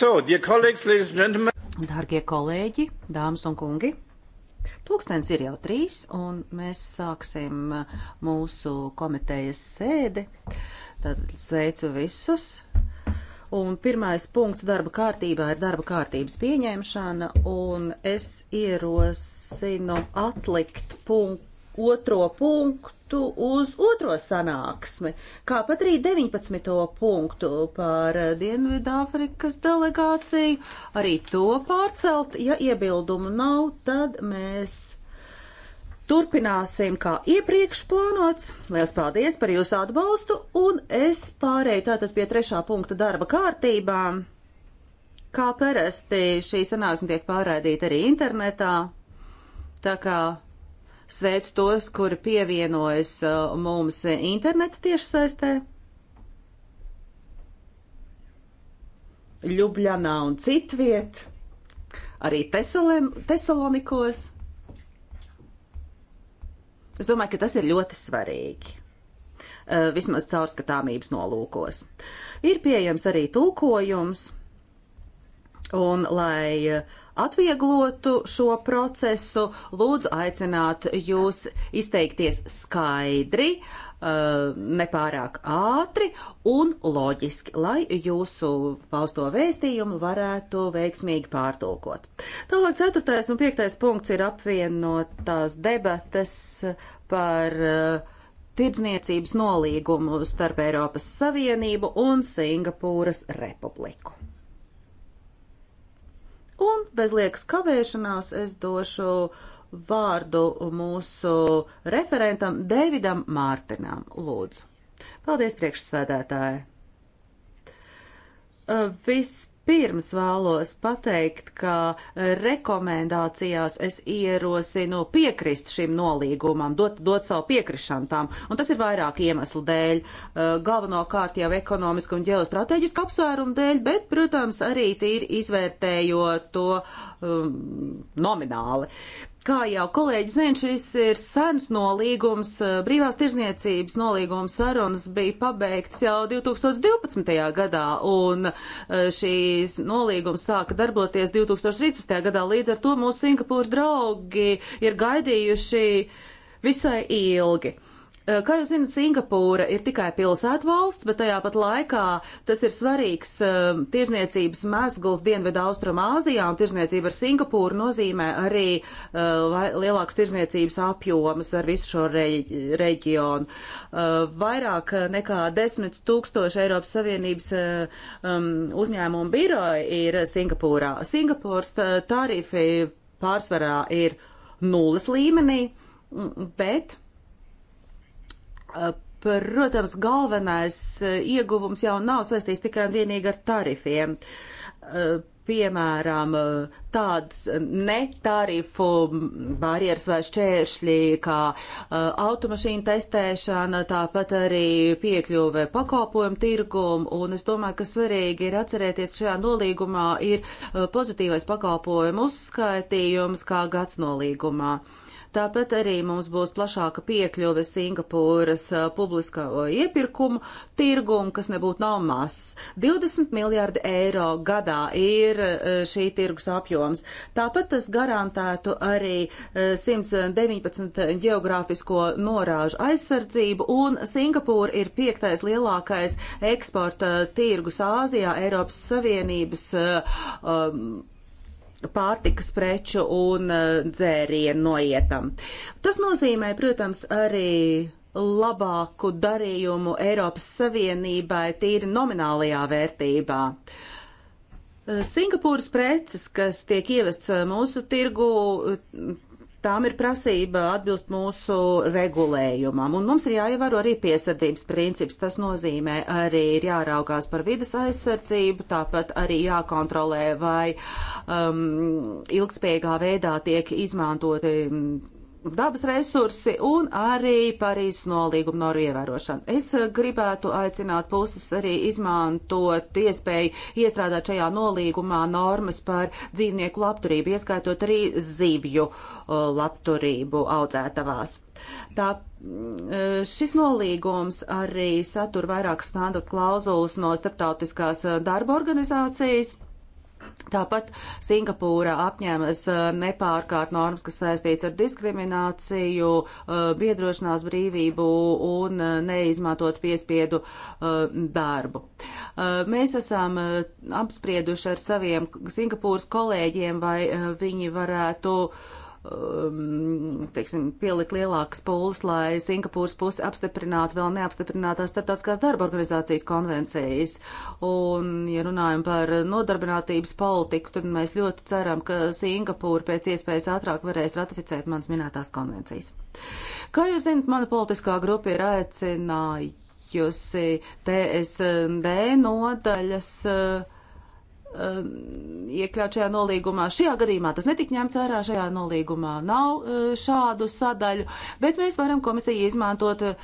So, dear colleagues, ladies and gentlemen. Dargie kolēģi, dāmas un kungi. Pūkstens ir jau trīs, un mēs sāksim mūsu komitejas sēdi. Tad sveicu visus. Un pirmais punkts darba kārtībā ir darba kārtības pieņemšana, un es ierosinu atlikt punktu otro punktu uz otro sanāksmi, kāpat arī 19. punktu par Dienvidāfrikas delegāciju, arī to pārcelt, ja iebildumu nav, tad mēs Turpināsim, kā iepriekš plānots. Lielas paldies par jūsu atbalstu, un es pārēju tātad pie trešā punkta darba kārtībā. Kā parasti šī sanāksme tiek pārraidīta arī internetā, tā kā sveicu tos, kuri pievienojas uh, mums interneta tiešsaistē. Ljubljanā un citviet, arī Tesalem, Tesalonikos. Es domāju, ka tas ir ļoti svarīgi. Uh, vismaz caurskatāmības nolūkos. Ir pieejams arī tulkojums, un lai uh, atvieglotu šo procesu, lūdzu aicinātu jūs izteikties skaidri, eh, nepārāk ātri un loģiski, lai jūsu pausto vēstījumu varētu veiksmīgi pārtulkot. Tālāk ceturtais un piektais punkts ir apvienotās debates par eh, tirdzniecības nolīgumu starp Eiropas Savienību un Singapūras republiku. Un bez liekas kavēšanās es došu vārdu mūsu referentam Deividam Mārtenam. Lūdzu. Paldies, priekšsēdētāji! Viss Pirms vēlos pateikt, ka rekomendācijās es ierosinu piekrist šim nolīgumam, dot, dot savu piekrišanu tam, un tas ir vairāk iemeslu dēļ, uh, galvenokārt jau ekonomisku un ģeostrateģisku apsvērumu dēļ, bet, protams, arī tīri izvērtējot to um, nomināli. Kā jau kolēģi zina, šis ir sens nolīgums, eh, brīvās tirzniecības nolīgums sarunas bija pabeigts jau 2012. gadā, un eh, šīs nolīgums sāka darboties 2013. gadā, līdz ar to mūsu Singapūras draugi ir gaidījuši visai ilgi. Eh, kā jūs zinat, Singapūra ir tikai pilsētu valsts, bet tajā pat laikā tas ir svarīgs uh, tirzniecības mezgls Dienvidu Austrumāzijā, un tirzniecība ar Singapūru nozīmē arī uh, eh, lielāks tirzniecības apjomus ar visu šo reģi reģionu. Uh, vairāk nekā desmit tūkstoši Eiropas Savienības um, uzņēmumu biroja ir Singapūrā. Singapūras tarifi pārsvarā ir nulles līmenī, bet Protams, galvenais e, ieguvums jau nav saistīts tikai un vienīgi ar tarifiem. E, piemēram, e, tādas netarifu barjeras vai šķēršļi, kā automašīnu testēšana, tāpat arī piekļuve pakalpojumu tirgumu, un es domāju, ka svarīgi ir atcerēties, ka šajā nolīgumā ir pozitīvais pakalpojumu uzskaitījums kā gads nolīgumā. Uh, Tāpat arī mums būs plašāka piekļuve Singapūras uh, publiskā iepirkumu tirgumu, kas nebūtu nav mazs. 20 miljārdi eiro gadā ir uh, šī tirgus apjoms. Tāpat tas garantētu arī uh, 119 geogrāfisko norāžu aizsardzību, un Singapūra ir piektais lielākais eksporta tirgus Āzijā Eiropas Savienības. Um, pārtikas preču un eh, dzērienu noietam. Tas nozīmē, protams, arī labāku darījumu Eiropas Savienībai tīri nominālajā vērtībā. Eh, Singapūras preces, kas tiek ievestas eh, mūsu tirgu, tām ir prasība atbilst mūsu regulējumam, un mums ir jāievēro arī piesardzības princips. Tas nozīmē arī ir jāraugās par vidas aizsardzību, tāpat arī jākontrolē, vai um, ilgspējīgā veidā tiek izmantoti dabas resursi un arī Parīzes nolīguma normu ievērošana. Es eh, gribētu aicināt puses arī izmantot iespēju iestrādāt šajā nolīgumā normas par dzīvnieku labturību, ieskaitot arī zivju eh, labturību audzētavās. Tā, eh, šis nolīgums arī satur vairākas standarta klauzulas no starptautiskās darba organizācijas Tāpat Singapūra apņēmas uh, nepārkārt normas, kas saistīts ar diskrimināciju, uh, biedrošanās brīvību un uh, neizmantot piespiedu darbu. Mēs esam apsprieduši ar saviem Singapūras kolēģiem, vai viņi varētu uh, Um, teiksim, pielikt lielākas pūles, lai Singapūras pusi apstiprinātu vēl neapstiprinātās starptautiskās darba organizācijas konvencijas. Un, ja runājam par nodarbinātības politiku, tad mēs ļoti ceram, ka Singapūra pēc iespējas ātrāk varēs ratificēt manas minētās konvencijas. Kā jūs zinat, mana politiskā grupa ir aicinājusi TSD nodaļas uh, Um, iekļaut šajā nolīgumā. Šajā gadījumā tas netika ņemts vērā, šajā nolīgumā nav uh, šādu sadaļu, bet mēs varam komisiju izmantot uh,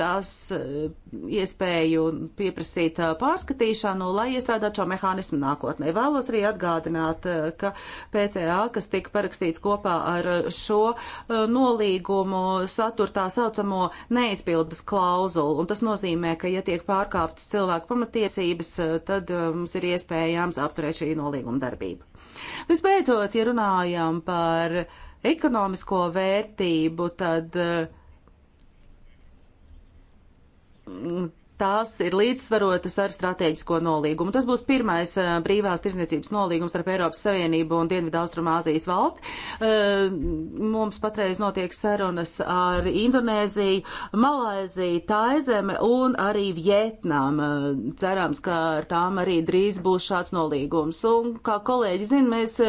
tas eh, iespēju pieprasīt eh, pārskatīšanu, lai iestrādātu šo mehānismu nākotnē. Vēlos arī atgādināt, eh, ka PCA, kas tika parakstīts kopā ar šo nolīgumu, satur tā saucamo neizpildas klauzulu, un tas nozīmē, ka, ja tiek pārkāptas cilvēku pamatiesības, tad mums ir iespējams apturēt šī nolīguma darbību. Visbeidzot, ja runājam par ekonomisko vērtību, tad uh, tās ir līdzsvarotas ar strateģisko nolīgumu. Tas būs pirmais uh, brīvās tirzniecības nolīgums starp Eiropas Savienību un Dienvidaustrumāzijas valsti. Uh, mums patreiz notiek sarunas ar Indonēziju, Malaiziju, Taizeme un arī Vietnam. Uh, cerams, ka ar tām arī drīz būs šāds nolīgums. Un, kā kolēģi zina, mēs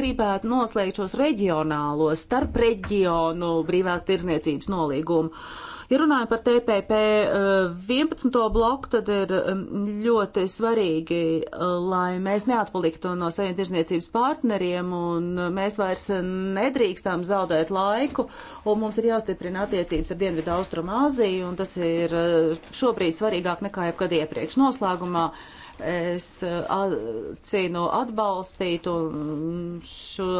gribētu noslēgt šos reģionālos, starp reģionu brīvās tirzniecības nolīgumu. Ja runājam par TPP 11. Eh, bloku, tad ir ļoti svarīgi, eh, lai mēs neatpaliktu no saviem tirzniecības partneriem un mēs vairs nedrīkstam zaudēt laiku un mums ir jāstiprina attiecības ar Dienvidu Austrumu Aziju un tas ir eh, šobrīd svarīgāk nekā jebkad iepriekš. Noslēgumā es cīnu atbalstīt šo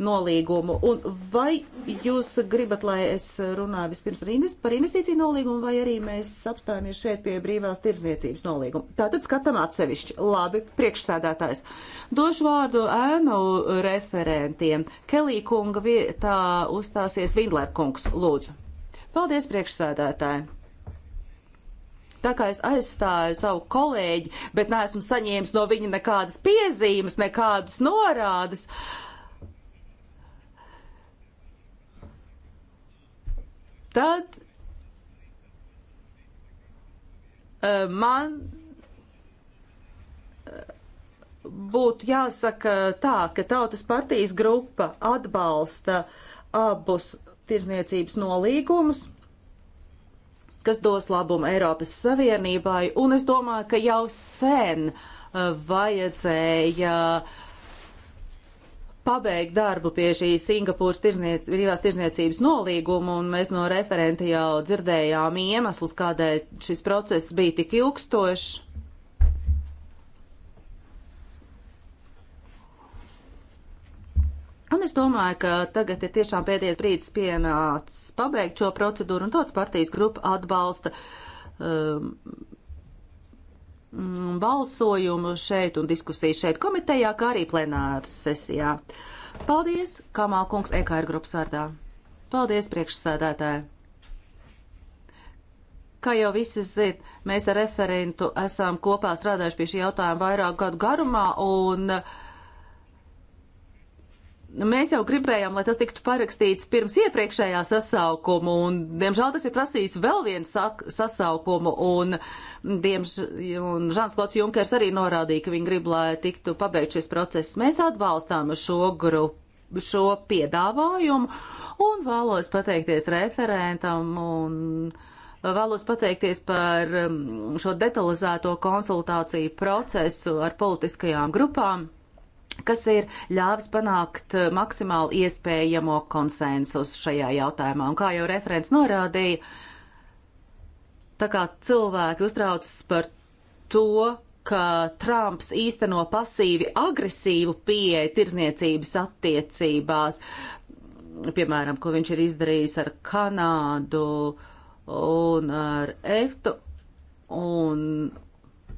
nolīgumu. Un vai jūs gribat, lai es runāju vispirms invest, par investīciju nolīgumu, vai arī mēs apstājamies šeit pie brīvās tirzniecības nolīguma? Tātad skatām atsevišķi. Labi, priekšsēdētājs. Došu vārdu ēnu referentiem. Kelī kunga vietā uzstāsies Vindler kungs, lūdzu. Paldies, priekšsēdētāji! Tā kā es aizstāju savu kolēģi, bet neesmu saņēmis no viņa nekādas piezīmes, nekādas norādes. Uh, Tad eh, man eh, būtu jāsaka tā, ka Tautas partijas grupa atbalsta abus tirzniecības nolīgumus, kas dos labumu Eiropas Savienībai, un es domāju, ka jau sen eh, vajadzēja uh, pabeigt darbu pie šīs Singapūras tirzniec, brīvās tirzniecības nolīguma, un mēs no referenta jau dzirdējām iemeslus, kādēļ šis process bija tik ilgstošs. Un es domāju, ka tagad ir tiešām pēdējais brīdis pienācis pabeigt šo procedūru, un tāds partijas grupa atbalsta um, mm, balsojumu šeit un diskusiju šeit komitejā, kā arī plenāras sesijā. Paldies, Kamal kungs, EKR grupas vārdā. Paldies, priekšsēdētāji. Kā jau visi zin, mēs ar referentu esam kopā strādājuši pie šī jautājuma vairāk gadu garumā un uh, mēs jau gribējām, lai tas tiktu parakstīts pirms iepriekšējā sasaukuma, un, diemžēl, tas ir prasījis vēl vienu sasaukumu, un, diemž, un Žans Klots Junkers arī norādīja, ka viņi grib, lai tiktu pabeigts šis process. Mēs atbalstām šo grupu šo piedāvājumu un vēlos pateikties referentam un vēlos pateikties par um, šo detalizēto konsultāciju procesu ar politiskajām grupām kas ir ļāvis panākt eh, maksimāli iespējamo konsensus šajā jautājumā. Un kā jau referents norādīja, tā kā cilvēki uztraucas par to, ka Trumps īsteno pasīvi agresīvu pieeju tirzniecības attiecībās, piemēram, ko viņš ir izdarījis ar Kanādu un ar EFTU un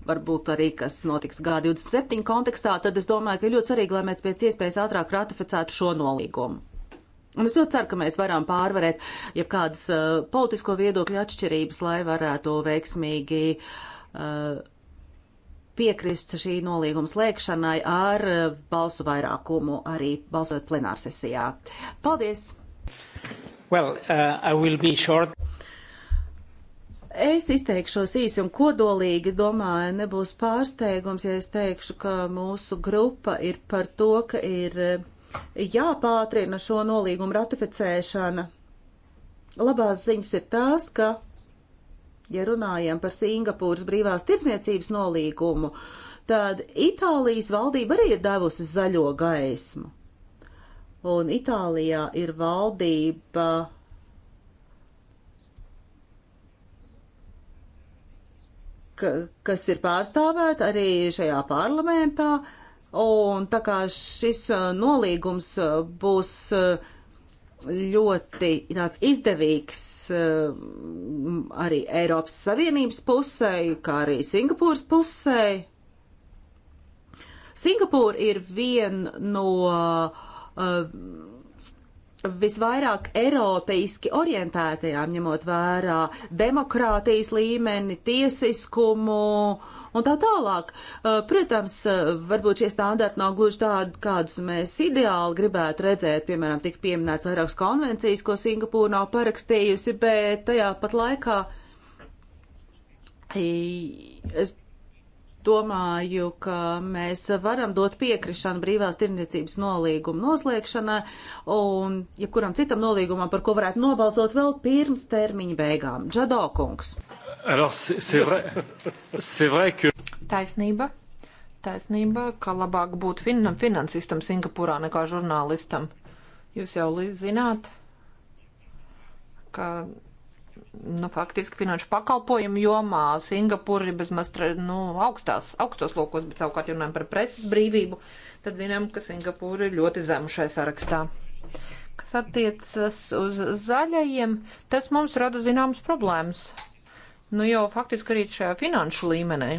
varbūt arī kas notiks G27 kontekstā, tad es domāju, ka ļoti svarīgi, lai mēs pēc iespējas ātrāk ratificētu šo nolīgumu. Un es ļoti ceru, ka mēs varam pārvarēt jebkādas uh, politisko viedokļu atšķirības, lai varētu veiksmīgi uh, piekrist šī nolīguma slēgšanai ar uh, balsu vairākumu, arī balsot plenārsesijā. Paldies! Well, uh, Es izteikšos īsi un kodolīgi, domāju, nebūs pārsteigums, ja es teikšu, ka mūsu grupa ir par to, ka ir eh, jāpātrina šo nolīgumu ratificēšana. Labās ziņas ir tās, ka, ja runājam par Singapūras brīvās tirsniecības nolīgumu, tad Itālijas valdība arī ir devusi zaļo gaismu. Un Itālijā ir valdība ka, kas ir pārstāvēta arī šajā parlamentā, un tā kā šis uh, nolīgums uh, būs uh, ļoti tāds izdevīgs arī Eiropas Savienības pusē, kā arī Singapūras pusē. Singapūra ir viena no uh, visvairāk eiropeiski orientētajām, ņemot vērā demokrātijas līmeni, tiesiskumu un tā tālāk. Uh, protams, uh, varbūt šie standarti nav gluži tādi, kādus mēs ideāli gribētu redzēt, piemēram, tik pieminēts vairākas konvencijas, ko Singapūra nav parakstījusi, bet tajā pat laikā. Es domāju, ka mēs varam dot piekrišanu brīvās tirniecības nolīguma noslēgšanai un jebkuram citam nolīgumam, par ko varētu nobalsot vēl pirms termiņa beigām. Džadokungs. Taisnība. Taisnība, ka labāk būt fin finansistam Singapūrā nekā žurnālistam. Jūs jau līdz zināt, ka nu, faktiski finanšu pakalpojumu jomā Singapūra ir bezmaz nu, augstās, augstos lokos, bet savukārt runājam par preses brīvību, tad zinām, ka Singapūra ir ļoti zemu šai sarakstā. Kas attiecas uz zaļajiem, tas mums rada zināmas problēmas. Nu, jau faktiski arī šajā finanšu līmenī.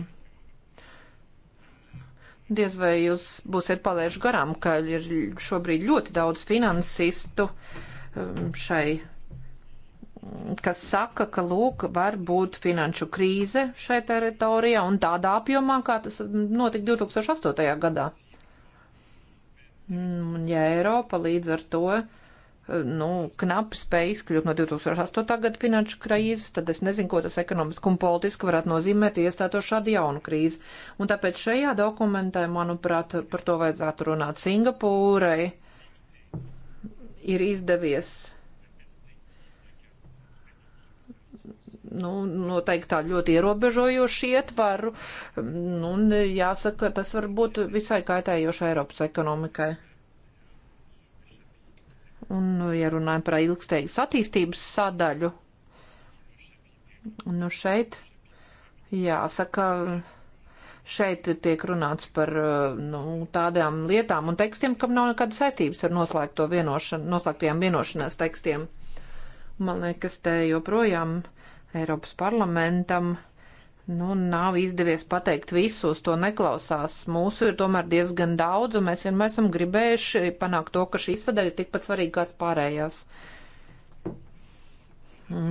Diez vai jūs būsiet palaiši garām, ka ir šobrīd ļoti daudz finansistu um, šai kas saka, ka lūk, var būt finanšu krīze šai teritorijā un tādā apjomā, kā tas notika 2008. gadā. Un mm, ja Eiropa līdz ar to nu, knapi spēj izkļūt no 2008. gada finanšu krīzes, tad es nezinu, ko tas ekonomiski un politiski varētu nozīmēt, iestātos šādu jaunu krīzi. Un tāpēc šajā dokumentā, manuprāt, par to vajadzētu runāt Singapūrai. Ir izdevies nu, noteikti tā ļoti ierobežojošu ietvaru. Mm, nu, un jāsaka, tas var būt visai kaitējoši Eiropas ekonomikai. Un, ja runājam par ilgsteigas attīstības sadaļu, nu šeit jāsaka šeit tiek runāts par nu, tādām lietām un tekstiem, kam nav nekāda saistības ar noslēgtajām vienošanās tekstiem. Man liekas, te joprojām Eiropas parlamentam nu, nav izdevies pateikt visu, uz to neklausās. Mūsu ir tomēr diezgan daudz, un mēs vienmēr esam gribējuši panākt to, ka šī sadaļa ir tikpat svarīga kā pārējās.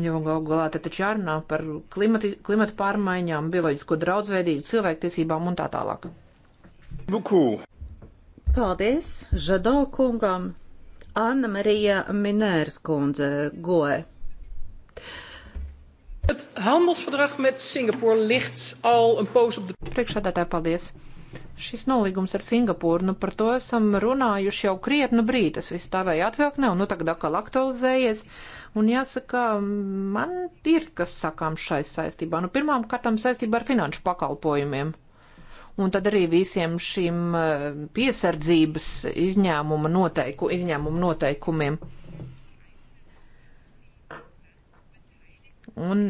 Jo gal galā te taču jārunā par klimati, klimatu pārmaiņām, bioloģisko draudzveidību, cilvēktiesībām un tā tālāk. Buku. Paldies Žado kungam, Anna Marija Minērs kundze, goe. Het handelsverdrag met Singapore ligt al een poos op de. Priekšādātāji, paldies! Šis nolīgums ar Singapūru, nu par to esam runājuši jau krietnu brīdi. Tas viss tā vai atvilk nav, nu tagad atkal aktualizējies. Un jāsaka, man ir kas sakām šai saistībā. Nu pirmām kārtām saistībā ar finanšu pakalpojumiem un tad arī visiem šīm eh, piesardzības izņēmuma, noteiku, izņēmuma noteikumiem. Un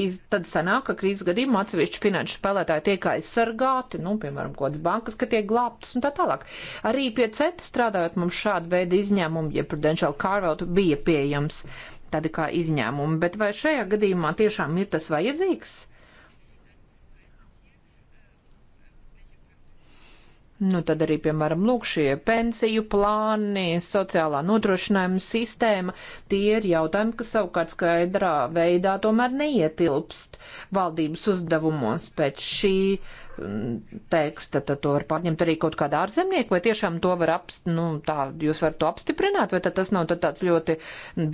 iz, tad sanāk, ka krīzes gadījumā atsevišķi finanšu spēlētāji tiek aizsargāti, nu, piemēram, kādas bankas, ka tiek glābtas un tā tālāk. Arī pie CETA strādājot mums šāda veida izņēmumi, ja prudential carve-out bija pieejams tādi kā izņēmumi, bet vai šajā gadījumā tiešām ir tas vajadzīgs? Nu, tad arī, piemēram, lūk, šie pensiju plāni, sociālā nodrošinājuma sistēma, tie ir jautājumi, kas savukārt skaidrā veidā tomēr neietilpst valdības uzdevumos pēc šī mm, teksta, tad to var pārņemt arī kaut kāda ārzemnieka, vai tiešām to var apst, nu, tā, jūs varat to apstiprināt, vai tad tas nav tad tāds ļoti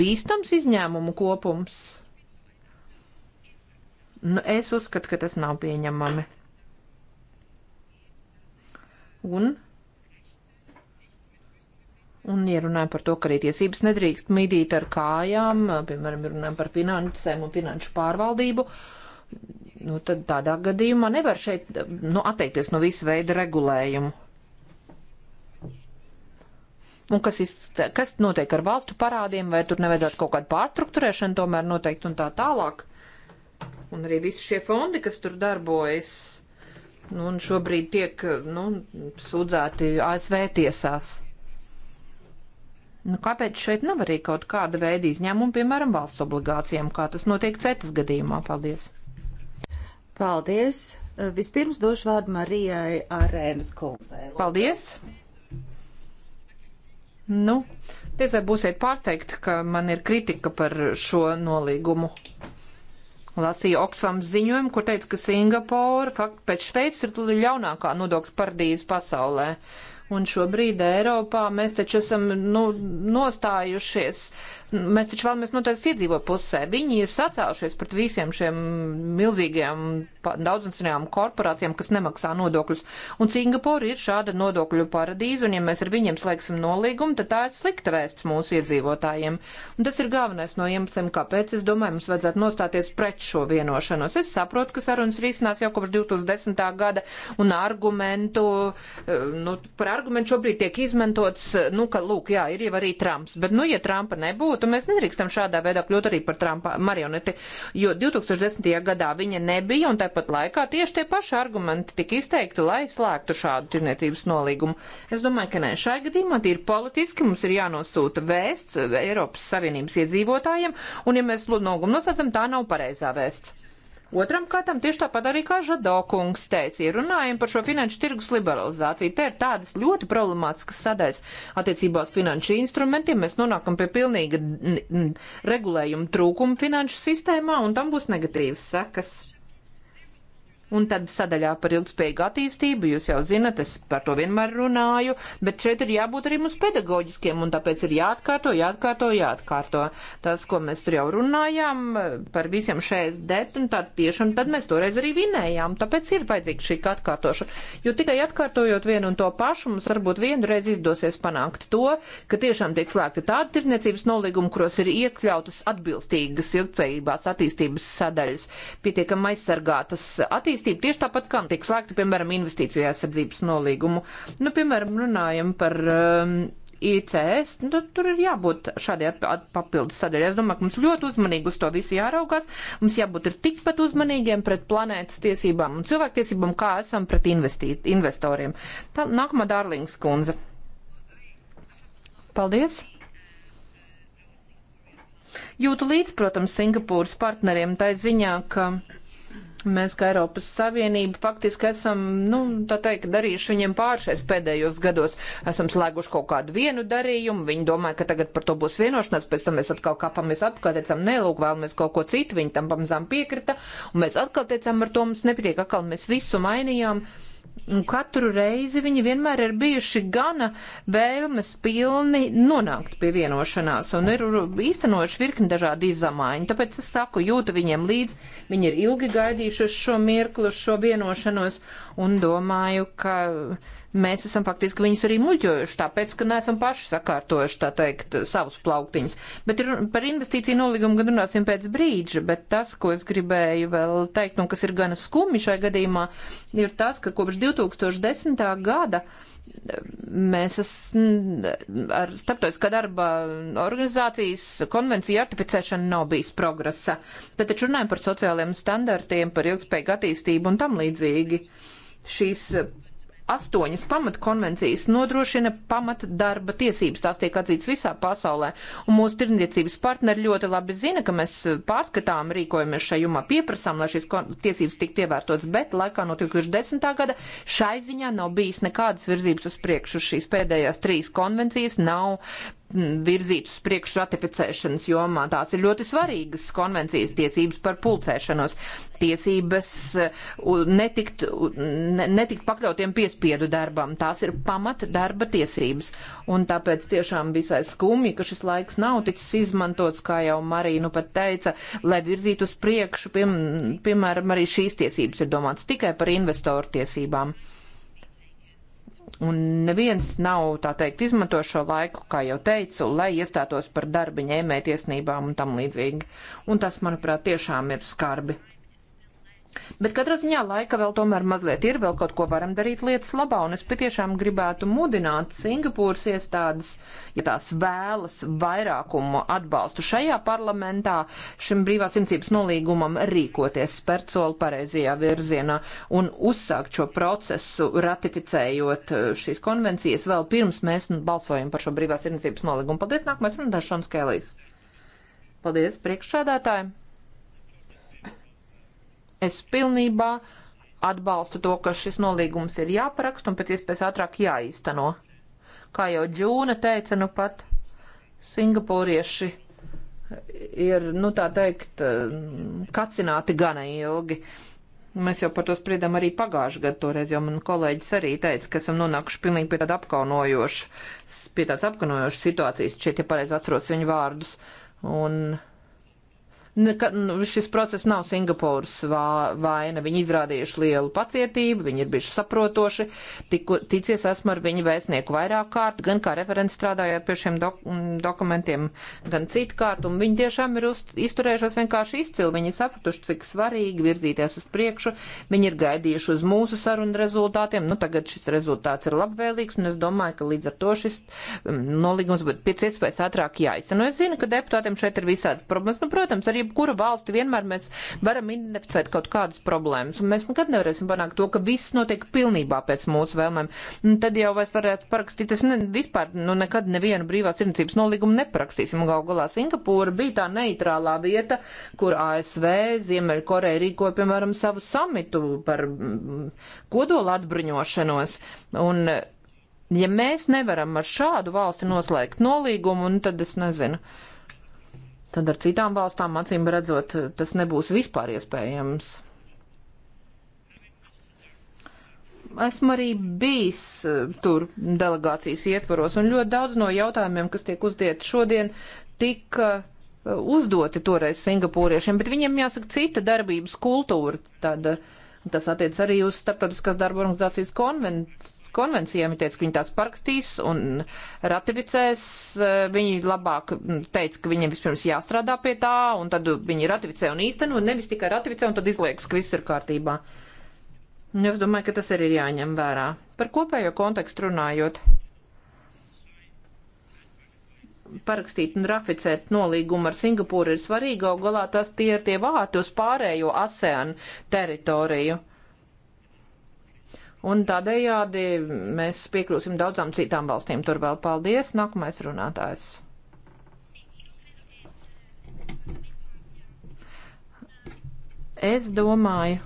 bīstams izņēmumu kopums? Nu, es uzskatu, ka tas nav pieņemami. Un Un, ja runājam par to, ka arī tiesības nedrīkst mīdīt ar kājām, piemēram, runājam par finansēm un finanšu pārvaldību, nu, tad tādā gadījumā nevar šeit nu, atteikties no visa veida regulējumu. Un kas, iz, kas notiek ar valstu parādiem, vai tur nevajadzētu kaut kādu pārstruktūrēšanu tomēr noteikt un tā tālāk. Un arī visi šie fondi, kas tur darbojas Nu, un šobrīd tiek nu, sūdzēti ASV tiesās. Nu, kāpēc šeit nav arī kaut kāda veida izņēmuma, piemēram, valsts obligācijām, kā tas notiek cetas gadījumā? Paldies! Paldies! Vispirms došu vārdu Marijai Arēnas kundzei. Paldies! Nu, tiesa būsiet pārsteigti, ka man ir kritika par šo nolīgumu lasīju Oxfam ziņojumu, kur teica, ka Singapūra fakt, pēc Šveices ir ļaunākā nodokļu paradīze pasaulē. Un šobrīd Eiropā mēs taču esam nu, nostājušies Mēs taču vēlamies noteikti iedzīvot pusē. Viņi ir sacēlušies pret visiem šiem milzīgiem daudzinājām korporācijām, kas nemaksā nodokļus. Un Singapūra ir šāda nodokļu paradīze, un ja mēs ar viņiem slēgsim nolīgumu, tad tā ir slikta vēsts mūsu iedzīvotājiem. Un tas ir galvenais no iemesliem, kāpēc es domāju, mums vajadzētu nostāties pret šo vienošanos. Es saprotu, ka sarunas risinās jau kopš 2010. gada, un argumentu, eh, nu, par argumentu šobrīd tiek izmantots, nu, ka, lūk, jā, ir jau arī Trumps. Bet, nu, ja Trumpa nebūtu, kļūt, un mēs nedrīkstam šādā veidā kļūt arī par Trumpa marioneti, jo 2010. gadā viņa nebija, un tāpat laikā tieši tie paši argumenti tika izteikti, lai slēgtu šādu tirniecības nolīgumu. Es domāju, ka nē, šai gadījumā tīri politiski mums ir jānosūta vēsts Eiropas Savienības iedzīvotājiem, un ja mēs lūdzu nogumu nosacam, tā nav pareizā vēsts. Otram kārtam tieši tāpat arī kā Žadokungs teica, ja runājam par šo finanšu tirgus liberalizāciju, te ir tādas ļoti problemātiskas sadaļas attiecībā uz finanšu instrumentiem. Mēs nonākam pie pilnīga regulējuma trūkuma finanšu sistēmā, un tam būs negatīvas sekas. Un tad sadaļā par ilgspējīgu attīstību, jūs jau zinat, es par to vienmēr runāju, bet šeit ir jābūt arī mums pedagoģiskiem, un tāpēc ir jāatkārto, jāatkārto, jāatkārto. Tas, ko mēs tur jau runājām par visiem 60, un tā tiešām tad mēs toreiz arī vinējām, tāpēc ir vajadzīga šī atkārtošana. Jo tikai atkārtojot vienu un to pašu, mums varbūt vienreiz izdosies panākt to, ka tiešām tiek slēgta tāda tirniecības nolīguma, kuros ir iekļautas atbilstīgas ilgspējībās attīstības sadaļas, pietiekam aizsargātas attīstības attīstību, tieši tāpat kā tiek slēgta, piemēram, investīciju aizsardzības nolīgumu. Nu, piemēram, runājam par um, ICS, nu, tur ir jābūt šādai papildus sadaļai. Es domāju, ka mums ļoti uzmanīgi uz to visu jāraugās. Mums jābūt ir tikpat uzmanīgiem pret planētas tiesībām un cilvēktiesībām, kā esam pret investīt, investoriem. Tā, nākamā Dārlings kundze. Paldies! Jūtu līdz, protams, Singapūras partneriem tā ziņā, ka Mēs, kā Eiropas Savienība, faktiski esam, nu, tā teikt, darījuši viņiem pāršais pēdējos gados. Esam slēguši kaut kādu vienu darījumu, viņi domāja, ka tagad par to būs vienošanās, pēc tam mēs atkal kāpamies apkārt, teicām, nelūk, vēlamies kaut ko citu, viņi tam pamazām piekrita, un mēs atkal teicām, ar to mums nepietiek, atkal mēs visu mainījām. Uh, Un katru reizi viņi vienmēr ir bijuši gana vēlmes pilni nonākt pie vienošanās un ir īstenojuši virkni dažādi izamaiņi. Tāpēc es saku, jūtu viņiem līdzi, viņi ir ilgi gaidījuši šo mirklu, šo vienošanos, un domāju, ka mēs esam faktiski viņus arī muļķojuši, tāpēc, ka neesam paši sakārtojuši, tā teikt, savus plauktiņus. Bet ir, par investīciju nolīgumu gan runāsim pēc brīža, bet tas, ko es gribēju vēl teikt, un kas ir gana skumi šai gadījumā, ir tas, ka kopš 2010. gada mm, mēs esam mm, ar starptautiskā darba organizācijas konvenciju artificēšanu nav bijis progresa. Tad taču runājam par sociālajiem standartiem, par ilgspējīgu attīstību un tam līdzīgi. Uh, šīs eh, astoņas pamatkonvencijas nodrošina pamatdarba tiesības. Tās tiek atzītas visā pasaulē, un mūsu tirdzniecības partneri ļoti labi zina, ka mēs eh, pārskatām, rīkojamies šajā jomā, pieprasām, lai šīs tiesības tiktu ievērtotas, bet laikā no 2010. gada šai ziņā nav bijis nekādas virzības uz priekšu. Šīs pēdējās trīs konvencijas nav virzīt uz priekšu ratificēšanas jomā. Tās ir ļoti svarīgas konvencijas tiesības par pulcēšanos, tiesības netikt, netikt pakļautiem piespiedu darbam. Tās ir pamata darba tiesības. Un tāpēc tiešām visai skumji, ka šis laiks nav ticis izmantots, kā jau Marija nu pat teica, lai virzītu uz priekšu, piem, piemēram, arī šīs tiesības ir domāts tikai par investoru tiesībām. Un neviens nav, tā teikt, izmanto šo laiku, kā jau teicu, lai iestātos par darbi ņēmē tiesnībām un tam līdzīgi. Un tas, manuprāt, tiešām ir skarbi. Bet katrā ziņā laika vēl tomēr mazliet ir, vēl kaut ko varam darīt lietas labā, un es patiešām gribētu mudināt Singapūras iestādes, ja tās vēlas vairākumu atbalstu šajā parlamentā, šim brīvās incības nolīgumam rīkoties spērt soli pareizajā virzienā un uzsākt šo procesu, ratificējot eh, šīs konvencijas vēl pirms mēs balsojam par šo brīvās incības nolīgumu. Paldies, nākamais runātājs Šons Kēlīs. Paldies, priekšsādātāji! Es pilnībā atbalstu to, ka šis nolīgums ir jāparakst un pēc iespējas ātrāk jāīsteno. Kā jau Džūna teica, nu pat singapūrieši ir, nu tā teikt, kacināti gana ilgi. Mēs jau par to spriedām arī pagājušajā gadā. Toreiz jau man kolēģis arī teica, ka esam nonākuši pilnīgi pie tāda apkaunojoša, pie tādas apkaunojošas situācijas. Šeit, ja pareizi atceros viņu vārdus. Un Ka, nu, šis process nav Singapūras vaina. Viņi izrādījuši lielu pacietību, viņi ir bijuši saprotoši. Tiku, ticies esmu ar viņu vēstnieku vairāk kārt, gan kā referents strādājot pie šiem dok mm, dokumentiem, gan citkārt. Un viņi tiešām ir uz, izturējušos vienkārši izcili. Viņi ir sapratuši, cik svarīgi virzīties uz priekšu. Viņi ir gaidījuši uz mūsu sarunu rezultātiem. Nu, tagad šis rezultāts ir labvēlīgs, un es domāju, ka līdz ar to šis mm, nolīgums būtu pēc iespējas ātrāk jāizsaka. Nu, es zinu, ka deputātiem šeit ir visādas problēmas. Nu, protams, arī jebkuru valsti vienmēr mēs varam identificēt kaut kādas problēmas, un mēs nekad nevarēsim panākt to, ka viss notiek pilnībā pēc mūsu vēlmēm. Un tad jau vairs varētu parakstīt, es ne, vispār nu, nekad nevienu brīvās tirdzniecības nolīgumu neparakstīsim. Gal galā Singapūra bija tā neitrālā vieta, kur ASV, Ziemeļkoreja rīkoja, piemēram, savu samitu par mm, kodola atbruņošanos. Un, ja mēs nevaram ar šādu valsti noslēgt nolīgumu, tad es nezinu. Uh, tad ar citām valstām, acīm redzot, tas nebūs vispār iespējams. Esmu arī bijis eh, tur delegācijas ietvaros, un ļoti daudz no jautājumiem, kas tiek uzdiet šodien, tika eh, uzdoti toreiz singapūriešiem, bet viņiem jāsaka cita darbības kultūra. Tāda, eh, tas attiec arī uz starptautiskās darba organizācijas konvencijas konvencijām ir teicis, ka viņi tās parakstīs un ratificēs. Eh, viņi labāk teica, ka viņiem vispirms jāstrādā pie tā, un tad viņi ratificē un īsteno, un nevis tikai ratificē, un tad izliekas, ka viss ir kārtībā. Nu, es domāju, ka tas arī ir jāņem vērā. Par kopējo kontekstu runājot parakstīt un raficēt nolīgumu ar Singapūru ir svarīga, galā tas tie ir tie vārti uz pārējo ASEAN teritoriju un tādējādi mēs piekļūsim daudzām citām valstīm. Tur vēl paldies. Nākamais runātājs. Es domāju,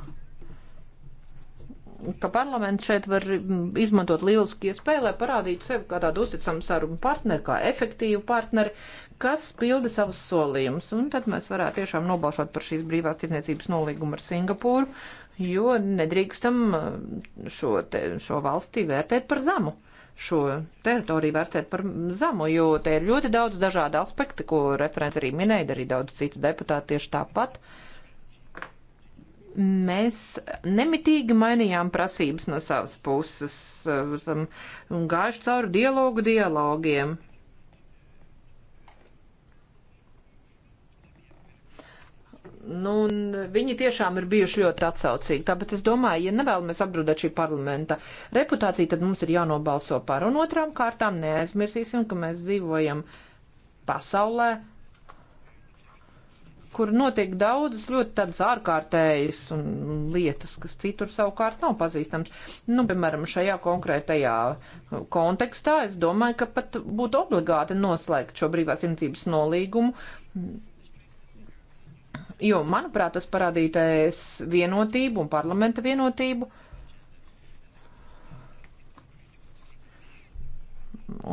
ka parlaments šeit var izmantot lielisku iespēju, lai parādītu sevi kā tādu uzticamu sarunu partneri, kā efektīvu partneri, kas pilda savus solījumus. Un tad mēs varētu tiešām nobalšot par šīs brīvās tirdzniecības nolīgumu ar Singapūru, jo nedrīkstam eh, šo, te, šo valstī vērtēt par zemu, šo teritoriju vērtēt par zemu, jo te ir ļoti daudz dažādu aspektu, ko referents arī minēja, arī daudz citu deputātu tieši tāpat. Mēs nemitīgi mainījām prasības no savas puses, eh, gājuši cauri dialogu dialogiem Nu, viņi tiešām ir bijuši ļoti atsaucīgi. Tāpēc es domāju, ja nevēlamies apdraudēt šī parlamenta reputāciju, tad mums ir jānobalso par. Un otrām kārtām neaizmirsīsim, ka mēs dzīvojam pasaulē, kur notiek daudzas ļoti tādas ārkārtējas un lietas, kas citur savukārt nav pazīstams. Nu, piemēram, šajā konkrētajā kontekstā es domāju, ka pat būtu obligāti noslēgt šo brīvās imtības nolīgumu jo, manuprāt, tas parādītu ES vienotību un parlamenta vienotību.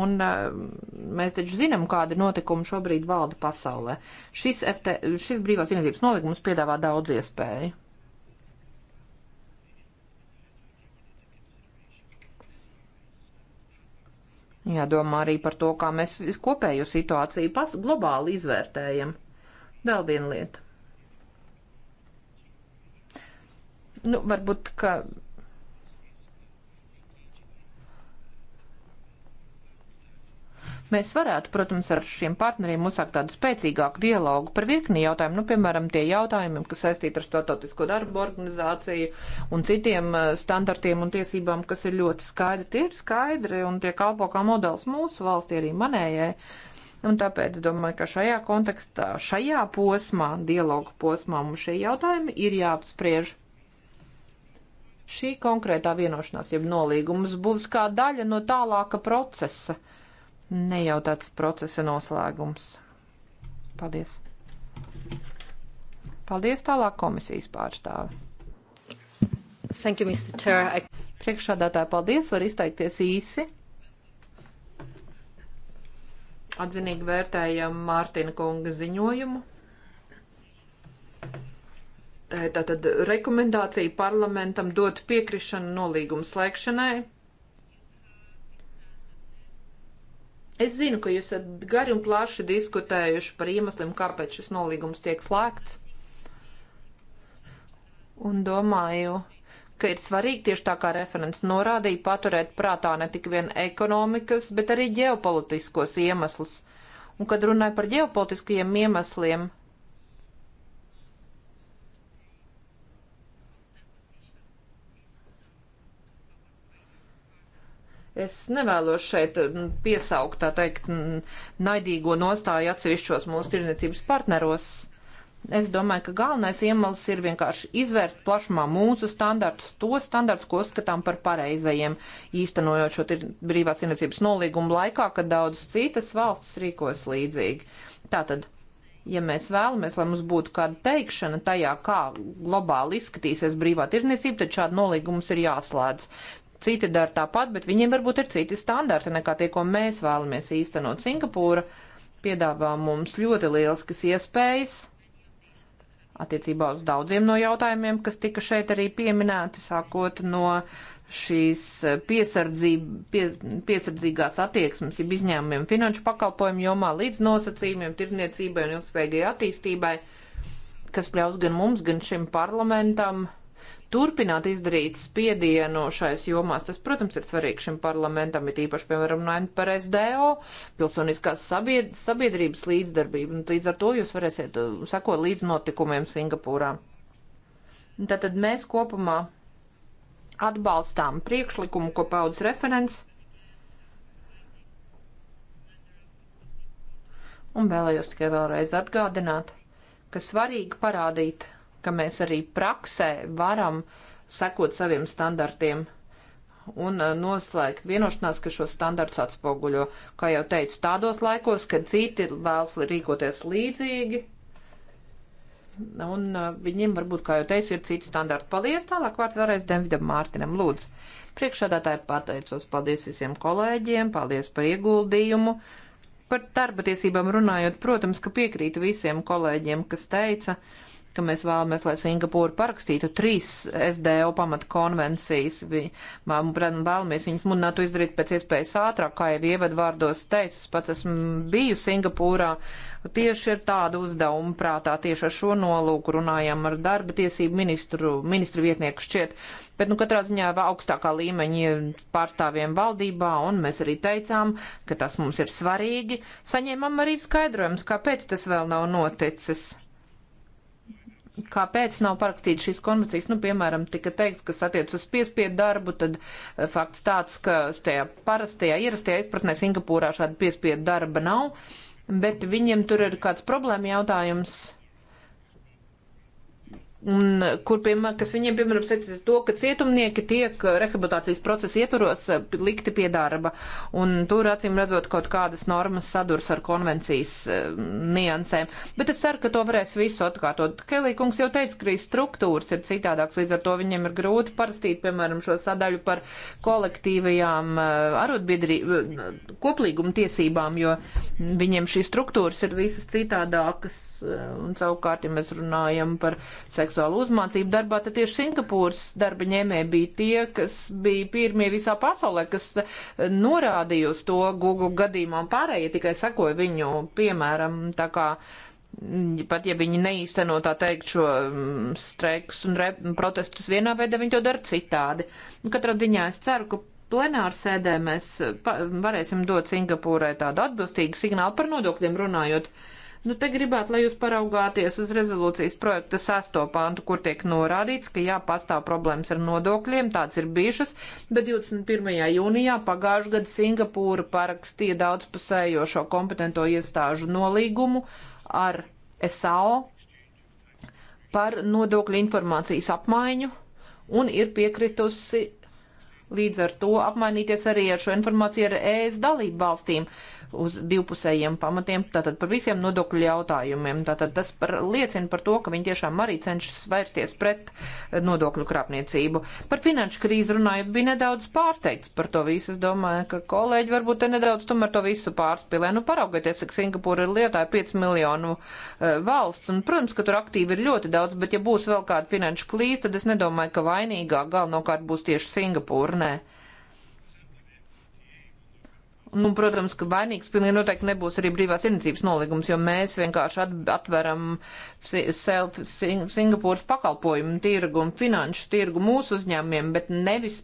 Un mēs taču zinām, kāda notikuma šobrīd valda pasaulē. Šis, FT, šis brīvās vienotības nolikums piedāvā daudz iespēju. Jādomā arī par to, kā mēs kopējo situāciju globāli izvērtējam. Vēl viena lieta. Nu, varbūt, ka mēs varētu, protams, ar šiem partneriem uzsākt tādu spēcīgāku dialogu par virkni jautājumu, nu, piemēram, tie jautājumi, kas saistīti ar startautisko darbu organizāciju un citiem eh, standartiem un tiesībām, kas ir ļoti skaidri, tie ir skaidri un tie kalpo kā modelis mūsu valstī arī manējai. Un tāpēc domāju, ka šajā kontekstā, šajā posmā, dialogu posmā mums šie jautājumi ir jāapspriež. Šī konkrētā vienošanās, jeb nolīgums, būs kā daļa no tālāka procesa, ne jau tāds procesa noslēgums. Paldies! Paldies tālāk komisijas pārstāvi. Thank you, Mr. Chair. I... Priekšādātāji, paldies, var izteikties īsi. Atzinīgi vērtējam Mārtiņa kunga ziņojumu. Eh, tātad rekomendācija parlamentam dot piekrišanu nolīgumu slēgšanai. Es zinu, ka jūs esat gari un plaši diskutējuši par iemesliem, kāpēc šis nolīgums tiek slēgts. Un domāju, ka ir svarīgi tieši tā kā referents norādīja paturēt prātā ne tik vien ekonomikas, bet arī ģeopolitiskos iemeslus. Un kad runāju par ģeopolitiskajiem iemesliem, Es nevēlos šeit mm, piesaukt, tā teikt, mm, naidīgo nostāju atsevišķos mūsu tirdzniecības partneros. Es domāju, ka galvenais iemesls ir vienkārši izvērst plašumā mūsu standartus, to standartus, ko uzskatām par pareizajiem, īstenojot šo brīvās tirdzniecības nolīgumu laikā, kad daudzas citas valstis rīkojas līdzīgi. Tātad ja mēs vēlamies, lai mums būtu kāda teikšana tajā, kā globāli izskatīsies brīvā tirdzniecība, tad šādi nolīgums ir jāslēdz. Citi dara tāpat, bet viņiem varbūt ir citi standarti nekā tie, ko mēs vēlamies īstenot. Singapūra piedāvā mums ļoti lieliskas iespējas attiecībā uz daudziem no jautājumiem, kas tika šeit arī pieminēti, sākot no šīs pie, piesardzīgās attieksmes, jeb izņēmumiem finanšu pakalpojumu jomā līdz nosacījumiem, tirniecībai un ilgspējīgai attīstībai, kas ļaus gan mums, gan šim parlamentam uh, turpināt izdarīt spiedienu šais jomās. Tas, protams, ir svarīgi šim parlamentam, ir īpaši, piemēram, runājot par SDO, pilsoniskās sabied sabiedrības līdzdarbību. Un līdz ar to jūs varēsiet uh, sekot līdz notikumiem Singapūrā. Tātad mēs kopumā atbalstām priekšlikumu, ko paudas referents. Un vēlējos tikai vēlreiz atgādināt, ka svarīgi parādīt ka mēs arī praksē varam sekot saviem standartiem un uh, noslēgt vienošanās, ka šo standartu atspoguļo. Kā jau teicu, tādos laikos, kad citi vēlas rīkoties līdzīgi, un uh, viņiem varbūt, kā jau teicu, ir citi standarti. Paldies! Tālāk vārds vēlreiz Demvidam Mārtinam. Lūdzu! Priekšādātāji pateicos paldies visiem kolēģiem, paldies par ieguldījumu. Par darba tiesībām runājot, protams, ka piekrītu visiem kolēģiem, kas teica, ka mēs vēlamies, lai Singapūra parakstītu trīs SDO pamata konvencijas. Manuprāt, vēlamies viņas mudinātu izdarīt pēc iespējas ātrāk, kā jau ievadvārdos teicu. Es pats esmu biju Singapūrā. Tieši ir tāda uzdevuma prātā, tieši ar šo nolūku runājām ar darba tiesību ministru, ministru vietnieku šķiet. Bet, nu, katrā ziņā augstākā līmeņa pārstāvjiem valdībā, un mēs arī teicām, ka tas mums ir svarīgi, saņēmām arī skaidrojumus, kāpēc tas vēl nav noticis kāpēc nav parakstīts šīs konvencijas. Nu, piemēram, tika teikts, kas attiec uz piespiedu darbu, tad eh, fakts tāds, ka tajā parastajā, ierastajā izpratnē Singapūrā šāda piespiedu darba nav, bet viņiem tur ir kāds problēma jautājums. Un kur, piemēram, kas viņiem, piemēram, saistās ar to, ka cietumnieki tiek eh, rehabilitācijas procesa ietvaros eh, likti pie darba. Un tur, acīm redzot, kaut kādas normas sadurs ar konvencijas eh, niansēm. Bet es ceru, ka to varēs visu atkārtot. Kelīkungs jau teica, ka arī struktūras ir citādāks, līdz ar to viņiem ir grūti parastīt, piemēram, šo sadaļu par kolektīvajām arotbiedrību koplīgumu tiesībām, jo viņiem šīs struktūras ir visas citādākas. Un savukārt, ja mēs runājam par seksu seksuālu uzmācību darbā, tad tieši Singapūras darba ņēmēji bija tie, kas bija pirmie visā pasaulē, kas eh, norādīja uz to Google gadījumā, un pārējie tikai sekoja viņu, piemēram, tā kā mm, pat ja viņi neīsteno tā teikt šo mm, streikus un re, protestus vienā veidā, viņi to dara citādi. Nu, katrā ziņā es ceru, ka plenāru sēdē mēs eh, varēsim dot Singapūrai tādu atbilstīgu signālu par nodokļiem runājot. Uh, Nu, te gribētu, lai jūs paraugāties uz rezolūcijas projekta sesto pantu, kur tiek norādīts, ka jā, pastāv problēmas ar nodokļiem, tāds ir bijušas, bet 21. jūnijā pagājušajā gadā Singapūra parakstīja daudzpusējošo kompetento iestāžu nolīgumu ar SAO par nodokļu informācijas apmaiņu un ir piekritusi līdz ar to apmainīties arī ar šo informāciju ar ES dalību valstīm. Uh, uz divpusējiem pamatiem, tātad par visiem nodokļu jautājumiem. Tātad tas par, liecina par to, ka viņi tiešām arī cenšas vērsties pret eh, nodokļu krāpniecību. Par finanšu krīzi runājot, bija nedaudz pārsteigts par to visu. Es domāju, ka kolēģi varbūt te nedaudz tomēr to visu pārspīlē. Nu, paraugieties, ka Singapūra ir lietāja 5 miljonu uh, valsts, un, protams, ka tur aktīvi ir ļoti daudz, bet ja būs vēl kāda finanšu krīze, tad es nedomāju, ka vainīgā galvenokārt būs tieši Singapūra. Nē. Nu, protams, ka vainīgs pilnīgi noteikti nebūs arī brīvās tirdzniecības nolīgums, jo mēs vienkārši atveram self Singapūras pakalpojumu tirgu un finanšu tirgu mūsu uzņēmumiem, bet nevis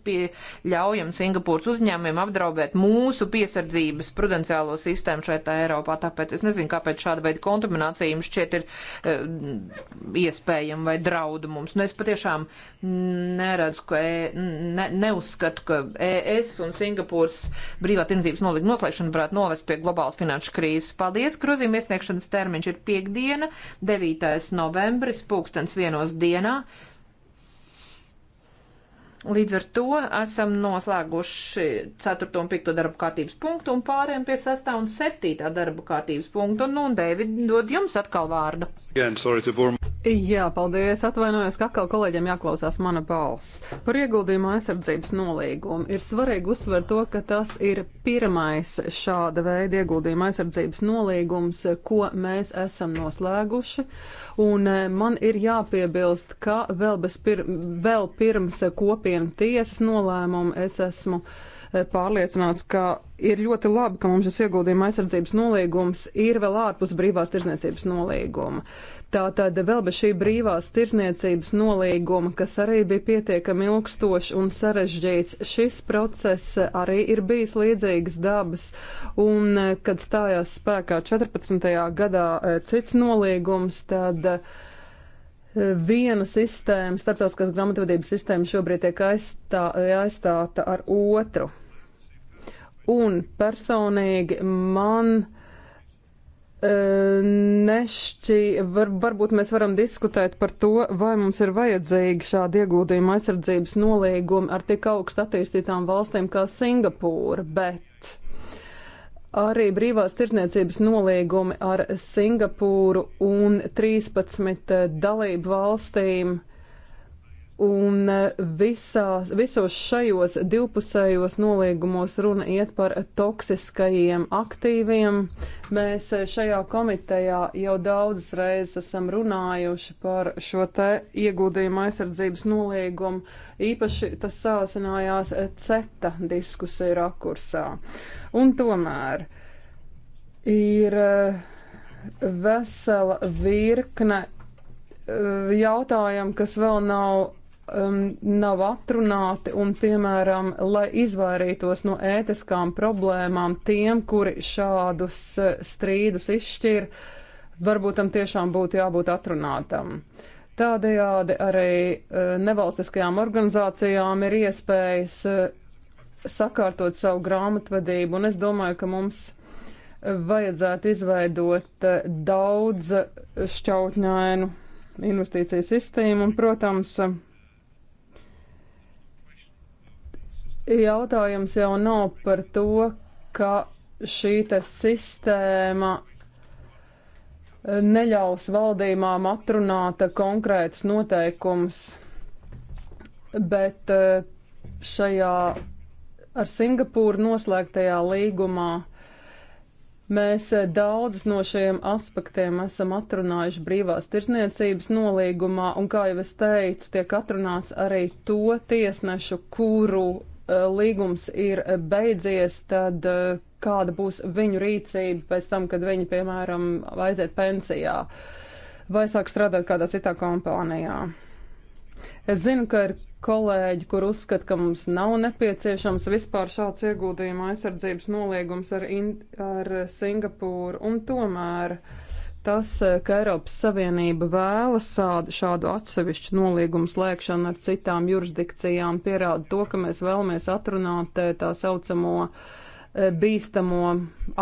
ļaujam Singapūras uzņēmumiem apdraudēt mūsu piesardzības prudenciālo sistēmu šeit tā Eiropā. Tāpēc es nezinu, kāpēc šāda veida kontaminācija jums šķiet ir uh, iespējama vai draudu mums. Nu, es patiešām neredzu, ka e, ne, neuzskatu, ka ES un Singapūras brīvā tirdzniecības nolīgums līdz noslēgšana varētu novest pie globālas finanšu krīzes. Paldies! Grozījuma iesniegšanas termiņš ir piekdiena, 9. novembris, pulkstens vienos dienā. Līdz ar to esam noslēguši 4. un 5. darba kārtības punktu un pārējām pie 6. un 7. darba kārtības punktu. Un, nu, Dēvid, dod jums atkal vārdu. Again, Jā, paldies. Atvainojos, ka atkal kolēģiem jāklausās mana balss. Par ieguldījumu aizsardzības nolīgumu ir svarīgi uzsver to, ka tas ir pirmais šāda veida ieguldījuma aizsardzības nolīgums, ko mēs esam noslēguši. Un eh, man ir jāpiebilst, ka vēl, pir vēl pirms kopienu tiesas nolēmuma es esmu eh, pārliecināts, ka ir ļoti labi, ka mums šis ieguldījuma aizsardzības nolīgums ir vēl ārpus brīvās tirzniecības nolīguma. Tātad vēl bez šī brīvās tirsniecības nolīguma, kas arī bija pietiekami ilgstošs un sarežģīts, šis process arī ir bijis līdzīgas dabas, un eh, kad stājās spēkā 14. gadā eh, cits nolīgums, tad eh, viena sistēma, starptautiskās grāmatvedības sistēma šobrīd tiek aizstā, aizstāta ar otru. Un personīgi man nešķi, var, varbūt mēs varam diskutēt par to, vai mums ir vajadzīgi šādi ieguldījuma aizsardzības nolīgumi ar tik augstu attīstītām valstīm kā Singapūra, bet arī brīvās tirsniecības nolīgumi ar Singapūru un 13 dalību valstīm Un eh, visās, visos šajos divpusējos nolīgumos runa iet par toksiskajiem aktīviem. Mēs eh, šajā komitejā jau daudzas reizes esam runājuši par šo te ieguldījumu aizsardzības nolīgumu. Īpaši tas sāsinājās eh, CETA diskusiju rakursā. Un tomēr ir vesela virkne jautājumu, kas vēl nav um, nav atrunāti un, piemēram, lai izvairītos no ētiskām problēmām tiem, kuri šādus uh, strīdus izšķir, varbūt tam tiešām būtu jābūt atrunātam. Tādējādi arī uh, nevalstiskajām organizācijām ir iespējas uh, sakārtot savu grāmatvedību, un es domāju, ka mums vajadzētu izveidot uh, daudz šķautņainu investīciju sistēmu, un, protams, Jautājums jau nav par to, ka šī sistēma neļaus valdībām atrunāt konkrētus noteikumus, bet eh, šajā ar Singapūru noslēgtajā līgumā mēs eh, daudz no šiem aspektiem esam atrunājuši brīvās tirzniecības nolīgumā, un kā jau es teicu, tiek atrunāts arī to tiesnešu, kuru Eh, līgums ir beidzies, tad eh, kāda būs viņu rīcība pēc tam, kad viņi, piemēram, aiziet pensijā vai sāk strādāt kādā citā kompānijā. Es zinu, ka ir kolēģi, kur uzskata, ka mums nav nepieciešams vispār šāds ieguldījuma aizsardzības noliegums ar, in, ar Singapūru, un tomēr uh, Tas, ka Eiropas Savienība vēlas šādu atsevišķu nolīgumu slēgšanu ar citām jurisdikcijām, pierāda to, ka mēs vēlamies atrunāt eh, tā saucamo eh, bīstamo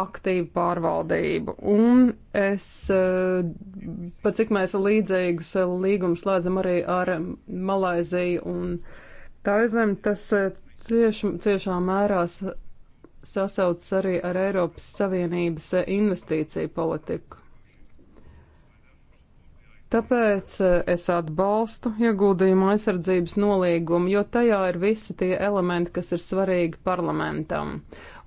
aktīvu pārvaldību. Un es, eh, pat cik mēs līdzīgus līgumus slēdzam arī ar Malaiziju un Taizem, tas cieš, ciešā mērā sasaucas arī ar Eiropas Savienības investīciju politiku. Tāpēc eh, es atbalstu ieguldījumu aizsardzības nolīgumu, jo tajā ir visi tie elementi, kas ir svarīgi parlamentam.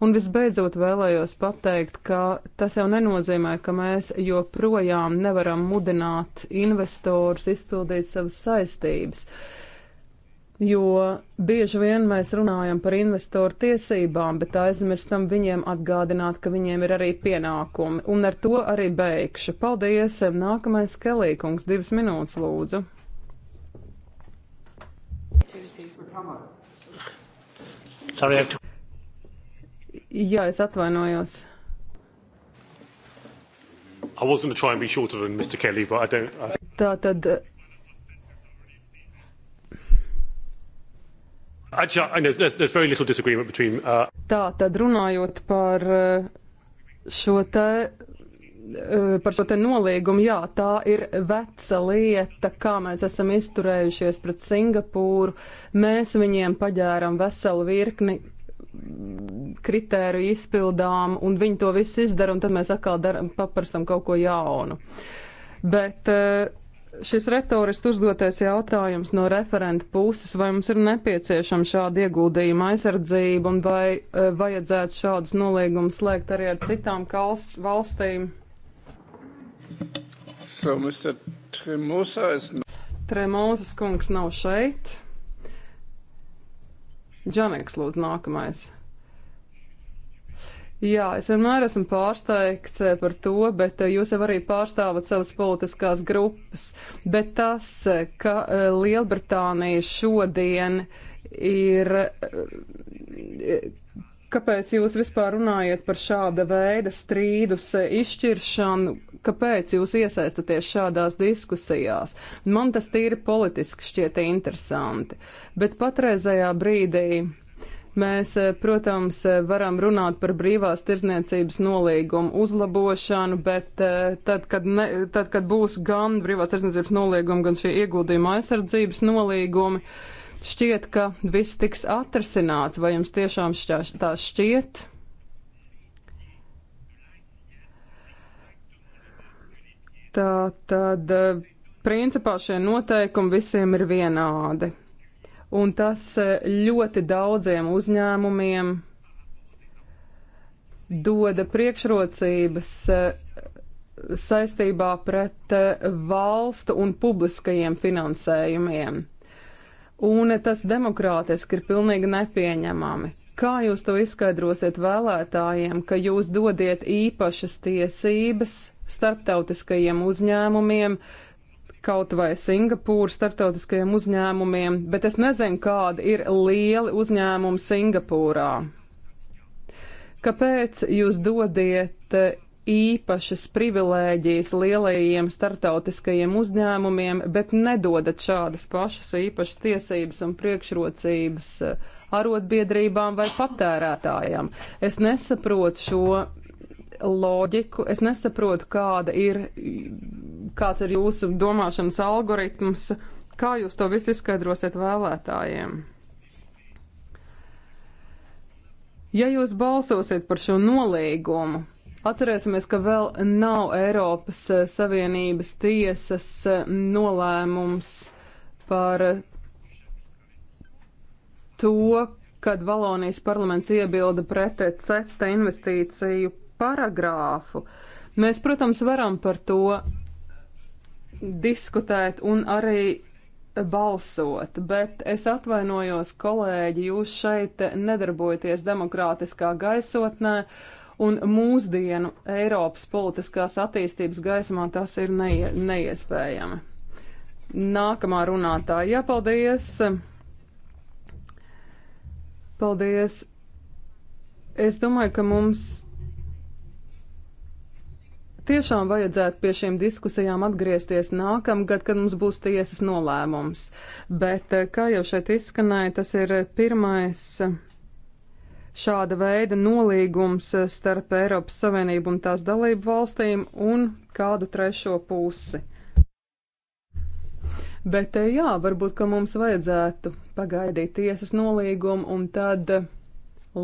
Un visbeidzot vēlējos pateikt, ka tas jau nenozīmē, ka mēs joprojām nevaram mudināt investorus izpildīt savas saistības jo bieži vien mēs runājam par investoru tiesībām, bet aizmirstam viņiem atgādināt, ka viņiem ir arī pienākumi. Un ar to arī beigšu. Paldies! Nākamais Kelīkungs, divas minūtes lūdzu. Jā, es atvainojos. I was going to try and be shorter than Mr. Kelly, but I don't. I... Tā tad Uh, tā tad runājot par uh, šo te uh, par šo noliegumu, jā, tā ir veca lieta, kā mēs esam izturējušies pret Singapūru. Mēs viņiem paģēram veselu virkni kritēriju izpildām, un viņi to visu izdara, un tad mēs atkal daram, paprasam kaut ko jaunu. Bet uh, šis retoriski uzdotais jautājums no referenta puses, vai mums ir nepieciešama šāda ieguldījuma aizsardzība un vai e, vajadzētu šādas nolīgumas slēgt arī ar citām kalst, valstīm? So, Tremosas is... kungs nav šeit. Džaneks lūdzu nākamais. Jā, es vienmēr esmu pārsteigts eh, par to, bet eh, jūs jau arī pārstāvat savas politiskās grupas. Bet tas, eh, ka Lielbritānija šodien ir. Kāpēc jūs vispār runājat par šāda veida strīdus izšķiršanu? Kāpēc jūs iesaistāties šādās diskusijās? Man tas tīri politiski šķiet interesanti, bet patreizajā brīdī Mēs, eh, protams, eh, varam runāt par brīvās tirzniecības nolīgumu uzlabošanu, bet eh, tad, kad, ne, tad, kad būs gan brīvās tirzniecības nolīguma, gan šī ieguldījuma aizsardzības nolīgumi, šķiet, ka viss tiks atrasināts. Vai jums tiešām šķā, tā šķiet? Tā tad, principā šie noteikumi visiem ir vienādi un tas eh, ļoti daudziem uzņēmumiem doda priekšrocības eh, saistībā pret eh, valstu un publiskajiem finansējumiem. Un tas demokrātiski ir pilnīgi nepieņemami. Kā jūs to izskaidrosiet vēlētājiem, ka jūs dodiet īpašas tiesības starptautiskajiem uzņēmumiem, kaut vai Singapūru starptautiskajiem uzņēmumiem, bet es nezinu, kādi ir lieli uzņēmumi Singapūrā. Kāpēc jūs dodiet eh, īpašas privilēģijas lielajiem starptautiskajiem uzņēmumiem, bet nedodat šādas pašas īpašas tiesības un priekšrocības eh, arotbiedrībām vai patērētājiem? Es nesaprotu šo loģiku, es nesaprotu, kāda ir kāds ir jūsu domāšanas algoritms, kā jūs to visu izskaidrosiet vēlētājiem. Ja jūs balsosiet par šo nolīgumu, atcerēsimies, ka vēl nav Eiropas eh, Savienības tiesas eh, nolēmums par to, kad Valonijas parlaments iebilda pret CETA investīciju paragrāfu. Mēs, protams, varam par to diskutēt un arī balsot, bet es atvainojos, kolēģi, jūs šeit nedarbojaties demokrātiskā gaisotnē, un mūsdienu Eiropas politiskās attīstības gaismā tas ir neie, neiespējami. Nākamā runātāja, jā, paldies! Paldies! Es domāju, ka mums Tiešām vajadzētu pie šīm diskusijām atgriezties nākamgad, kad mums būs tiesas nolēmums. Bet, eh, kā jau šeit izskanēja, tas ir pirmais eh, šāda veida nolīgums eh, starp Eiropas Savienību un tās dalību valstīm un kādu trešo pusi. Bet, jā, varbūt, ka mums vajadzētu pagaidīt tiesas nolīgumu un tad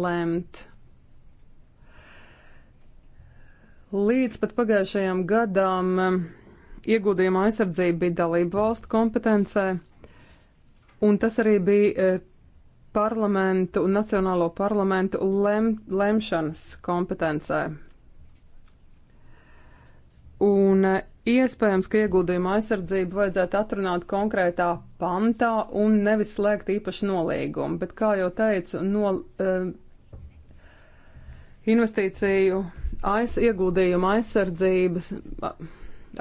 lemt. Līdz pat pagājušajam gadam um, ieguldījuma aizsardzība bija dalība valstu kompetencē, un tas arī bija uh, parlamentu un nacionālo parlamentu lem, lemšanas kompetencē. Un uh, iespējams, ka ieguldījuma aizsardzību vajadzētu atrunāt konkrētā pantā un nevis slēgt īpašu nolīgumu, bet, kā jau teicu, no, uh, investīciju aiz, ieguldījuma aizsardzības,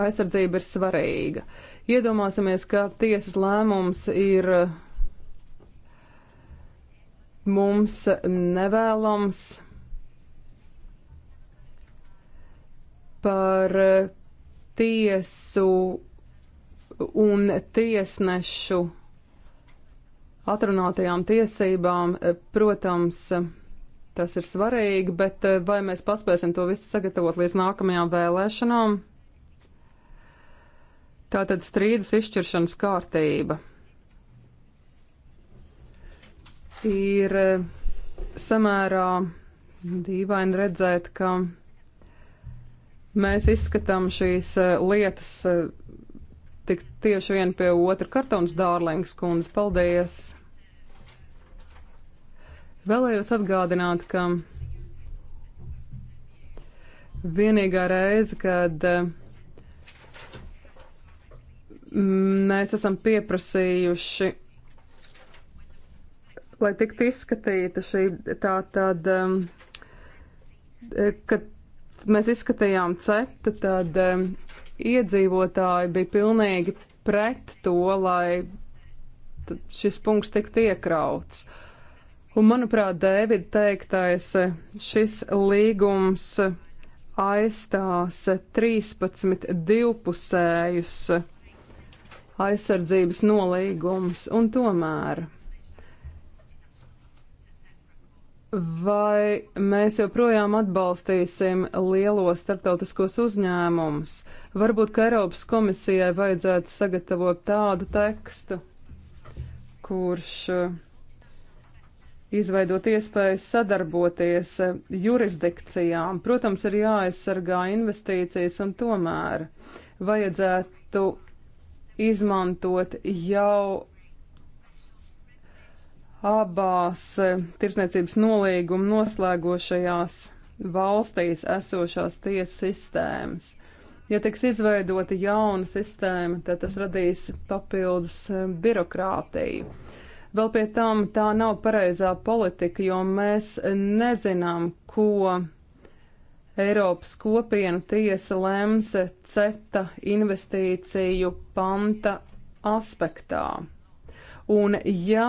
aizsardzība ir svarīga. Iedomāsimies, ka tiesas lēmums ir mums nevēlams par tiesu un tiesnešu atrunātajām tiesībām, protams, Tas ir svarīgi, bet eh, vai mēs paspēsim to visu sagatavot līdz nākamajām vēlēšanām? Tātad strīdus izšķiršanas kārtība ir eh, samērā dīvaini redzēt, ka mēs izskatām šīs eh, lietas tik tieši vien pie otra kartons dārlings kundze. Paldies! Vēlējos atgādināt, ka vienīgā reize, kad eh, mēs esam pieprasījuši, lai tiktu izskatīta šī tā tad, eh, kad mēs izskatījām cetu, tad eh, iedzīvotāji bija pilnīgi pret to, lai šis punkts tiktu iekrauts. Uh, Un, manuprāt, Dēvida teiktais, šis līgums aizstās 13 divpusējus aizsardzības nolīgums, un tomēr vai mēs joprojām atbalstīsim lielos starptautiskos uzņēmumus? Varbūt, ka Eiropas komisijai vajadzētu sagatavot tādu tekstu, kurš uh, izveidot iespējas sadarboties jurisdikcijām. Protams, ir jāaizsargā investīcijas un tomēr vajadzētu izmantot jau abās tirsniecības nolīguma noslēgošajās valstīs esošās tiesu sistēmas. Ja tiks izveidota jauna sistēma, tad tas radīs papildus eh, birokrātiju. Vēl pie tam tā nav pareizā politika, jo mēs nezinām, ko Eiropas kopiena tiesa lems CETA investīciju panta aspektā. Un ja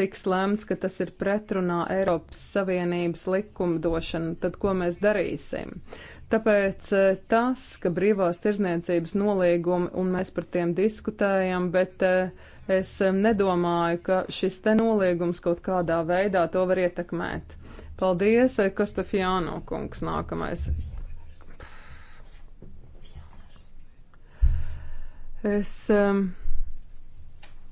tiks lemts, ka tas ir pretrunā Eiropas Savienības likumdošana, tad ko mēs darīsim? Tāpēc e, tas, ka brīvās tirzniecības noliegumi, un mēs par tiem diskutējam, bet uh, Es nedomāju, ka šis te noliegums kaut kādā veidā to var ietekmēt. Paldies, eh, Kostofjāno kungs, nākamais. Es um,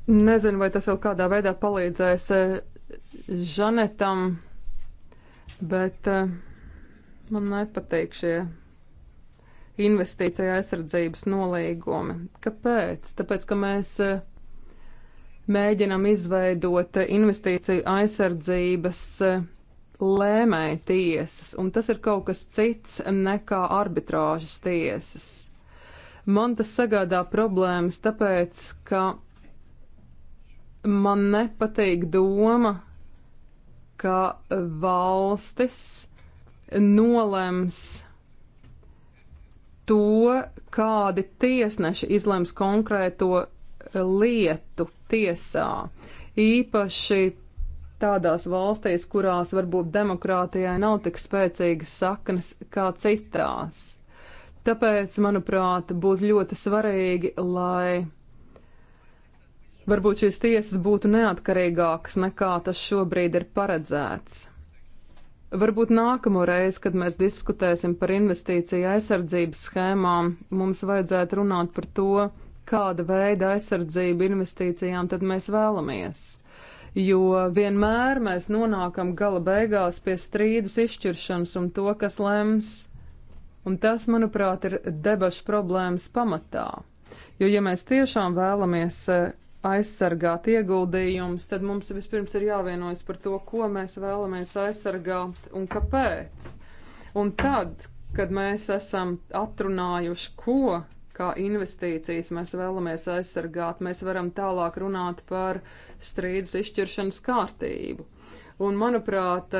nezinu, vai tas vēl kādā veidā palīdzēs uh, Žanetam, bet uh, man nepatīk šie investīcija aizsardzības nolīgumi. Kāpēc? Tāpēc, ka mēs. Uh, mēģinam izveidot investīciju aizsardzības eh, lēmēja tiesas, un tas ir kaut kas cits nekā arbitrāžas tiesas. Man tas sagādā problēmas, tāpēc, ka man nepatīk doma, ka valstis nolems to, kādi tiesneši izlems konkrēto lietu tiesā. Īpaši tādās valstīs, kurās varbūt demokrātijai nav tik spēcīgas saknes kā citās. Tāpēc, manuprāt, būtu ļoti svarīgi, lai varbūt šīs tiesas būtu neatkarīgākas nekā tas šobrīd ir paredzēts. Varbūt nākamo reizi, kad mēs diskutēsim par investīciju aizsardzības schēmām, mums vajadzētu runāt par to, kāda veida aizsardzību investīcijām tad mēs vēlamies. Jo vienmēr mēs nonākam gala beigās pie strīdus izšķiršanas un to, kas lems. Un tas, manuprāt, ir debašu problēmas pamatā. Jo, ja mēs tiešām vēlamies eh, aizsargāt ieguldījumus, tad mums vispirms ir jāvienojas par to, ko mēs vēlamies aizsargāt un kāpēc. Un tad, kad mēs esam atrunājuši, ko kā investīcijas mēs vēlamies aizsargāt. Mēs varam tālāk runāt par strīdus izšķiršanas kārtību. Un, manuprāt,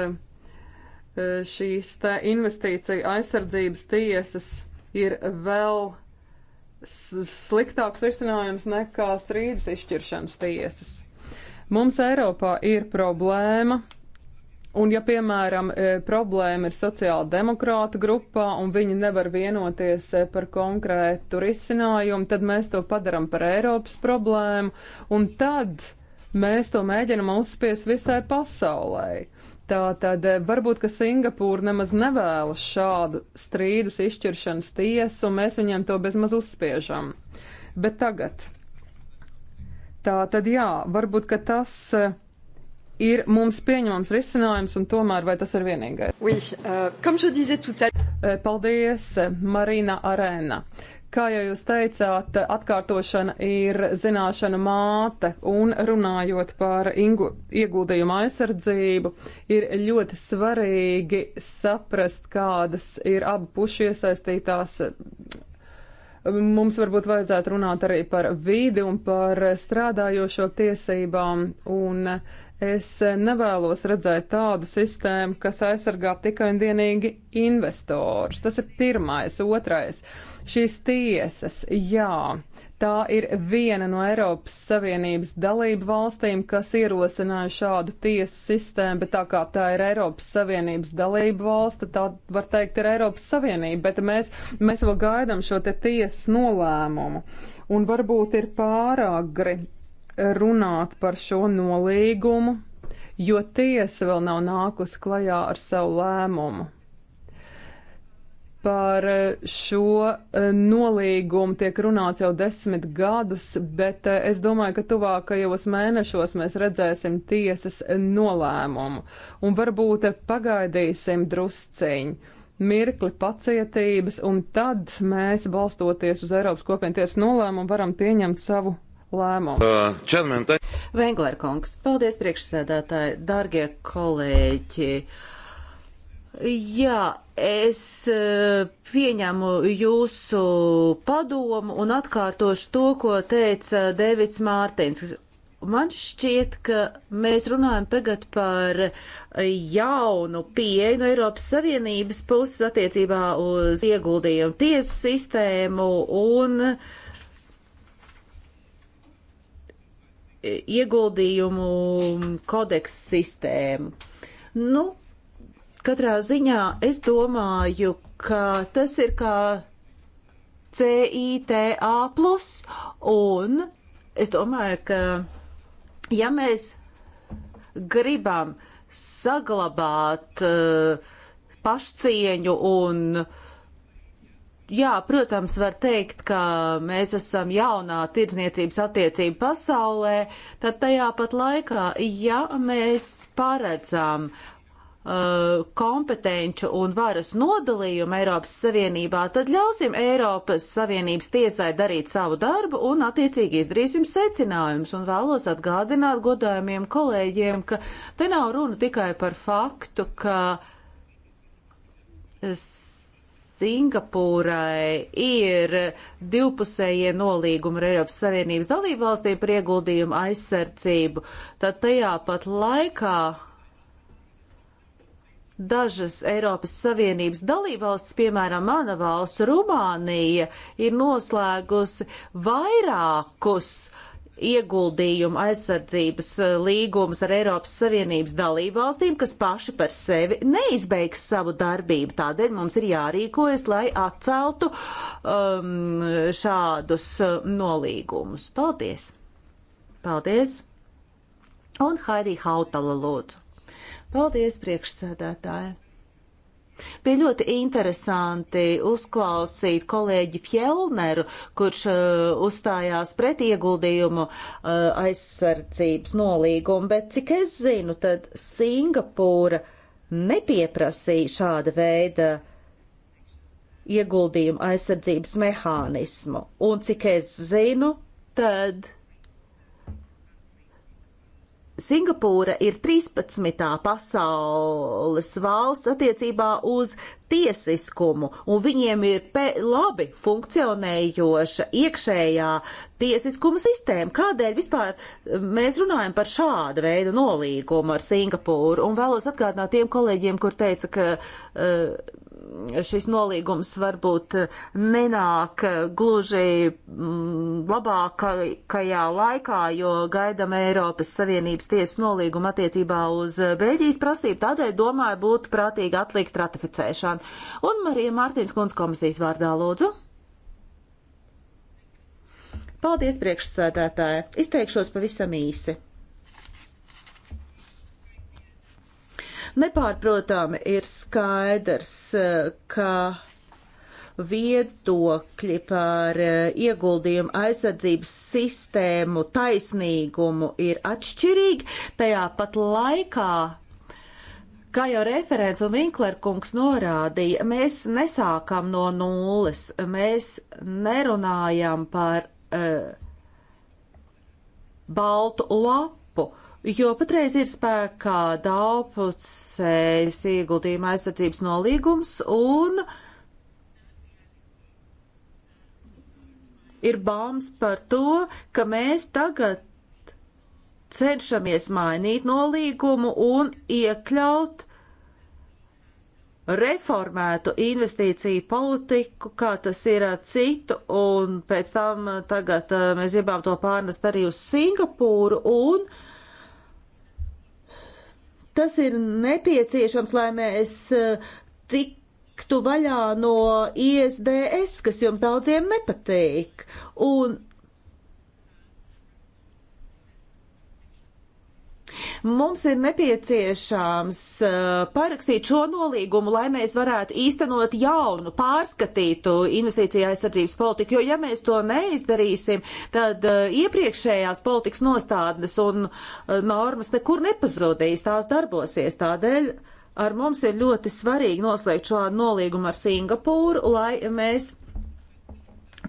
šīs investīcija aizsardzības tiesas ir vēl sliktāks risinājums nekā strīdus izšķiršanas tiesas. Mums Eiropā ir problēma Un, ja, piemēram, e, problēma ir sociāla demokrāta grupā un viņi nevar vienoties e, par konkrētu risinājumu, tad mēs to padaram par Eiropas problēmu, un tad mēs to mēģinam uzspiest visai pasaulē. Tātad e, varbūt, ka Singapūra nemaz nevēlas šādu strīdus izšķiršanas tiesu, un mēs viņiem to bezmaz uzspiežam. Bet tagad. Tātad jā, varbūt, ka tas ir mums pieņemams risinājums, un tomēr vai tas ir vienīgais? Oui, uh, Paldies, Marina Arēna. Kā jau jūs teicāt, atkārtošana ir zināšana māte, un runājot par ingu, ieguldījumu aizsardzību, ir ļoti svarīgi saprast, kādas ir abu pušu iesaistītās mums varbūt vajadzētu runāt arī par vīdi un par strādājošo tiesībām. Un Es eh, nevēlos redzēt tādu sistēmu, kas aizsargā tikai un vienīgi investors. Tas ir pirmais. Otrais - šīs tiesas. Jā, tā ir viena no Eiropas Savienības dalību valstīm, kas ierosināja šādu tiesu sistēmu, bet tā kā tā ir Eiropas Savienības dalību valsta, tā var teikt ir Eiropas Savienība, bet mēs, mēs vēl gaidām šo te tiesas nolēmumu. Un varbūt ir pārāk gri runāt par šo nolīgumu, jo tiesa vēl nav nākus klajā ar savu lēmumu. Par šo e, nolīgumu tiek runāts jau desmit gadus, bet e, es domāju, ka tuvākajos mēnešos mēs redzēsim tiesas nolēmumu un varbūt e, pagaidīsim drusciņu mirkli pacietības, un tad mēs, balstoties uz Eiropas kopienu tiesas nolēmumu, varam pieņemt savu lēmumu. Uh, Venglerkungs, paldies priekšsēdētāji, dargie kolēģi. Jā, es uh, pieņemu jūsu padomu un atkārtošu to, ko teica Devits Mārtiņš. Man šķiet, ka mēs runājam tagad par jaunu pieeju no Eiropas Savienības puses attiecībā uz ieguldījumu tiesu sistēmu un uh, ieguldījumu kodeksu sistēmu. Nu, katrā ziņā es domāju, ka tas ir kā CITA, un es domāju, ka ja mēs gribam saglabāt uh, pašcieņu un uh, Jā, protams, var teikt, ka mēs esam jaunā tirdzniecības attiecība pasaulē, tad tajā pat laikā, ja mēs paredzam uh, kompetenču un varas nodalījumu Eiropas Savienībā, tad ļausim Eiropas Savienības tiesai darīt savu darbu un attiecīgi izdarīsim secinājumus. Un vēlos atgādināt godājumiem kolēģiem, ka te nav runa tikai par faktu, ka es Singapūrai ir divpusējie nolīgumi ar Eiropas Savienības dalību valstīm par ieguldījumu aizsardzību, tad tajā pat laikā Dažas Eiropas Savienības dalībvalstis, piemēram, mana valsts Rumānija, ir noslēgusi vairākus ieguldījumu aizsardzības eh, līgumus ar Eiropas Savienības dalību valstīm, kas paši par sevi neizbeigs savu darbību. Tādēļ mums ir jārīkojas, lai atceltu um, šādus eh, nolīgumus. Paldies! Paldies! Un Haidī Hautala lūdzu. Paldies, priekšsēdētāji! Bija ļoti interesanti uzklausīt kolēģi Fjellneru, kurš uh, uzstājās pret ieguldījumu uh, aizsardzības nolīgumu, bet cik es zinu, tad Singapūra nepieprasīja šāda veida ieguldījumu aizsardzības mehānismu. Un cik es zinu, tad Singapūra ir 13. pasaules valsts attiecībā uz tiesiskumu, un viņiem ir labi funkcionējoša iekšējā tiesiskuma sistēma. Kādēļ vispār eh, mēs runājam par šādu veidu nolīgumu ar Singapūru? Un vēlos atgādināt tiem kolēģiem, kur teica, ka. Uh, šis nolīgums varbūt nenāk gluži mm, labākajā laikā, jo gaidam Eiropas Savienības tiesas nolīgumu attiecībā uz Beļģijas prasību, tādēļ domāju būtu prātīgi atlikt ratificēšanu. Un Marija Mārtiņas kundz komisijas vārdā lūdzu. Paldies, priekšsēdētāji! Izteikšos pavisam īsi. Nepārprotami ir skaidrs, e, ka viedokļi par e, ieguldījumu aizsardzības sistēmu taisnīgumu ir atšķirīgi, tajā pat laikā, kā jau referents un Vinklerkungs norādīja, mēs nesākam no nulles, mēs nerunājam par uh, baltu lapu jo patreiz ir spēkā daudzpusējs ieguldījuma aizsardzības nolīgums un ir baumas par to, ka mēs tagad cenšamies mainīt nolīgumu un iekļaut reformētu investīciju politiku, kā tas ir citu, un pēc tam tagad eh, mēs gribam to pārnest arī uz Singapūru, un Tas ir nepieciešams, lai mēs eh, tiktu vaļā no ISDS, kas jums daudziem nepatīk. Un Mums ir nepieciešams eh, parakstīt šo nolīgumu, lai mēs varētu īstenot jaunu, pārskatītu investīciju aizsardzības politiku, jo ja mēs to neizdarīsim, tad eh, iepriekšējās politikas nostādnes un eh, normas nekur nepazudīs, tās darbosies. Tādēļ ar mums ir ļoti svarīgi noslēgt šo nolīgumu ar Singapūru, lai mēs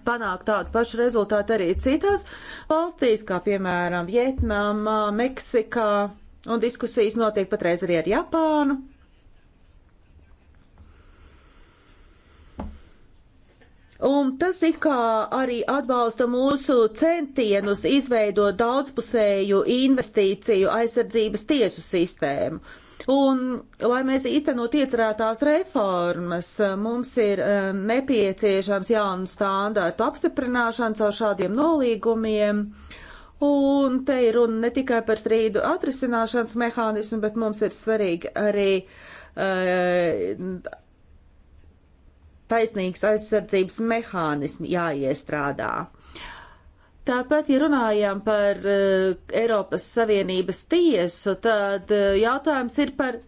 panāktu tādu pašu rezultātu arī citās valstīs, kā piemēram Vietnamā, Meksikā. Un diskusijas notiek patreiz arī ar Japānu. Un tas it kā arī atbalsta mūsu centienus izveidot daudzpusēju investīciju aizsardzības tiesu sistēmu. Un, lai mēs īstenot iecerētās reformas, mums ir eh, nepieciešams jaunu standārtu apstiprināšanas ar šādiem nolīgumiem. Uh, Un te ir runa ne tikai par strīdu atrisināšanas mehānismu, bet mums ir svarīgi arī uh, eh, taisnīgs aizsardzības mehānismi jāiestrādā. Tāpat, ja runājam par uh, Eiropas Savienības tiesu, tad uh, jautājums ir par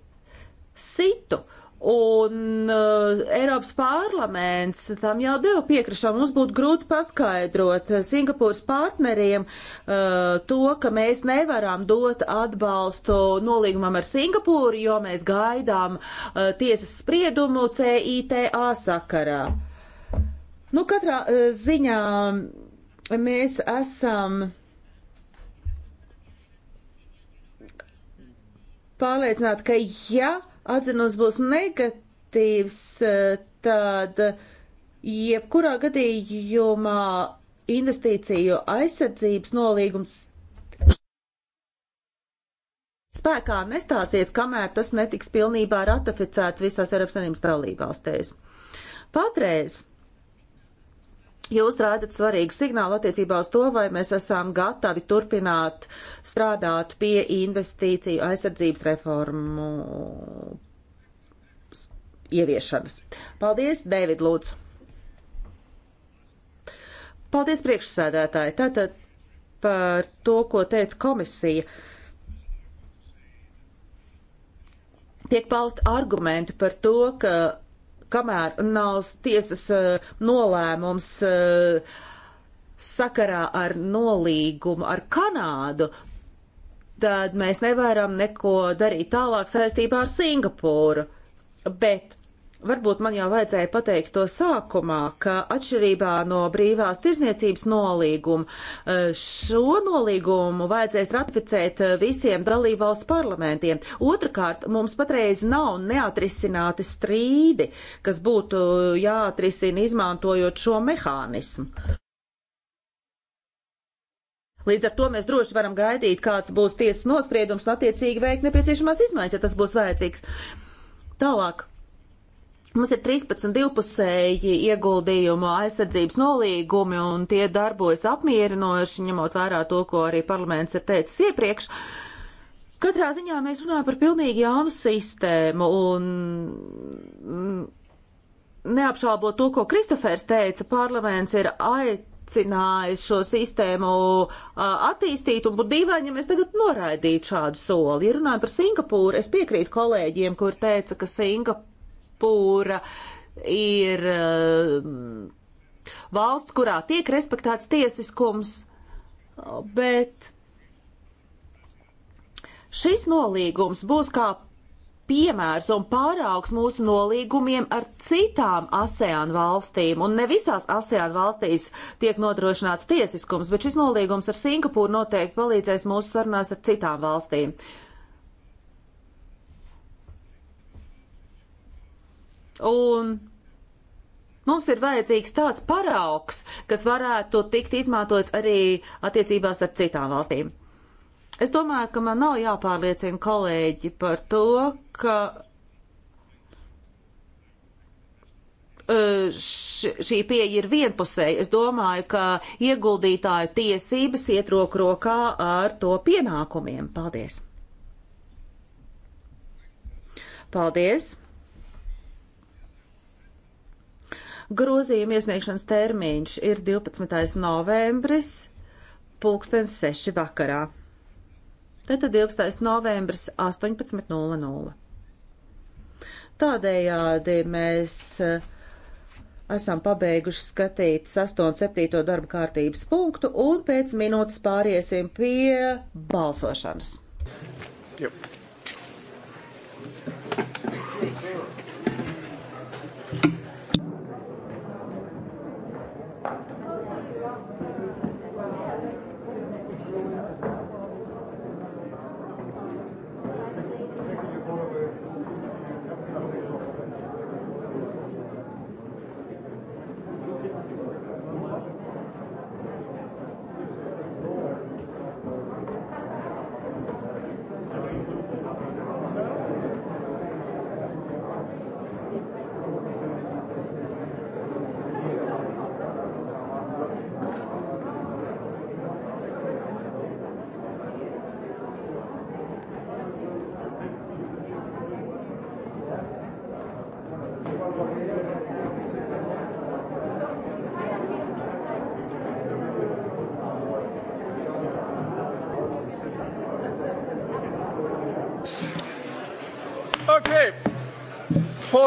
situ. Uh, Un uh, Eiropas parlaments tam jau deva piekrišanu. Mums būtu grūti paskaidrot Singapūras partneriem uh, to, ka mēs nevaram dot atbalstu nolīgumam ar Singapūru, jo mēs gaidām uh, tiesas spriedumu CITA sakarā. Nu, katrā uh, ziņā mēs esam. Pārliecināti, ka ja atzinums būs negatīvs, eh, tad jebkurā gadījumā investīciju aizsardzības nolīgums spēkā nestāsies, kamēr tas netiks pilnībā ratificēts visās Eiropas Savienības dalībvalstīs. Patreiz Jūs rādat svarīgu signālu attiecībā uz to, vai mēs esam gatavi turpināt strādāt pie investīciju aizsardzības reformu ieviešanas. Paldies, Dēvid, lūdzu. Paldies, priekšsēdētāji. Tātad par to, ko teica komisija. Tiek pausti argumenti par to, ka kamēr nav tiesas eh, nolēmums eh, sakarā ar nolīgumu ar Kanādu, tad mēs nevaram neko darīt tālāk saistībā ar Singapūru. Bet Varbūt man jau vajadzēja pateikt to sākumā, ka atšķirībā no brīvās tirzniecības nolīguma eh, šo nolīgumu vajadzēs ratificēt eh, visiem dalībvalstu parlamentiem. Otrakārt, mums patreiz nav neatrisināti strīdi, kas būtu eh, jāatrisina izmantojot šo mehānismu. Līdz ar to mēs droši varam gaidīt, kāds būs tiesas nospriedums un attiecīgi veikt nepieciešamās izmaiņas, ja tas būs vajadzīgs. Tālāk. Mums ir 13 divpusēji ieguldījumu aizsardzības nolīgumi, un tie darbojas apmierinoši, ņemot vērā to, ko arī parlaments ir teicis iepriekš. Katrā ziņā mēs runājam par pilnīgi jaunu sistēmu, un mm, neapšaubot to, ko Kristofers teica, parlaments ir aicinājis šo sistēmu attīstīt, un būtu dīvaini, ja mēs tagad noraidītu šādu soli. Ja runājam par Singapūru, es piekrītu kolēģiem, kur teica, ka Singapūra Singapūra ir eh, valsts, kurā tiek respektēts tiesiskums, bet šis nolīgums būs kā piemērs un pāraugs mūsu nolīgumiem ar citām ASEAN valstīm. Un ne visās ASEAN valstīs tiek nodrošināts tiesiskums, bet šis nolīgums ar Singapūru noteikti palīdzēs mūsu sarunās ar citām valstīm. Uh, Un Mums ir vajadzīgs tāds paraugs, kas varētu tikt izmantots arī attiecībās ar citām valstīm. Es domāju, ka man nav jāpārliecina kolēģi par to, ka e, šī pieeja ir vienpusēja. Es domāju, ka ieguldītāju tiesības iet roku rokā ar to pienākumiem. Paldies! Paldies! Grozījuma iesniegšanas termiņš ir 12. novembris, pulkstens 6 vakarā. Tātad 12. novembris 18.00. Tādējādi mēs eh, esam pabeiguši skatīt 8.7. darba kārtības punktu un pēc minūtes pāriesim pie balsošanas. Yep. Yes, sir.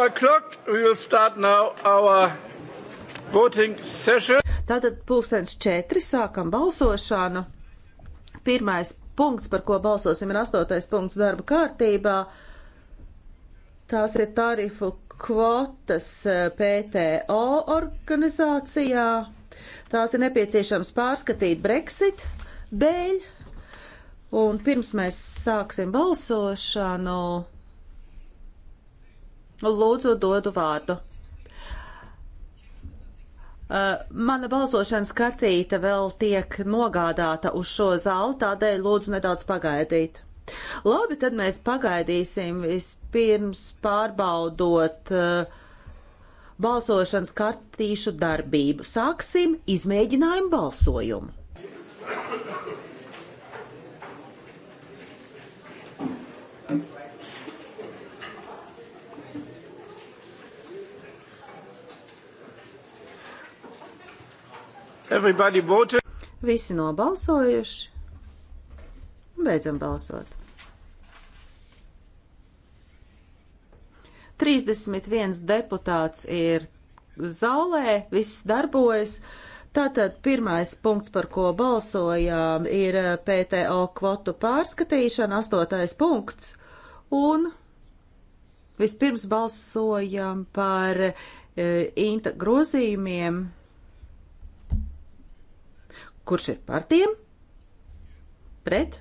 four o'clock. We will start now our voting session. Tātad pulkstens četri sākam balsošanu. Pirmais punkts, par ko balsosim, ir astotais punkts darba kārtībā. Tās ir tarifu kvotas eh, PTO organizācijā. Tās ir nepieciešams pārskatīt Brexit dēļ. Un pirms mēs sāksim balsošanu. Lūdzu, dodu vārdu. Uh, mana balsošanas kartīte vēl tiek nogādāta uz šo zāli, tādēļ lūdzu nedaudz pagaidīt. Labi, tad mēs pagaidīsim vispirms pārbaudot uh, balsošanas kartīšu darbību. Sāksim izmēģinājumu balsojumu. Visi nobalsojuši. Beidzam balsot. 31 deputāts ir zālē, viss darbojas. Tātad pirmais punkts, par ko balsojām, ir eh, PTO kvotu pārskatīšana, astotais punkts. Un vispirms balsojam par e, inta grozījumiem. Kurš ir par tiem? Pret.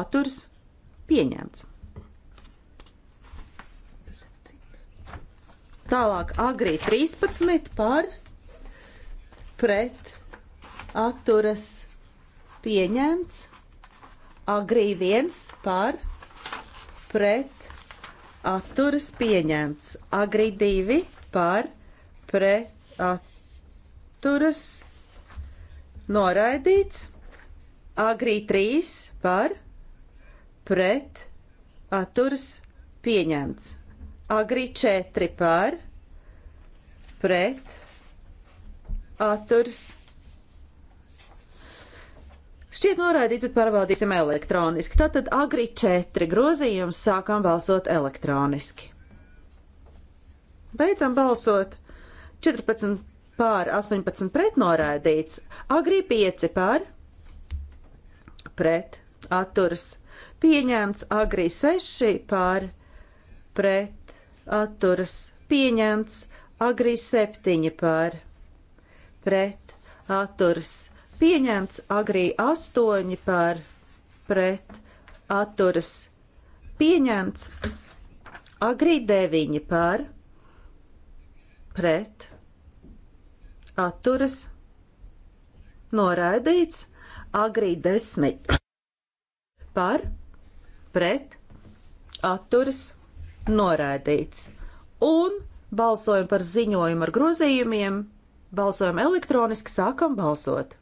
Atturs. Pieņemts. Tālāk agrī 13 par pret atturas pieņemts. Agrī 1 par pret atturas pieņemts. Agrī 2 par pret atturas pieņemts noraidīts, agrī 3 par, pret, atturs, pieņemts, agrī 4 par, pret, atturs. Šķiet noraidīts, bet pārbaudīsim elektroniski. Tātad agri 4 grozījums sākam balsot elektroniski. Beidzam balsot 14 pār 18 pret norādīts, agrī 5 pār pret atturs pieņemts, agrī 6 pār pret atturs pieņemts, agrī 7 pār pret atturs pieņemts, agrī 8 pār pret atturs pieņemts, agrī 9 pār pret atturs atturas noraidīts, agrī desmit par, pret, atturas noraidīts. Un balsojam par ziņojumu ar grozījumiem, balsojam elektroniski, sākam balsot.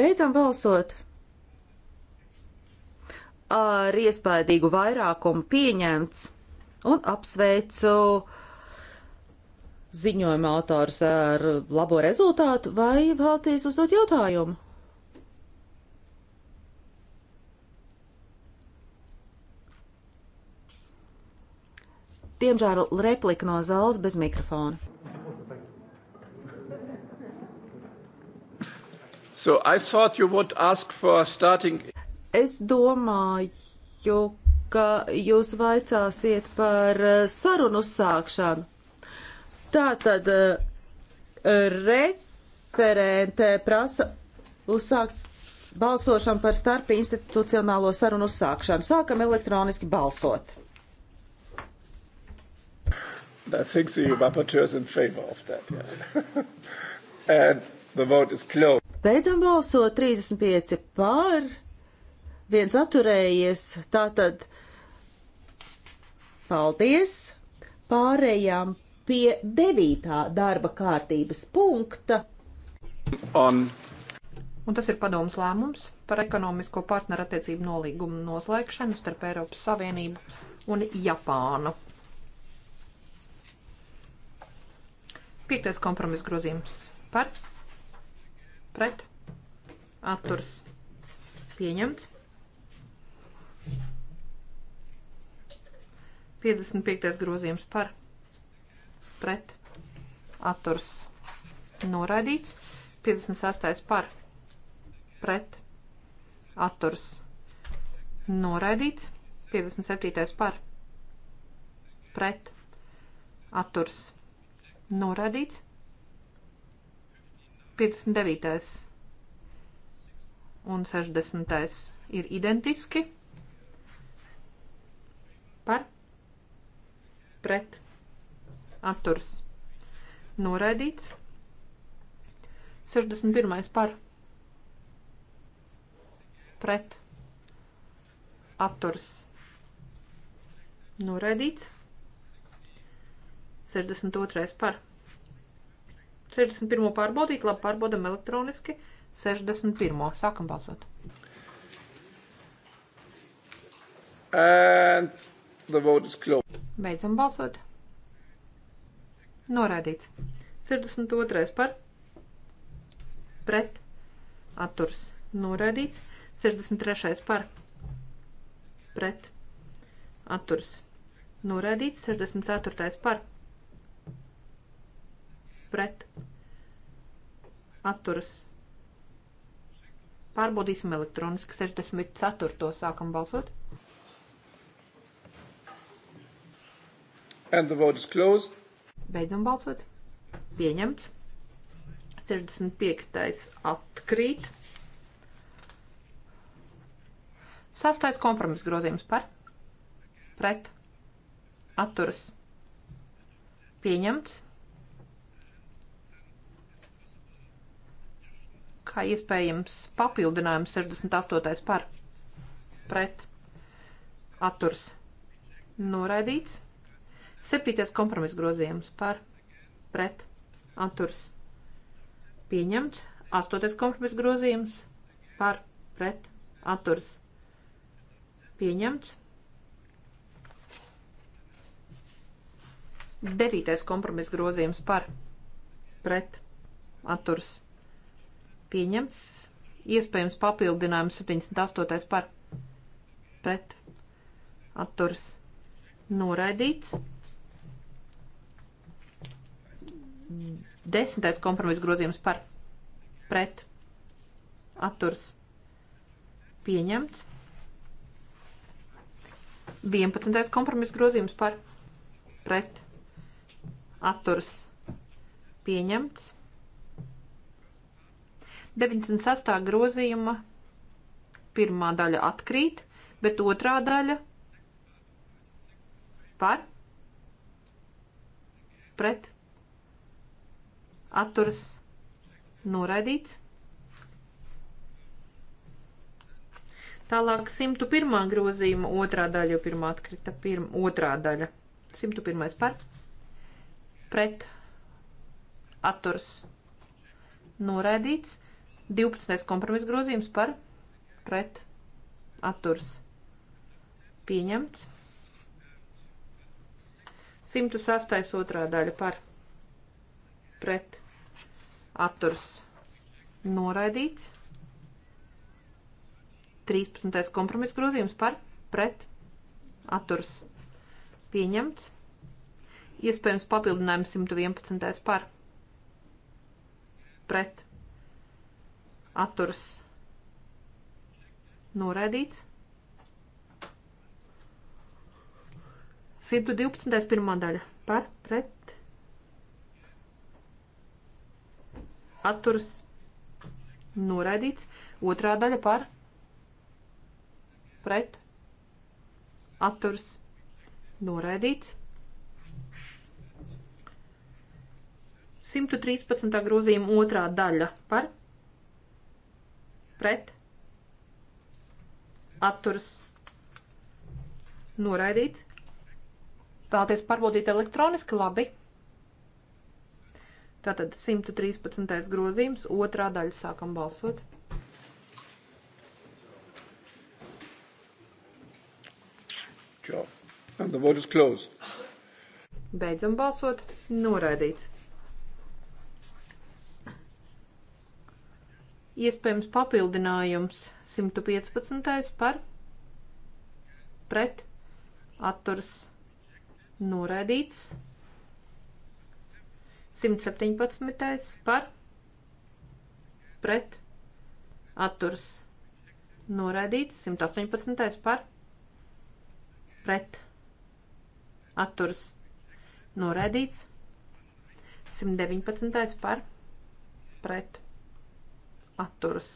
Beidzam balsot! ar iespējīgu vairākumu pieņemts un apsveicu ziņojuma autors ar labo rezultātu vai vēlties uzdot jautājumu? Diemžēl replika no zāles bez mikrofona. So I thought you would ask for starting Es domāju, ka jūs vaicāsiet par eh, sarunu sākšanu. Tātad eh, referente prasa uzsākt balsošanu par starp institucionālo sarunu uzsākšanu. Sākam elektroniski balsot. I think the rapporteur is in favor of that. Yeah. and the vote is closed. Beidzam balsot 35 par, viens atturējies. Tātad paldies! Pārējām pie devītā darba kārtības punkta. On. Un tas ir padomus lēmums par ekonomisko partnerattiecību nolīgumu noslēgšanu starp Eiropas Savienību un Japānu. Piektais kompromiss grozījums par, pret, atturs, pieņemts. 55. grozījums par pret atturs noraidīts. 56. par pret atturs noraidīts. 57. par pret atturs noraidīts. 59. un 60. ir identiski par pret atturs noraidīts. 61. par pret atturs noraidīts. 62. par 61. pārbaudīt, labi pārbaudam elektroniski. 61. Sākam balsot. And the vote is closed. Beidzam balsot. Noraidīts. 62. par. Pret. Atturs. Noraidīts. 63. par. Pret. Atturs. Noraidīts. 64. par. Pret. Atturs. Pārbaudīsim elektroniski 64. sākam balsot. And the vote is closed. Beidzam balsot. Pieņemts. 65. atkrīt. Sastais kompromiss grozījums par, pret, atturas, pieņemts. Kā iespējams papildinājums 68. par, pret, atturas, noraidīts. Septītais kompromiss grozījums par pret atturs pieņemts. Astotais kompromiss grozījums par pret atturs pieņemts. Devītais kompromiss grozījums par pret atturs pieņemts. Iespējams papildinājums 78. par pret atturs noraidīts. Desmitais kompromiss grozījums par pret atturs pieņemts. 11. kompromiss grozījums par pret atturs pieņemts. 96. grozījuma pirmā daļa atkrīt, bet otrā daļa par pret atturas noraidīts. Tālāk 101. grozījuma otrā daļa, jo pirmā atkrita pirma, otrā daļa. 101. par pret atturs noraidīts. 12. kompromis grozījums par pret atturs pieņemts. 108. otrā daļa par pret atturs noraidīts. 13. kompromiss grozījums par pret atturs pieņemts. Iespējams papildinājums 111. par pret atturs noraidīts. 112. pirmā daļa par pret atturas noraidīts. Otrā daļa par pret atturas noraidīts. 113. grozījuma otrā daļa par pret atturas noraidīts. Vēlaties pārbaudīt elektroniski? Labi. Tātad 113. grozījums, otrā daļa sākam balsot. Čau. And the vote is closed. Beidzam balsot. Noraidīts. Iespējams papildinājums 115. par pret atturas noraidīts. 117. par pret atturs noraidīts. 118. par pret atturs noraidīts. 119. par pret atturs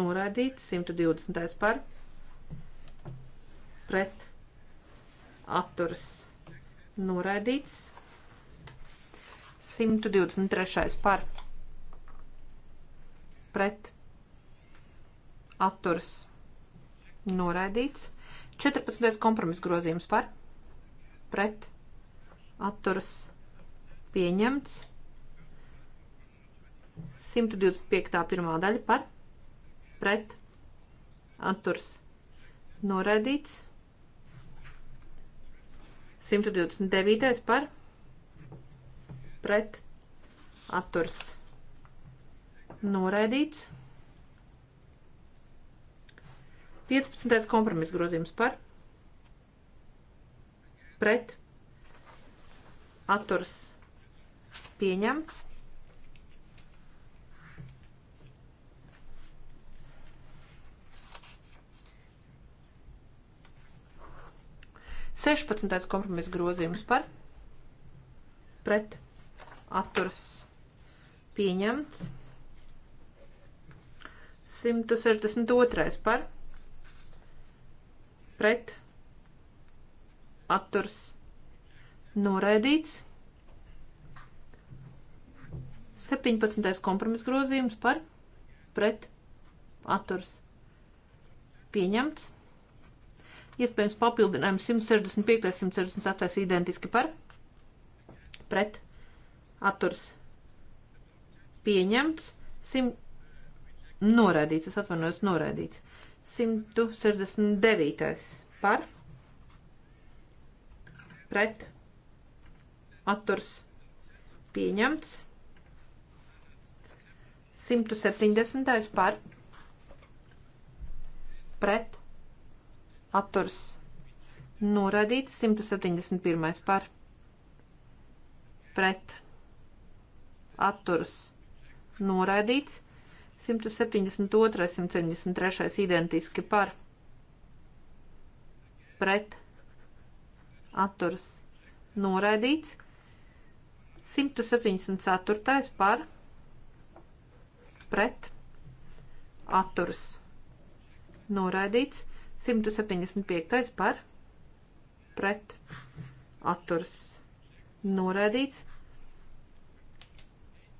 noraidīts. 120. par pret atturs noraidīts. 123. par pret atturs noraidīts. 14. kompromis grozījums par pret atturs pieņemts. 125. pirmā daļa par pret atturs noraidīts. 129. par pret pret atturs noraidīts. 15. kompromiss grozījums par pret atturs pieņemts. Sešpadsmitais kompromiss grozījums par pret atturas pieņemts. 162. par pret atturs noraidīts. 17. kompromis grozījums par pret atturs pieņemts. Iespējams papildinājums 165. 168. identiski par pret atturs atturs pieņemts, simt noraidīts, es atvainojos, noraidīts. 169. par pret atturs pieņemts. 170. par pret atturs noraidīts. 171. par pret atturs atturas noraidīts. 172, 173 identiski par pret atturas noraidīts. 174 par pret atturas noraidīts. 175 par pret atturas noraidīts.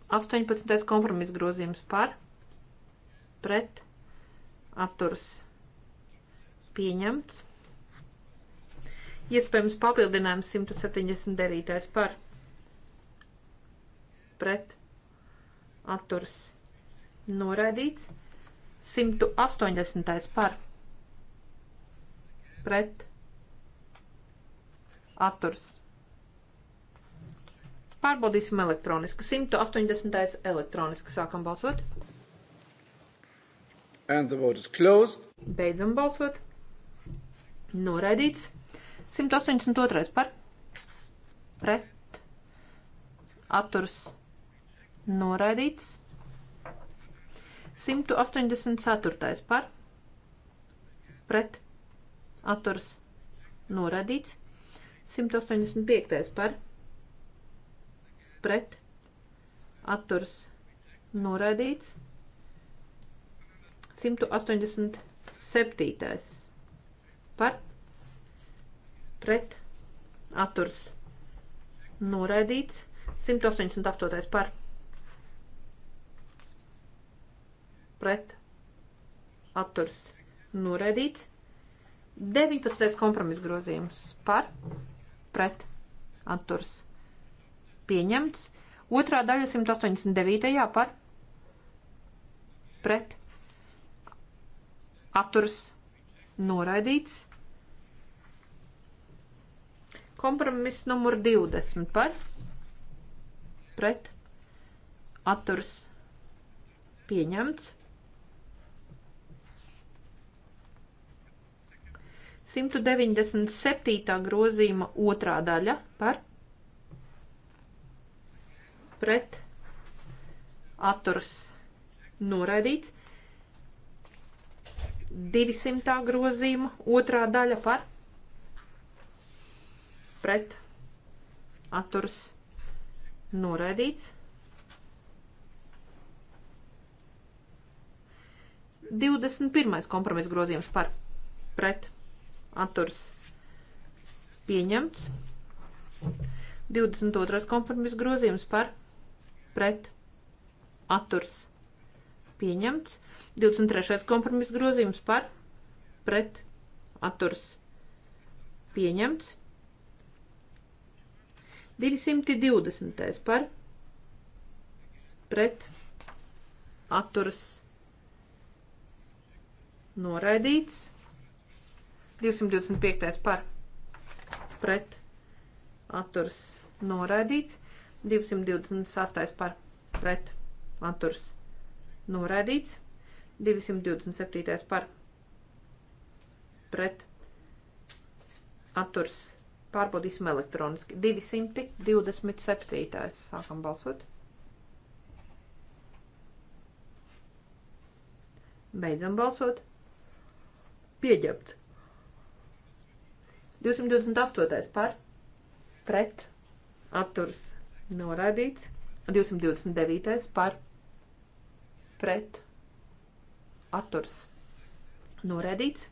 18. kompromiss grozījums par, pret, atturs pieņemts. Iespējams papildinājums 179. par, pret, atturs noraidīts. 180. par, pret, atturs Pārbaudīsim elektroniski. 180. elektroniski sākam balsot. And the vote is closed. Beidzam balsot. Noraidīts. 182. par. Pret. Atturs. Noraidīts. 184. par. Pret. Atturs. Noraidīts. 185. par pret atturs noraidīts. 187. par pret atturs noraidīts. 188. par pret atturs noraidīts. 19. kompromis grozījums par pret atturs noraidīts pieņemts. Otrā daļa 189. par pret atturs noraidīts. Kompromiss numur 20 par pret atturs pieņemts. 197. grozījuma otrā daļa par pret atturs noraidīts. 200. grozījuma otrā daļa par pret atturs noraidīts. 21. kompromisa grozījums par pret atturs pieņemts. 22. kompromisa grozījums par pret atturs pieņemts. 23. kompromiss grozījums par pret atturs pieņemts. 220. par pret atturs noraidīts. 225. par pret atturs noraidīts. 228 par pret atturs noraidīts, 227 par pret atturs pārbaudīsim elektroniski, 227. sākam balsot. Beidzam balsot. Pieģepts. 228 par pret atturs Noraidīts. 229. par pret atturs. Noraidīts.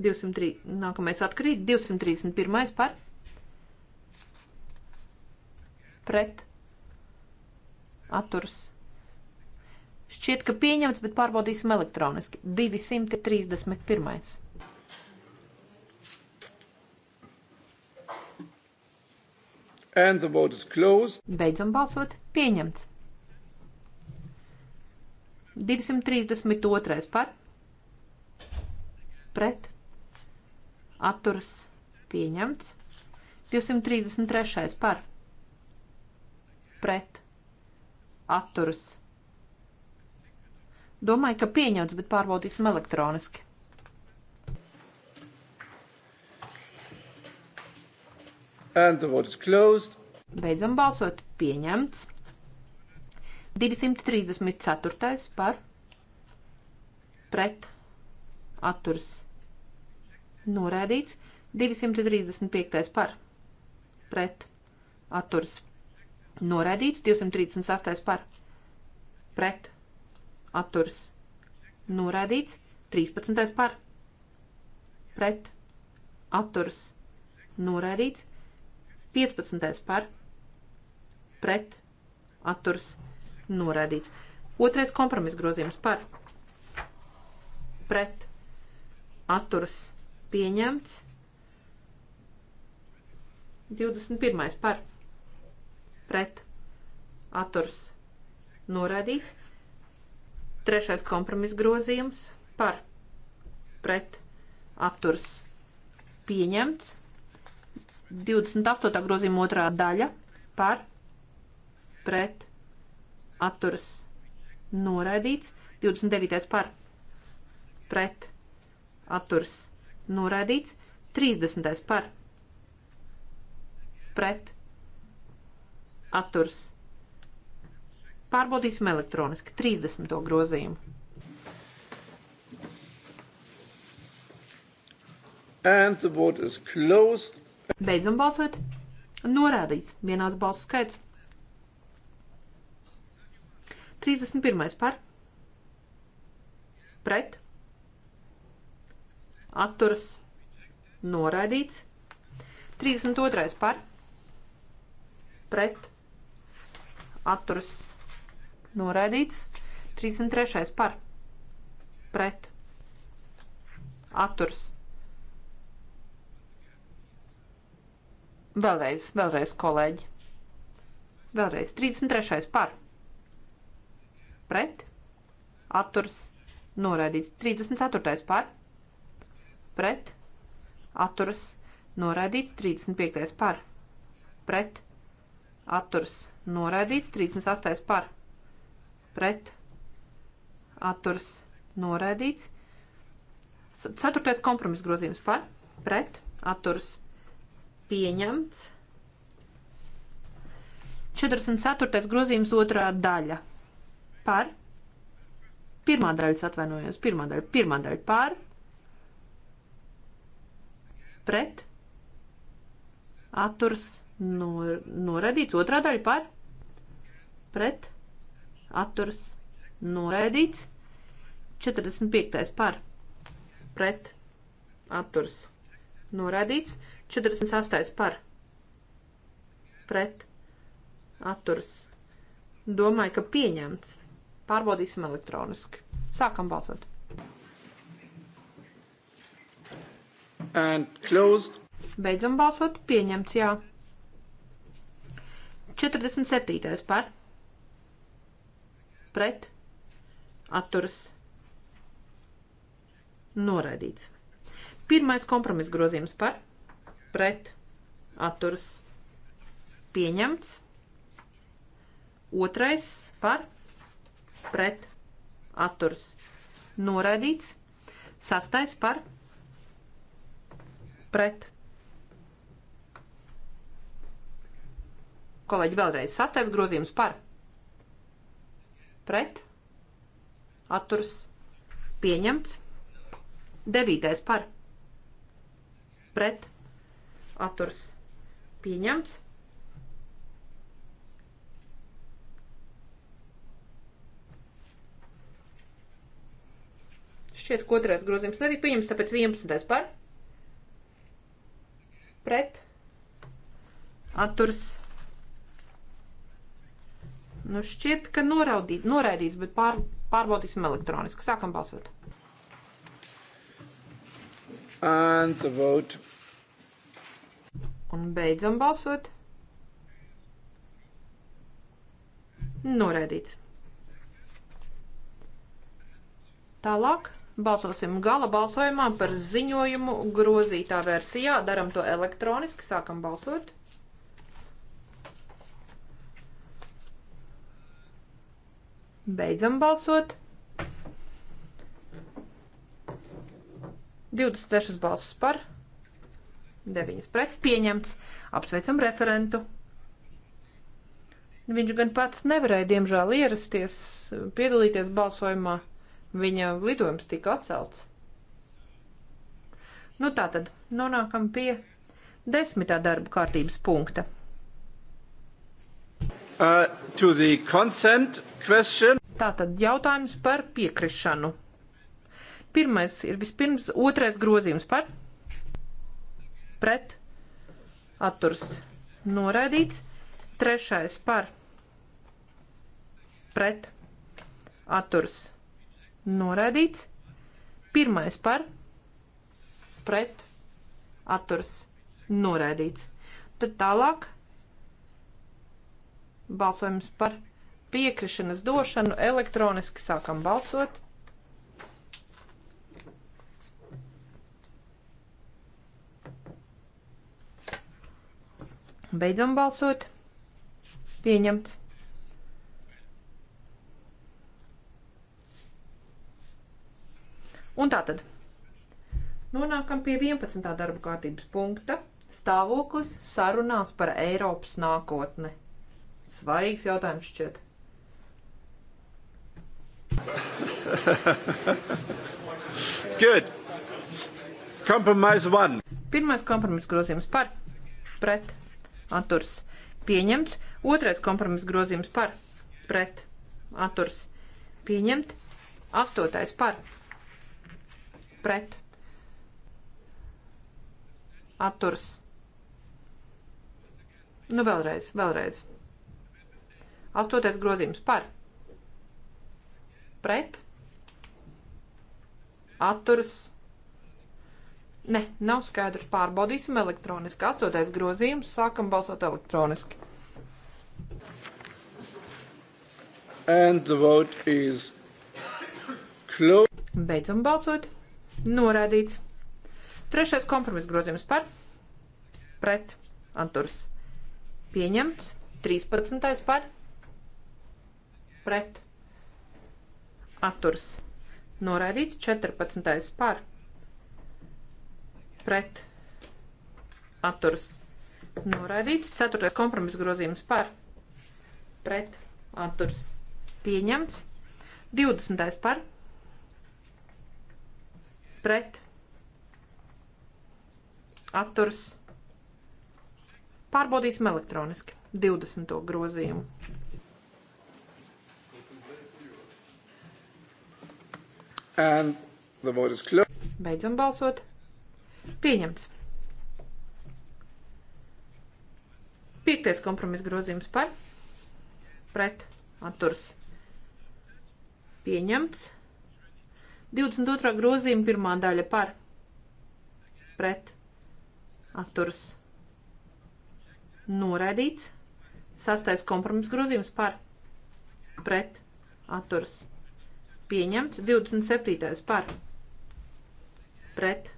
Nākamais atkrīt. 231. par pret atturs. Šķiet, ka pieņemts, bet pārbaudīsim elektroniski. 231. And the vote is closed. Beidzam balsot. Pieņemts. 232. par. Pret. Atturs. Pieņemts. 233. par. Pret. Atturs. Domāju, ka pieņemts, bet pārbaudīsim elektroniski. And the vote is closed. Beidzam balsot. Pieņemts. 234. par pret atturs norēdīts. 235. par pret atturs norēdīts. 238. par pret atturs norēdīts. 13. par pret atturs norēdīts. 15. par pret atturs noraidīts. Otrais kompromis grozījums par pret atturs pieņemts. 21. par pret atturs noraidīts. Trešais kompromis grozījums par pret atturs pieņemts. 28. grozījuma otrā daļa par pret atturas noraidīts. 29. par pret atturas noraidīts. 30. par pret atturas. Pārbaudīsim elektroniski 30. grozījumu. And the vote is closed. Beidzam balsot. Norādīts vienās balsu skaits. 31. par. Pret. Atturas. Noraidīts. 32. par. Pret. Atturas. Noraidīts. 33. par. Pret. Atturas Vēlreiz, vēlreiz, kolēģi. Vēlreiz. 33. par. Pret. Atturs. Noraidīts. 34. par. Pret. Atturs. Noraidīts. 35. par. Pret. Atturs. Noraidīts. 38. par. Pret. Atturs. Noraidīts. 4. kompromis grozījums par. Pret. Atturs. Noraidīts pieņemts. 44. grozījums otrā daļa par. Pirmā daļa atvainojos. Pirmā daļa, pirmā daļa par. Pret. Atturs nor, noraidīts. Otrā daļa par. Pret. Atturs noraidīts. 45. par. Pret. Atturs noraidīts. 48. par pret atturs. Domāju, ka pieņemts. Pārbaudīsim elektroniski. Sākam balsot. And closed. Beidzam balsot. Pieņemts, jā. 47. par pret atturs. Noraidīts. Pirmais kompromiss grozījums par pret pret atturas pieņemts. Otrais par pret atturas noraidīts. Sastais par pret. Kolēģi vēlreiz sastais grozījums par pret atturas pieņemts. Devītais par pret atturas atturs pieņemts. Šķiet, ka otrais grozījums netika pieņemts, tāpēc 11. par pret atturs Nu šķiet, ka noraudīt, noraidīts, bet pār, pārbaudīsim elektroniski. Sākam balsot. And the vote Un beidzam balsot. Noraidīts. Tālāk balsosim gala balsojumā par ziņojumu grozītā versijā. Daram to elektroniski, sākam balsot. Beidzam balsot. 26 balsis par, 9 pret pieņemts. Apsveicam referentu. Viņš gan pats nevarēja, diemžēl, ierasties, piedalīties balsojumā. Viņa lidojums tika atcelts. Nu tā tad nonākam pie desmitā darba kārtības punkta. Uh, tā tad jautājums par piekrišanu. Pirmais ir vispirms otrais grozījums par pret atturs noraidīts. Trešais par pret atturs noraidīts. Pirmais par pret atturs noraidīts. Tad tālāk balsojums par piekrišanas došanu elektroniski sākam balsot. Beidzam balsot. Pieņemts. Un tātad nonākam pie 11. darba kārtības punkta - stāvoklis sarunās par Eiropas nākotni. Svarīgs jautājums šķiet. Good. Compromise one. Pirmais kompromiss grozījums par pret atturs pieņemts. Otrais kompromiss grozījums par pret atturs pieņemt. Astotais par pret atturs. Nu vēlreiz, vēlreiz. Astotais grozījums par pret atturs pieņemt Ne, nav skaidrs. Pārbaudīsim elektroniski. Astotais grozījums. Sākam balsot elektroniski. And the vote is closed. Beidzam balsot. Norādīts. Trešais kompromiss grozījums par. Pret. Anturs. Pieņemts. 13. par. Pret. Atturs. Noraidīts 14. par pret atturas noraidīts. Ceturtais kompromiss grozījums par pret atturas pieņemts. 20. par pret atturas pārbaudīsim elektroniski 20. grozījumu. Beidzam balsot. Pieņemts. Piektais kompromiss grozījums par pret atturs. Pieņemts. 22. grozījuma pirmā daļa par pret atturs. Noraidīts. Sastais kompromiss grozījums par pret atturs. Pieņemts. 27. par pret atturs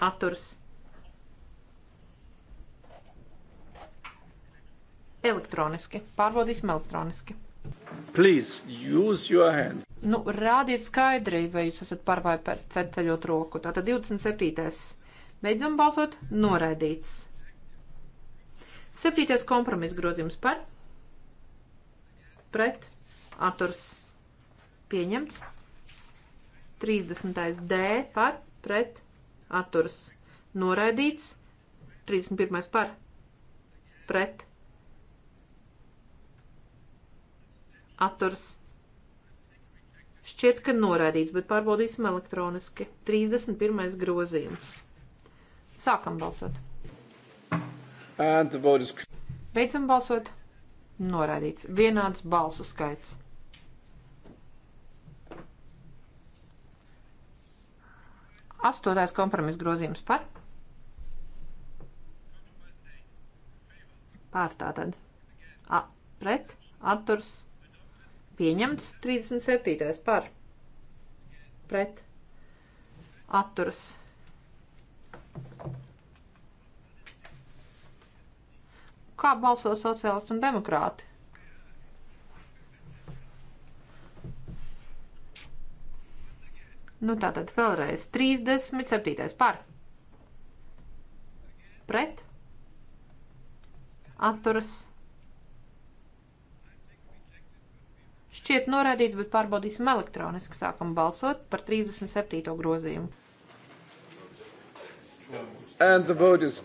atturs. Elektroniski. Pārbaudīsim elektroniski. Please, use your hands. Nu, rādiet skaidri, vai jūs esat par vai pret ceļot roku. Tātad 27. Beidzam balsot, noraidīts. 7. kompromiss grozījums par, pret, atturs, pieņemts. 30. D par, pret, atturas noraidīts. 31. par pret atturas. Šķiet, ka noraidīts, bet pārbaudīsim elektroniski. 31. grozījums. Sākam balsot. Beidzam balsot. Noraidīts. Vienāds balsu skaits. Astotais kompromiss grozījums par. Pār tātad. A, pret, atturs, pieņemts. 37. par. Pret, atturs. Kā balso sociālisti un demokrāti? Nu, tātad vēlreiz 37. par. Pret. Atturas. Šķiet norādīts, bet pārbaudīsim elektroniski. Sākam balsot par 37. grozījumu. Is...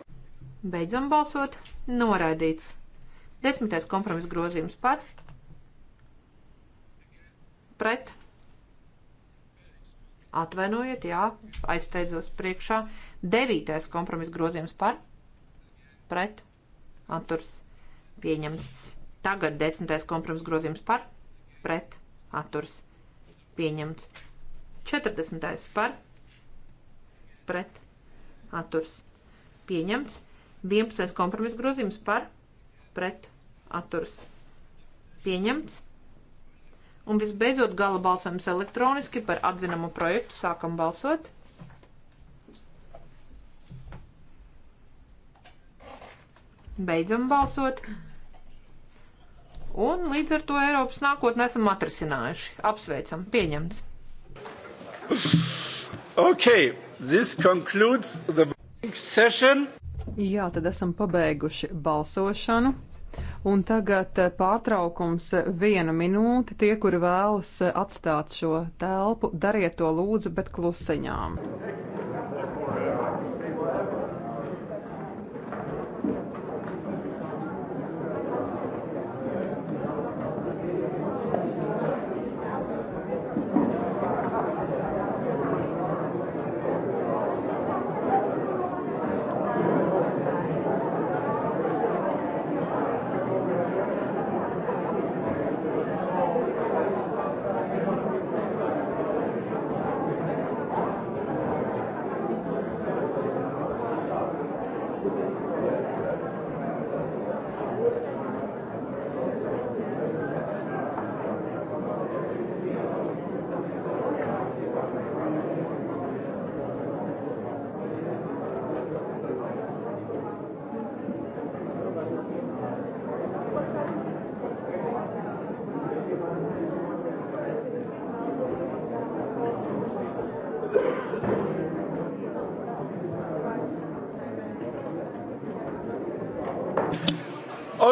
Beidzam balsot. Noraidīts. Desmitais kompromiss grozījums par. Pret Atvainojiet, jā, aizsteidzos priekšā. Devītais kompromiss grozījums par, pret, atturs, pieņemts. Tagad desmitais kompromiss grozījums par, pret, atturs, pieņemts. Četrdesmitais par, pret, atturs, pieņemts. Vienpadsmitais kompromiss grozījums par, pret, atturs, pieņemts. Un visbeidzot gala balsojums elektroniski par atzinamu projektu sākam balsot. Beidzam balsot. Un līdz ar to Eiropas nākotnē esam atrisinājuši. Apsveicam, pieņemts. Okay, this concludes the session. Jā, tad esam pabeiguši balsošanu. Un tagad eh, pārtraukums viena minūte. Tie, kuri vēlas eh, atstāt šo telpu, dariet to lūdzu, bet klusiņām.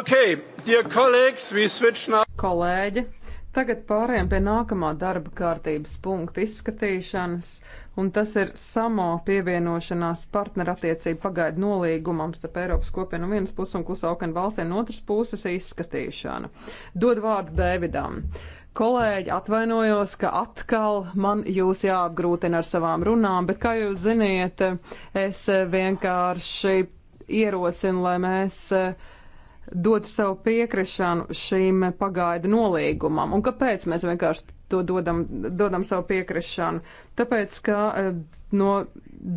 Okay, dear colleagues, we switch now. Kolēģi, tagad pārējām pie nākamā darba kārtības punkta izskatīšanas, un tas ir samo pievienošanās partnerattiecību pagaidu nolīgumam starp Eiropas kopienu un vienas puses un klusaukenu valstiem no otras puses izskatīšana. Dod vārdu Dēvidam. Kolēģi, atvainojos, ka atkal man jūs jāapgrūtina ar savām runām, bet kā jūs ziniet, es vienkārši ierosinu, lai mēs uh, dot savu piekrišanu šīm pagaidu nolīgumam. Un kāpēc mēs vienkārši to dodam, dodam savu piekrišanu? Tāpēc, ka eh, no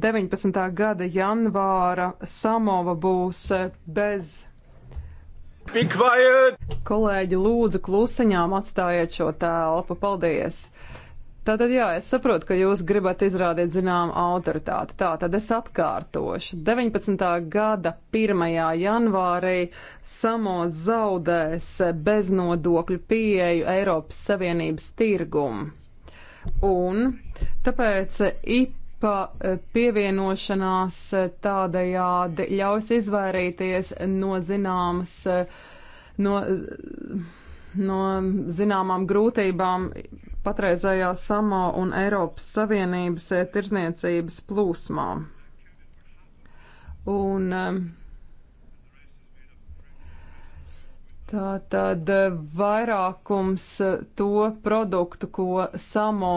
19. gada janvāra Samova būs eh, bez. Kolēģi, lūdzu, klusiņām atstājiet šo telpu. Paldies! Tātad, jā, es saprotu, ka jūs gribat izrādīt zināmu autoritāti. Tā tad es atkārtošu. 19. gada 1. janvārī Samoa zaudēs beznodokļu pieeju Eiropas Savienības tirgumu. Un tāpēc IPA pievienošanās tādējādi ļaus izvairīties no zināmas. No, no zināmām grūtībām patreizējā samo un Eiropas Savienības eh, tirzniecības plūsmā. Un, eh, tā tad eh, vairākums to produktu, ko samo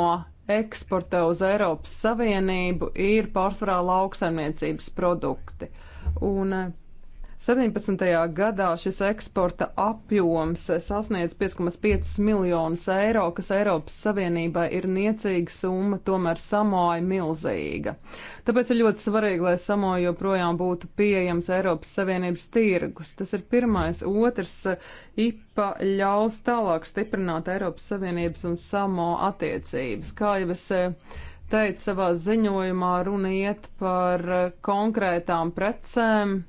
eksportē uz Eiropas Savienību, ir pārsvarā lauksaimniecības produkti. Un 17. gadā šis eksporta apjoms sasniedz 5,5 miljonus eiro, kas Eiropas Savienībai ir niecīga summa, tomēr samoja milzīga. Tāpēc ir ļoti svarīgi, lai samoja joprojām būtu pieejams Eiropas Savienības tirgus. Tas ir pirmais. Otrs, IPA ļaus tālāk stiprināt Eiropas Savienības un samo attiecības. Kā jau es eh, teicu savā ziņojumā, runa iet par eh, konkrētām precēm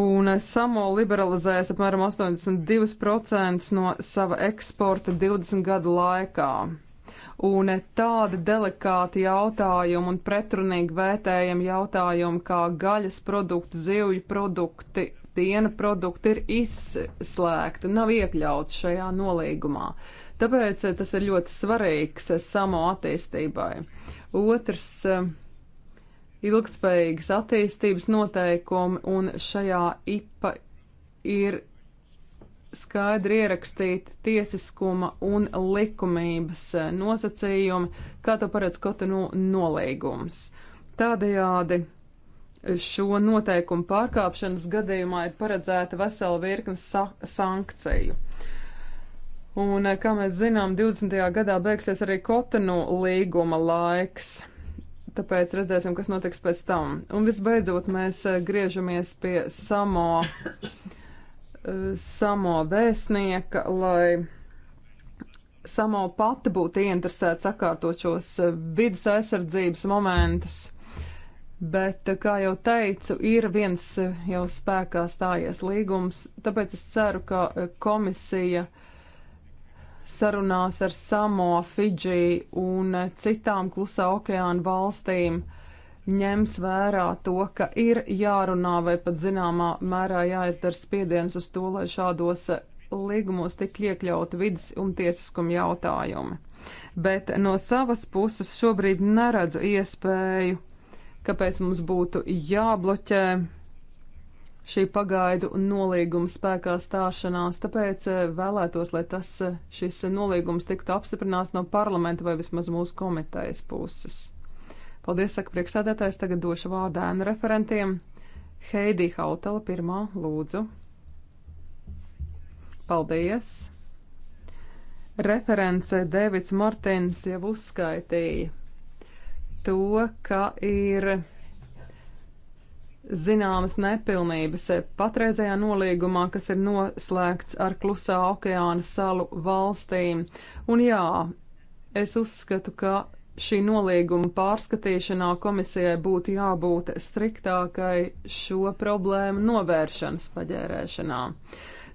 un Samo liberalizējas apmēram 82% no sava eksporta 20 gadu laikā. Un tādi delikāti jautājumi un pretrunīgi vērtējami jautājumi kā gaļas produkti, zivju produkti, piena produkti ir izslēgti, nav iekļauts šajā nolīgumā. Tāpēc tas ir ļoti svarīgs samo attīstībai. Otrs. Uh, ilgspējīgas attīstības noteikumi, un šajā IPA ir skaidri ierakstīti tiesiskuma un likumības eh, nosacījumi, kā to paredz Kotonu nolīgums. Tādējādi šo noteikumu pārkāpšanas gadījumā ir paredzēta vesela virkne sa sankciju. Un, eh, kā mēs zinām, 20. gadā beigsies arī Kotonu līguma laiks. Tāpēc redzēsim, kas notiks pēc tam. Un visbeidzot, mēs eh, griežamies pie samo, eh, samo vēstnieka, lai samo pati būtu ieinteresēta sakārtot šos eh, vidas aizsardzības momentus. Bet, kā jau teicu, ir viens jau spēkā stājies līgums, tāpēc es ceru, ka komisija uh, sarunās ar Samo, Fidži un citām klusā okeāna valstīm ņems vērā to, ka ir jārunā vai pat zināmā mērā jāizdara spiediens uz to, lai šādos līgumos tik iekļaut vidas un tiesiskuma jautājumi. Bet no savas puses šobrīd neredzu iespēju, kāpēc mums būtu jābloķē šī pagaidu nolīguma spēkā stāšanās, tāpēc eh, vēlētos, lai tas, eh, šis nolīgums tiktu apstiprināts no parlamenta vai vismaz mūsu komitejas puses. Paldies, saka priekšsēdētājs, tagad došu vārdu ēnu referentiem. Heidi Hautala pirmā, lūdzu. Paldies! Reference Dēvids Martins jau uzskaitīja to, ka ir zināmas nepilnības patreizējā nolīgumā, kas ir noslēgts ar Klusā okeāna salu valstīm. Un jā, es uzskatu, ka šī nolīguma pārskatīšanā komisijai būtu jābūt striktākai šo problēmu novēršanas paģērēšanā.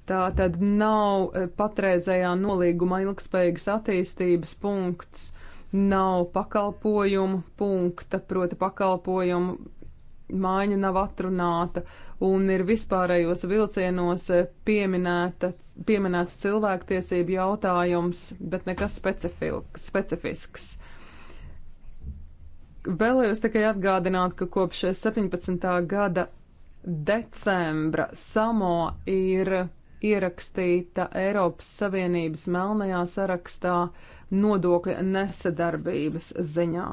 Tā tad nav eh, patreizējā nolīguma ilgspējīgas attīstības punkts, nav pakalpojumu punkta, proti pakalpojumu maiņa nav atrunāta un ir vispārējos vilcienos pieminēta, pieminēts cilvēktiesību jautājums, bet nekas specifisks. Vēlējos tikai atgādināt, ka kopš 17. gada decembra Samo ir ierakstīta Eiropas Savienības melnajā sarakstā nodokļa nesadarbības ziņā.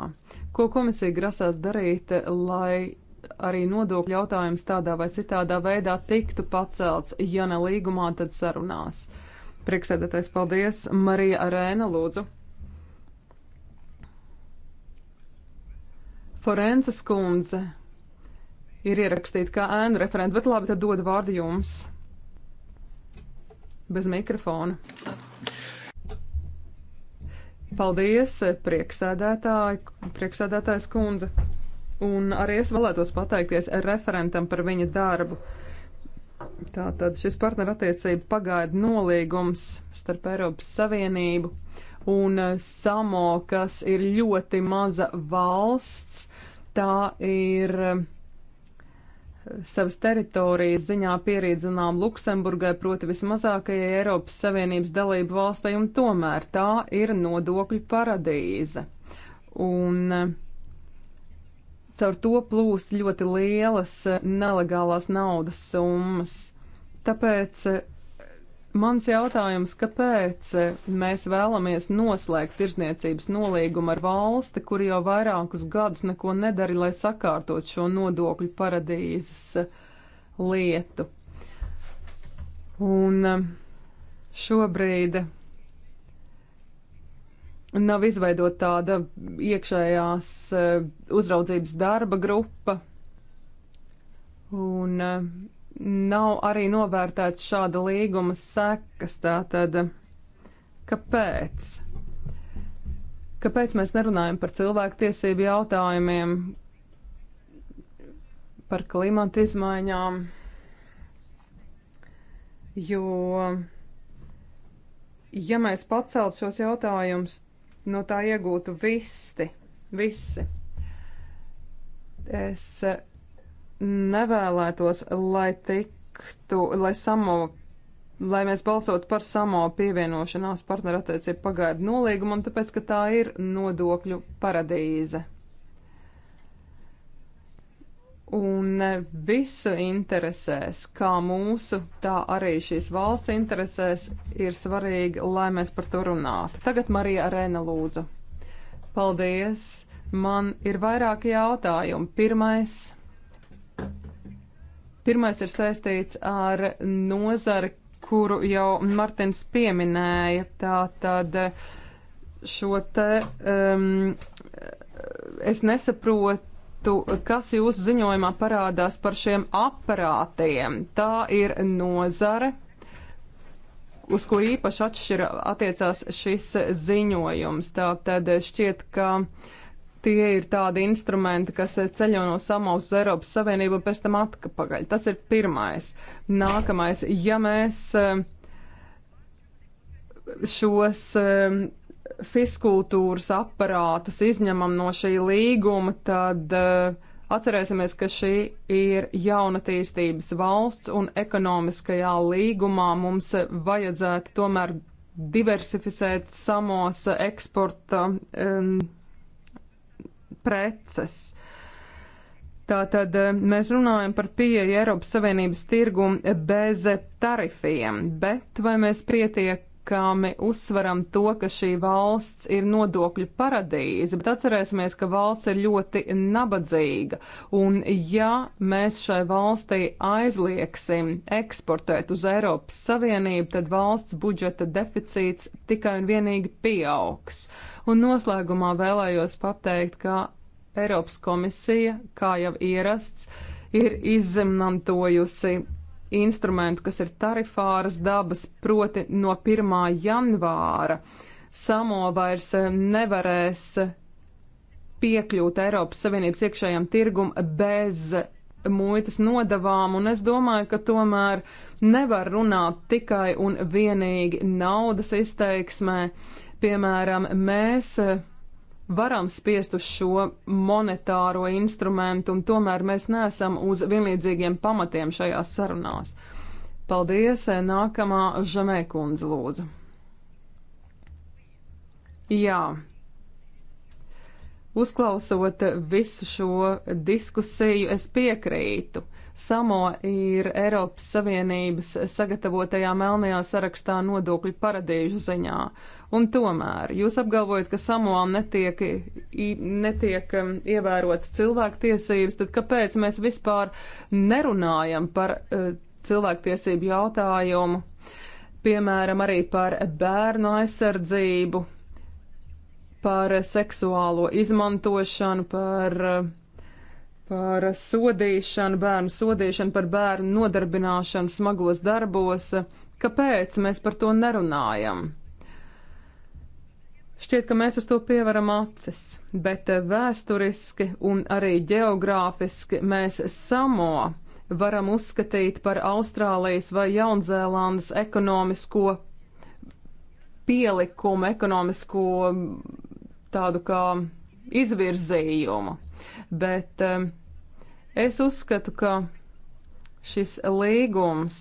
Ko komisija grasās darīt, lai arī nodokļu jautājums tādā vai citādā veidā tiktu pacelts, ja ne līgumā, tad sarunās. Priekšsēdētais, paldies! Marija Arēna, lūdzu! Forences kundze ir ierakstīta kā ēnu referenta, bet labi, tad dodu vārdu jums. Bez mikrofona. Paldies, prieksēdētāji, prieksēdētājs kundze. Un arī es vēlētos pateikties referentam par viņa darbu. Tātad šis partnerattiecību pagaidu nolīgums starp Eiropas Savienību un eh, Samo, kas ir ļoti maza valsts, tā ir eh, savas teritorijas ziņā pierīdzinām Luksemburgai, proti vismazākajai Eiropas Savienības dalību valstai, un tomēr tā ir nodokļu paradīze. Un eh, Caur to plūst ļoti lielas eh, nelegālās naudas summas. Tāpēc eh, mans jautājums, kāpēc eh, mēs vēlamies noslēgt tirzniecības nolīgumu ar valsti, kur jau vairākus gadus neko nedara, lai sakārtot šo nodokļu paradīzes lietu? Un šobrīd nav izveidota tāda iekšējās eh, uzraudzības darba grupa, un eh, nav arī novērtēts šāda līguma sekas. Tātad, kāpēc? Kāpēc mēs nerunājam par cilvēktiesību jautājumiem, par klimatu izmaiņām? Jo, ja mēs paceltu šos jautājumus no tā iegūtu visi. visi. Es eh, nevēlētos, lai tiktu, lai samo, lai mēs balsotu par samo pievienošanās partnerattiecību pagaidu nolīgumu, un tāpēc, ka tā ir nodokļu paradīze. Un visu interesēs, kā mūsu, tā arī šīs valsts interesēs, ir svarīgi, lai mēs par to runātu. Tagad Marija Arēna lūdzu. Paldies! Man ir vairāki jautājumi. Pirmais. Pirmais ir saistīts ar nozari, kuru jau Martins pieminēja. Tā tad šo te um, es nesaprotu lietu, kas jūsu ziņojumā parādās par šiem aparātiem. Tā ir nozare, uz ko īpaši atšķira, attiecās šis ziņojums. Tā tad šķiet, ka tie ir tādi instrumenti, kas ceļo no samaus uz Eiropas Savienību un pēc tam atpakaļ. Tas ir pirmais. Nākamais, ja mēs eh, šos eh, fiskultūras aparātus izņemam no šī līguma, tad uh, atcerēsimies, ka šī ir jaunatīstības valsts un ekonomiskajā līgumā mums vajadzētu tomēr diversificēt samos eksporta um, preces. Tātad eh, mēs runājam par pieeju Eiropas Savienības tirgu bez tarifiem, bet vai mēs pietiek pietiekami uzsveram to, ka šī valsts ir nodokļu paradīze, bet atcerēsimies, ka valsts ir ļoti nabadzīga. Un ja mēs šai valstī aizlieksim eksportēt uz Eiropas Savienību, tad valsts budžeta deficīts tikai un vienīgi pieaugs. Un noslēgumā vēlējos pateikt, ka Eiropas komisija, kā jau ierasts, ir izmantojusi instrumentu, kas ir tarifāras dabas, proti no 1. janvāra samo vairs eh, nevarēs piekļūt Eiropas Savienības iekšējam tirgum bez muitas nodavām, un es domāju, ka tomēr nevar runāt tikai un vienīgi naudas izteiksmē. Piemēram, mēs eh, varam spiest uz šo monetāro instrumentu, un tomēr mēs neesam uz vienlīdzīgiem pamatiem šajās sarunās. Paldies! Nākamā Žemē kundze lūdzu. Jā, Uzklausot visu šo diskusiju, es piekrītu. Samo ir Eiropas Savienības sagatavotajā melnajā sarakstā nodokļu paradīžu ziņā. Un tomēr jūs apgalvojat, ka Samoam netiek, netiek um, ievērotas cilvēktiesības, tad kāpēc mēs vispār nerunājam par uh, cilvēktiesību jautājumu, piemēram, arī par bērnu aizsardzību? par seksuālo izmantošanu, par, par sodīšanu, bērnu sodīšanu, par bērnu nodarbināšanu smagos darbos. Kāpēc mēs par to nerunājam? Šķiet, ka mēs uz to pievaram acis, bet vēsturiski un arī geogrāfiski mēs samo varam uzskatīt par Austrālijas vai Jaunzēlandes ekonomisko pielikumu, ekonomisko tādu kā izvirzījumu. Bet eh, es uzskatu, ka šis līgums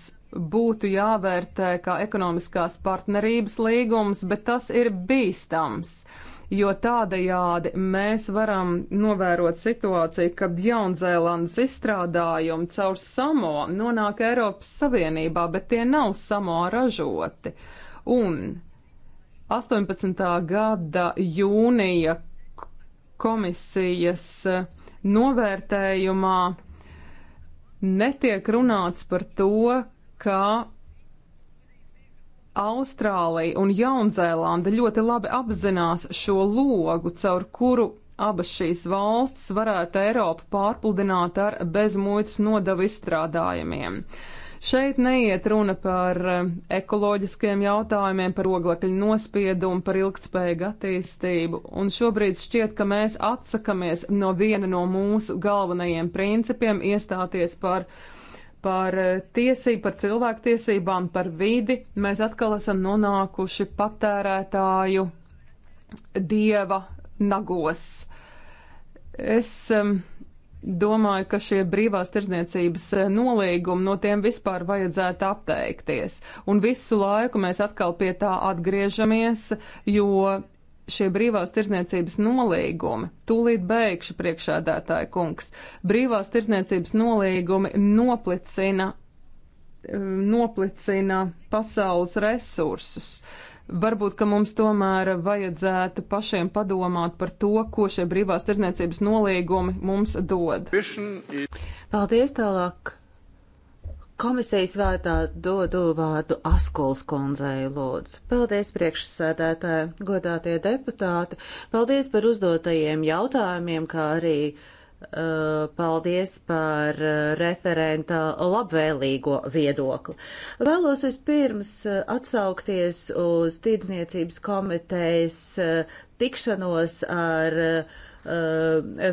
būtu jāvērtē kā ekonomiskās partnerības līgums, bet tas ir bīstams. Jo tādējādi mēs varam novērot situāciju, kad Jaunzēlandes izstrādājumi caur samo nonāk Eiropas Savienībā, bet tie nav samo ražoti. Un 18. gada jūnija komisijas eh, novērtējumā netiek runāts par to, ka Austrālija un Jaunzēlanda ļoti labi apzinās šo logu, caur kuru abas šīs valstis varētu Eiropu pārpludināt ar bezmuitas nodevu izstrādājumiem. Uh, Šeit neiet runa par eh, ekoloģiskiem jautājumiem, par oglekļa nospiedumu, par ilgtspējīgu attīstību, un šobrīd šķiet, ka mēs atsakamies no viena no mūsu galvenajiem principiem iestāties par par eh, tiesību, par cilvēktiesībām, par vidi, mēs atkal esam nonākuši patērētāju dieva nagos. Es um, Domāju, ka šie brīvās tirdzniecības e, nolīgumi no tiem vispār vajadzētu apteikties. Un visu laiku mēs atkal pie tā atgriežamies, jo šie brīvās tirdzniecības nolīgumi, tūlīt beigšu priekšādātāja kungs, brīvās tirdzniecības nolīgumi noplicina e, noplicina pasaules resursus. Varbūt, ka mums tomēr vajadzētu pašiem padomāt par to, ko šie brīvās tirzniecības nolīgumi mums dod. Paldies tālāk. Komisijas vārdā dodu vārdu Askols kundzei lūdzu. Paldies priekšsēdētāji, godātie deputāti. Paldies par uzdotajiem jautājumiem, kā arī uh, Eh, paldies par eh, referenta labvēlīgo viedokli. Vēlos vispirms eh, atsaukties uz tirdzniecības komitejas tikšanos ar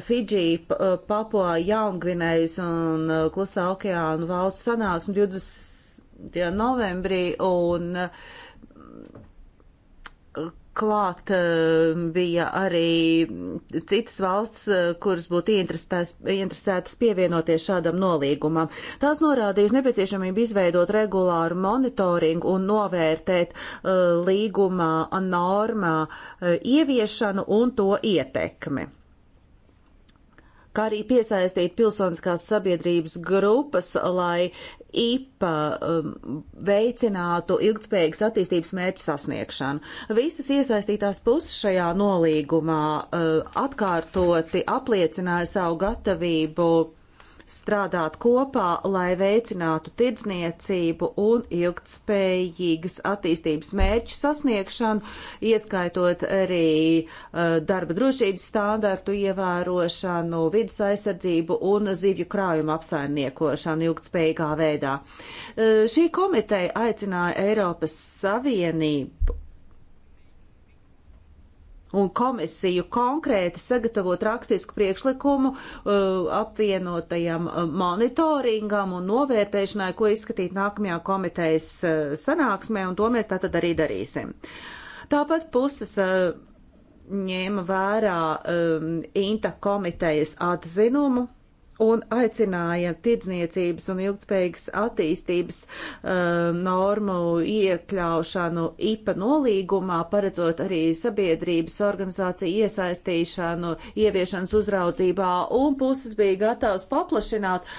Fidži, Papua, Jaungvinējas un Klusā okeānu valsts sanāksmi 20. novembrī un uh, Klāt eh, bija arī citas valsts, eh, kuras būtu interesētas pievienoties šādam nolīgumam. Tās norādīja uz nepieciešamību izveidot regulāru monitoringu un novērtēt eh, līgumā normā ieviešanu un to ietekmi kā arī piesaistīt pilsoniskās sabiedrības grupas, lai IPA um, veicinātu ilgspējīgas attīstības mērķu sasniegšanu. Visas iesaistītās puses šajā nolīgumā uh, atkārtoti apliecināja savu gatavību strādāt kopā, lai veicinātu tirdzniecību un ilgtspējīgas attīstības mērķu sasniegšanu, ieskaitot arī uh, darba drošības standartu ievērošanu, vidas aizsardzību un zivju krājumu apsaimniekošanu ilgtspējīgā veidā. Uh, šī komiteja aicināja Eiropas Savienību un komisiju konkrēti sagatavot rakstisku priekšlikumu uh, apvienotajam uh, monitoringam un novērtēšanai, ko izskatīt nākamajā komitejas uh, sanāksmē, un to mēs tātad arī darīsim. Tāpat puses. Uh, ņēma vērā um, INTA komitejas atzinumu, un aicināja tirdzniecības un ilgspējīgas attīstības um, normu iekļaušanu IPA nolīgumā, paredzot arī sabiedrības organizāciju iesaistīšanu ieviešanas uzraudzībā, un puses bija gatavs paplašināt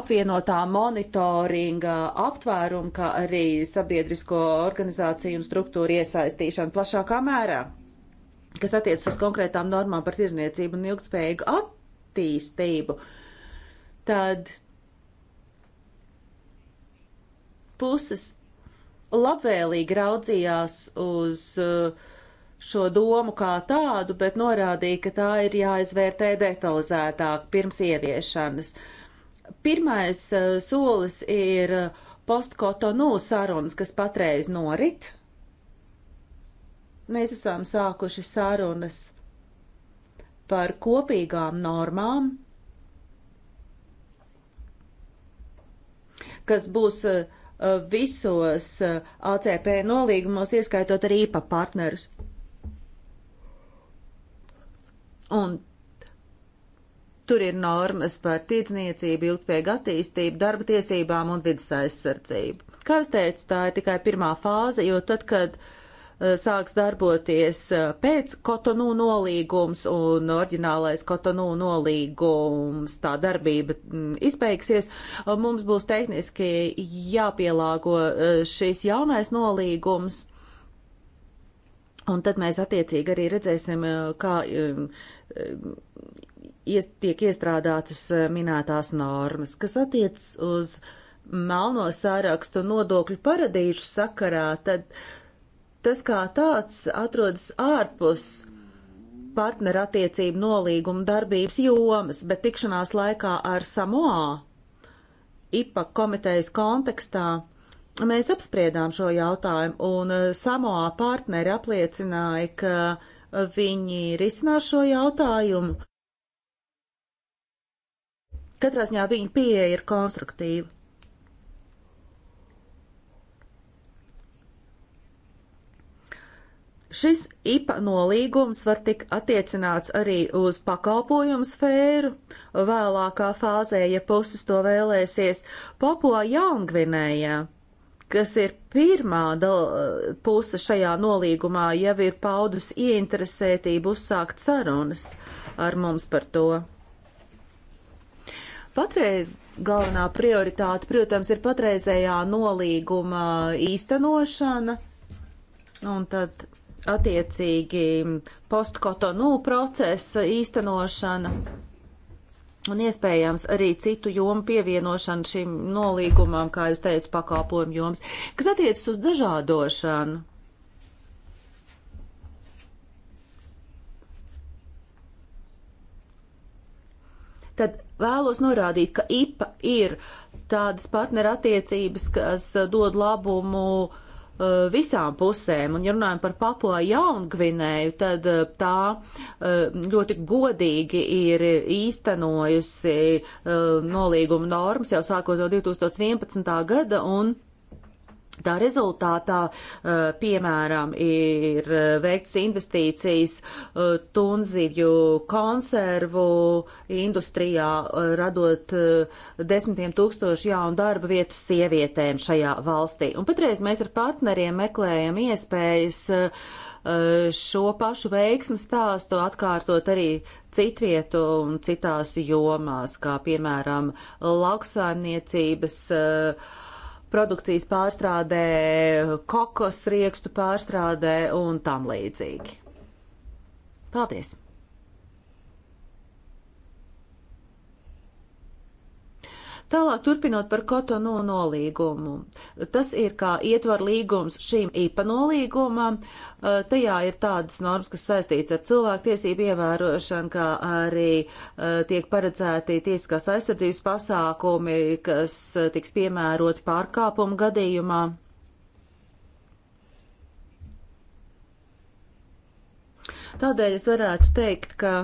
apvienotā monitoringa aptvērumu, kā arī sabiedrisko organizāciju un struktūru iesaistīšanu plašākā mērā, kas attiecas uz konkrētām normām par tirdzniecību un ilgspējīgu attīstību. Uh, tad puses labvēlīgi raudzījās uz uh, šo domu kā tādu, bet norādīja, ka tā ir jāizvērtē detalizētāk pirms ieviešanas. Pirmais uh, solis ir uh, postkotonu sarunas, kas patreiz norit. Mēs esam sākuši sarunas par kopīgām normām kas būs uh, uh, visos uh, ACP nolīgumos, ieskaitot arī IPA partnerus. Un Tur ir normas par tirdzniecību, ilgspējīgu attīstību, darba tiesībām un vidas aizsardzību. Kā es teicu, tā ir tikai pirmā fāze, jo tad, kad uh, Eh, sāks darboties eh, pēc Kotonu nolīgums un oriģinālais Kotonu nolīgums, tā darbība mm, izbeigsies. Eh, mums būs tehniski jāpielāgo šis jaunais nolīgums. Un tad mēs attiecīgi arī redzēsim, kā ies, tiek iestrādātas minētās normas, kas attiec uz melno sārakstu nodokļu paradīžu sakarā, tad uh, tas kā tāds atrodas ārpus partnerattiecību nolīguma darbības jomas, bet tikšanās laikā ar Samoā IPA komitejas kontekstā mēs apspriedām šo jautājumu, un eh, Samoā partneri apliecināja, ka viņi risinās šo jautājumu. Katrā ziņā viņa pieeja ir konstruktīva. Šis IPA nolīgums var tik attiecināts arī uz pakalpojumu sfēru, vēlākā fāzē, ja puses to vēlēsies, Papua Jaungvinējā, kas ir pirmā puse šajā nolīgumā, jau ir paudus ieinteresētību uzsākt sarunas ar mums par to. Patreiz galvenā prioritāte, protams, ir patreizējā nolīguma īstenošana, un tad attiecīgi postkotonu procesa īstenošana un iespējams arī citu jomu pievienošana šim nolīgumam, kā jūs teicu, pakalpojumu joms, kas attiecas uz dažādošanu. Tad vēlos norādīt, ka IPA ir tādas partnerattiecības, kas dod labumu uh, Uh, visām pusēm. Un, ja runājam par Papua Jaungvinēju, tad uh, tā uh, ļoti godīgi ir īstenojusi nolīguma normas jau sākot no 2011. gada un Tā rezultātā, eh, piemēram, ir eh, veikts investīcijas eh, tunzivju konservu industrijā, radot desmitiem tūkstošu jaunu darba vietu sievietēm šajā valstī. Un patreiz mēs ar partneriem meklējam iespējas šo pašu veiksmu stāstu atkārtot arī citvietu un citās jomās, kā piemēram lauksaimniecības, uh, produkcijas pārstrādē, kokos riekstu pārstrādē un tam līdzīgi. Paldies! Tālāk turpinot par Kotonu nolīgumu. Tas ir kā ietvar līgums šīm IPA nolīgumam. Tajā ir tādas normas, kas saistīts ar cilvēktiesību ievērošanu, kā arī tiek paredzēti tiesiskās aizsardzības pasākumi, kas tiks piemēroti pārkāpumu gadījumā. Tādēļ es varētu teikt, ka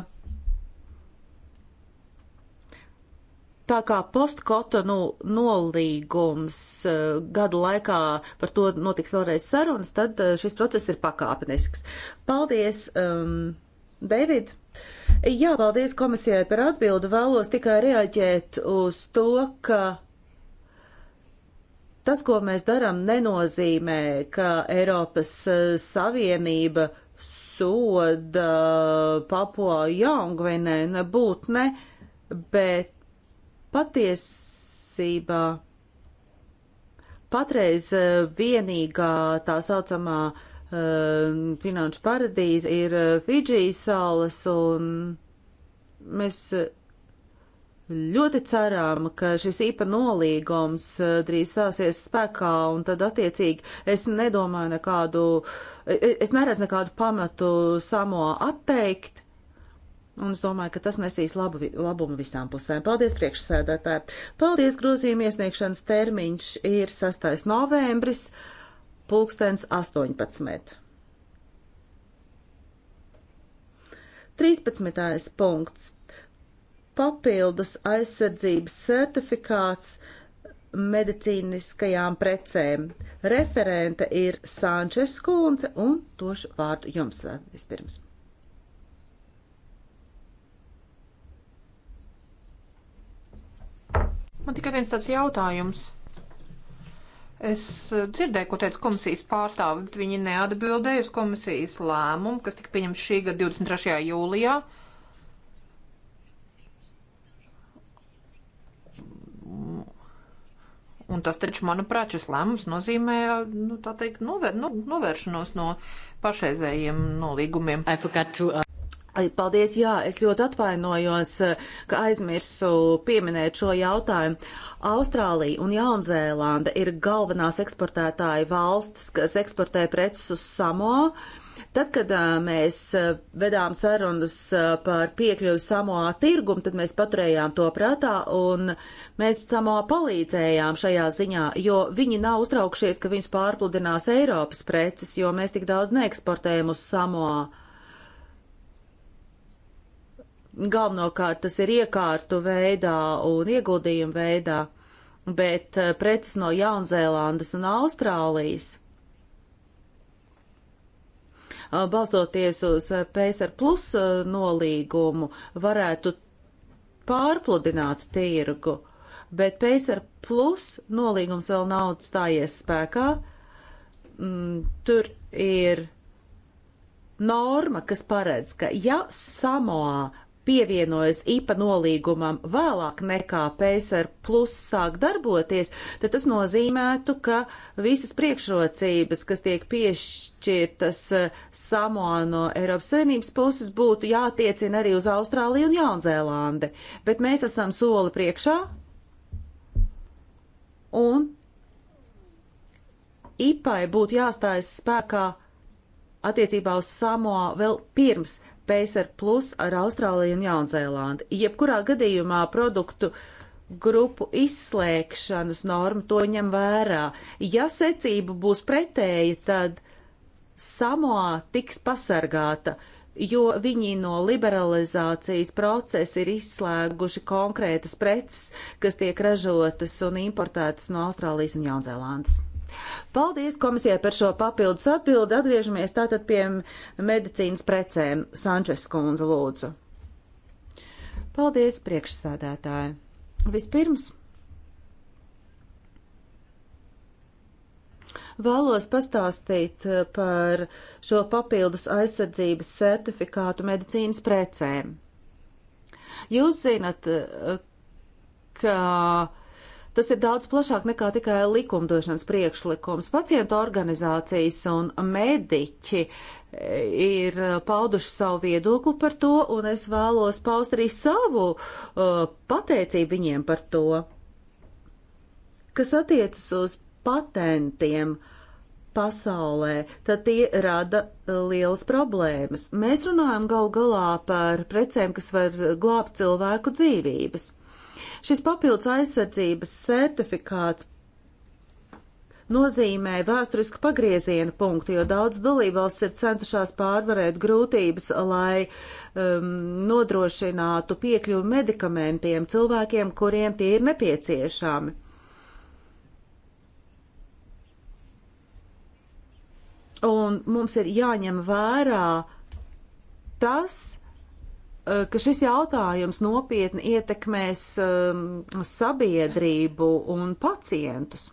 Tā kā postkotonu nolīgums eh, gadu laikā par to notiks vēlreiz sarunas, tad eh, šis process ir pakāpenisks. Paldies, um, David! Jā, paldies komisijai par atbildi. Vēlos tikai reaģēt uz to, ka tas, ko mēs darām, nenozīmē, ka Eiropas eh, Savienība soda Papua Jaungvinē nebūtne, bet Patiesībā patreiz eh, vienīgā tā saucamā eh, finanšu paradīze ir eh, Fidžijas salas, un mēs ļoti ceram, ka šis īpa nolīgums drīz stāsies spēkā, un tad attiecīgi es nedomāju nekādu, es neredzu nekādu pamatu samo atteikt un es domāju, ka tas nesīs labu, labumu visām pusēm. Paldies priekšsēdētāji. Paldies grozījuma iesniegšanas termiņš ir 6. novembris, pulkstens 18. 13. punkts. Papildus aizsardzības certifikāts medicīniskajām precēm. Referente ir Sančes kundze un došu vārdu jums eh, vispirms. Man tikai viens tāds jautājums. Es eh, dzirdēju, ko teica komisijas pārstāve, bet viņi neatbildēja uz komisijas lēmumu, kas tika pieņemts šī gada 23. jūlijā. Un tas taču, manuprāt, šis lēmums nozīmē, nu, tā teikt, novēr, nu, novēršanos no pašreizējiem nolīgumiem. To, uh... Paldies, jā, es ļoti atvainojos, eh, ka aizmirsu pieminēt šo jautājumu. Austrālija un Jaunzēlanda ir galvenās eksportētāja valstis, kas eksportē preces uz Samo. Tad, kad eh, mēs eh, vedām sarunas par piekļuvi Samoā tirgumu, tad mēs paturējām to prātā un mēs Samoā palīdzējām šajā ziņā, jo viņi nav uztraukšies, ka viņus pārpludinās Eiropas preces, jo mēs tik daudz neeksportējam uz Samoā. Galvenokārt tas ir iekārtu veidā un ieguldījumu veidā, bet eh, preces no Jaunzēlandes un Austrālijas eh, balstoties uz eh, PSR plus nolīgumu, varētu pārpludināt tirgu, bet PSR plus nolīgums vēl nav stājies spēkā. Mm, tur ir norma, kas paredz, ka ja Samoā pievienojas IPA nolīgumam vēlāk nekā PSR plus sāk darboties, tad tas nozīmētu, ka visas priekšrocības, kas tiek piešķirtas eh, Samoa no Eiropas Savienības puses, būtu jātiecina arī uz Austrāliju un Jaunzēlandi. Bet mēs esam soli priekšā. Un IPAI būtu jāstājas spēkā attiecībā uz Samoa vēl pirms PSR Plus ar Austrāliju un Jaunzēlandi. Jebkurā gadījumā produktu grupu izslēgšanas norma to ņem vērā. Ja secība būs pretēja, tad Samoa tiks pasargāta, jo viņi no liberalizācijas procesa ir izslēguši konkrētas preces, kas tiek ražotas un importētas no Austrālijas un Jaunzēlandes. Paldies komisijai par šo papildus atbildi. Atgriežamies tātad pie medicīnas precēm. Sančes kundze lūdzu. Paldies priekšsādātāji. Vispirms vēlos pastāstīt eh, par šo papildus aizsardzības certifikātu medicīnas precēm. Jūs zinat, eh, ka Tas ir daudz plašāk nekā tikai likumdošanas priekšlikums. Pacientu organizācijas un mediķi eh, ir eh, pauduši savu viedokli par to, un es vēlos paust arī savu uh, pateicību viņiem par to, kas attiecas uz patentiem pasaulē, tad tie rada lielas problēmas. Mēs runājam gal galā par precēm, kas var glābt cilvēku dzīvības. Šis papildus aizsardzības certifikāts nozīmē vēsturisku pagrieziena punktu, jo daudz dalībvalsts ir centušās pārvarēt grūtības, lai um, nodrošinātu piekļuvu medikamentiem cilvēkiem, kuriem tie ir nepieciešami. Un mums ir jāņem vērā tas, Eh, ka šis jautājums nopietni ietekmēs um, sabiedrību un pacientus.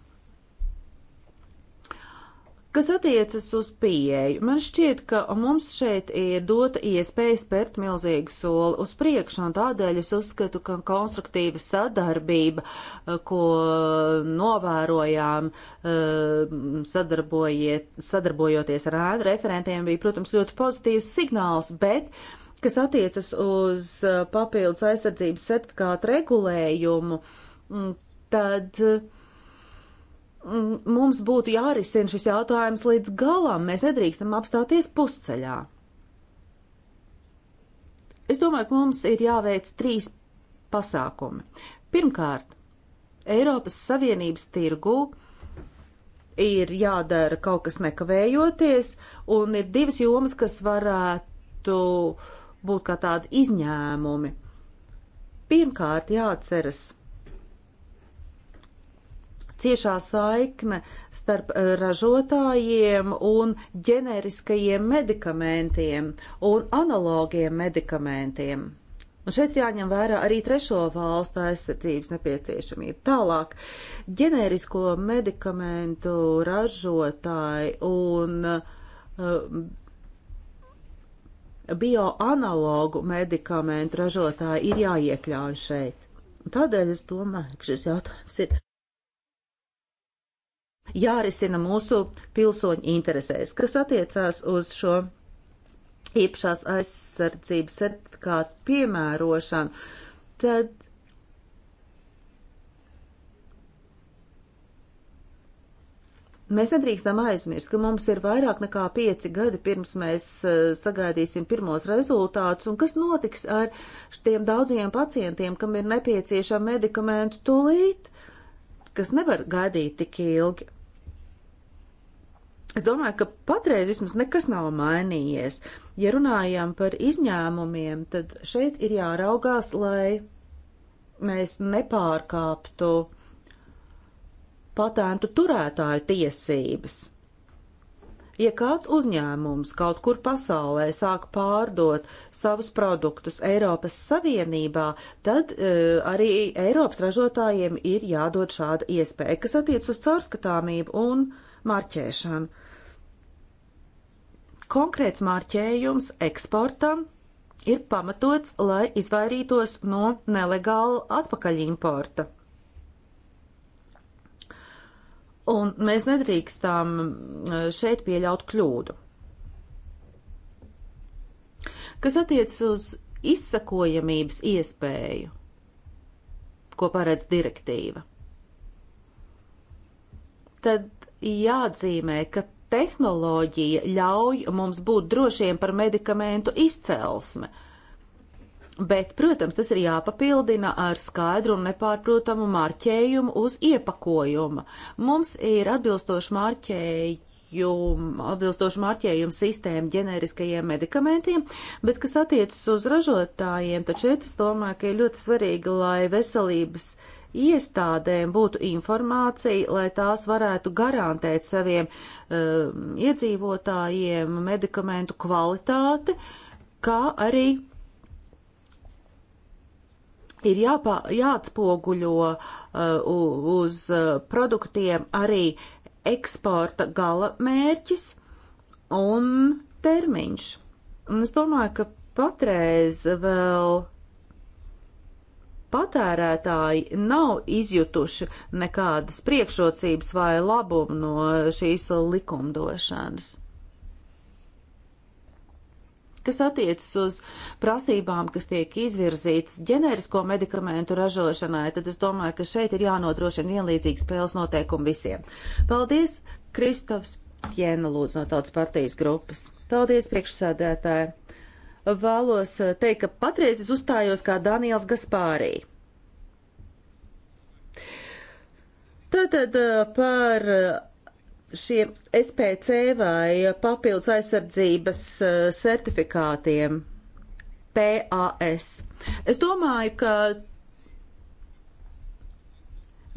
Kas attiecas uz pieeju, man šķiet, ka mums šeit ir dota iespēja spērt milzīgu soli uz priekšu, un tādēļ es uzskatu, ka konstruktīva sadarbība, eh, ko novērojām ehm, sadarbojoties ar ēnu referentiem, bija, protams, ļoti pozitīvs signāls, bet uh, kas attiecas uz uh, papildus aizsardzības certifikātu regulējumu, mm, tad mm, mums būtu jārisina šis jautājums līdz galam. Mēs nedrīkstam apstāties pusceļā. Es domāju, ka mums ir jāveic trīs pasākumi. Pirmkārt, Eiropas Savienības tirgū ir jādara kaut kas nekavējoties, un ir divas jomas, kas varētu uh, būt kā tādi izņēmumi. Pirmkārt, jāatceras ciešā saikne starp eh, ražotājiem un ģeneriskajiem medikamentiem un analogiem medikamentiem. Un šeit jāņem vērā arī trešo valstu aizsardzības nepieciešamība. Tālāk, ģenerisko medikamentu ražotāji un uh, bioanalogu medikamentu ražotāji ir jāiekļauj šeit. Tādēļ es domāju, ka šis jautājums ir jārisina mūsu pilsoņu interesēs, kas attiecās uz šo īpašās aizsardzības certifikātu piemērošanu, tad Mēs nedrīkstam aizmirst, ka mums ir vairāk nekā pieci gadi pirms mēs eh, sagaidīsim pirmos rezultātus, un kas notiks ar tiem daudziem pacientiem, kam ir nepieciešama medikamentu tūlīt, kas nevar gaidīt tik ilgi. Es domāju, ka patreiz vismaz nekas nav mainījies. Ja runājam par izņēmumiem, tad šeit ir jāraugās, lai mēs nepārkāptu patentu turētāju tiesības. Ja kāds uzņēmums kaut kur pasaulē sāk pārdot savus produktus Eiropas Savienībā, tad e, arī Eiropas ražotājiem ir jādod šāda iespēja, kas attiec uz caurskatāmību un marķēšanu. Konkrēts marķējums eksportam ir pamatots, lai izvairītos no nelegāla atpakaļimporta. Un mēs nedrīkstām eh, šeit pieļaut kļūdu. Kas attiecas uz izsakojamības iespēju, ko paredz direktīva, tad jāatzīmē, ka tehnoloģija ļauj mums būt drošiem par medikamentu izcelsmi. Uh, Bet, protams, tas ir jāpapildina ar skaidru un nepārprotamu marķējumu uz iepakojuma. Mums ir atbilstoši marķējumi atbilstoši marķējumu sistēmu ģeneriskajiem medikamentiem, bet kas attiecas uz ražotājiem, tad šeit es domāju, ka ir ļoti svarīgi, lai veselības iestādēm būtu informācija, lai tās varētu garantēt saviem uh, iedzīvotājiem medikamentu kvalitāti, kā arī ir jāpā, jāatspoguļo uh, uz uh, produktiem arī eksporta gala mērķis un termiņš. Un es domāju, ka patreiz vēl patērētāji nav izjutuši nekādas priekšrocības vai labumu no šīs likumdošanas. Kas attiecas uz prasībām, kas tiek izvirzītas ģenerisko medikamentu ražošanai, tad es domāju, ka šeit ir jānodrošina vienlīdzīgi spēles noteikumi visiem. Paldies, Kristofs Pjēna Lūdzu no Tautas partijas grupas. Paldies, priekšsādētāji. Vēlos eh, teikt, ka patreiz es uzstājos kā Daniels Gaspārī. Tātad eh, par eh, šie SPC vai papildus aizsardzības eh, certifikātiem PAS. Es domāju, ka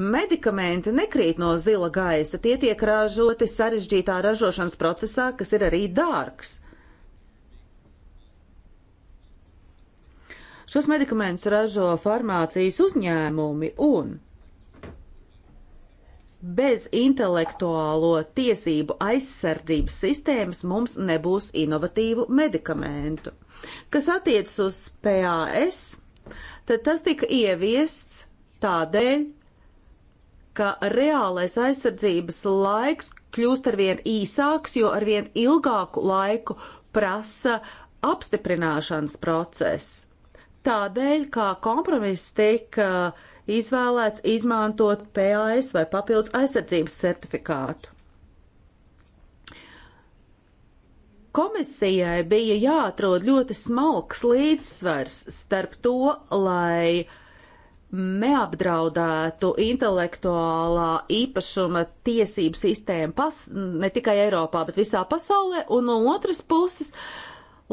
Medikamenti nekrīt no zila gaisa, tie tiek ražoti sarežģītā ražošanas procesā, kas ir arī dārgs. Šos medikamentus ražo farmācijas uzņēmumi un Bez intelektuālo tiesību aizsardzības sistēmas mums nebūs inovatīvu medikamentu. Kas attiecas uz PAS, tad tas tika ieviests tādēļ, ka reālais aizsardzības laiks kļūst arvien īsāks, jo arvien ilgāku laiku prasa apstiprināšanas process. Tādēļ, kā kompromiss tika uh, izvēlēts izmantot PAS vai papildus aizsardzības certifikātu. Komisijai bija jāatrod ļoti smalks līdzsvars starp to, lai neapdraudētu intelektuālā īpašuma tiesību sistēmu pas, ne tikai Eiropā, bet visā pasaulē, un no otras puses,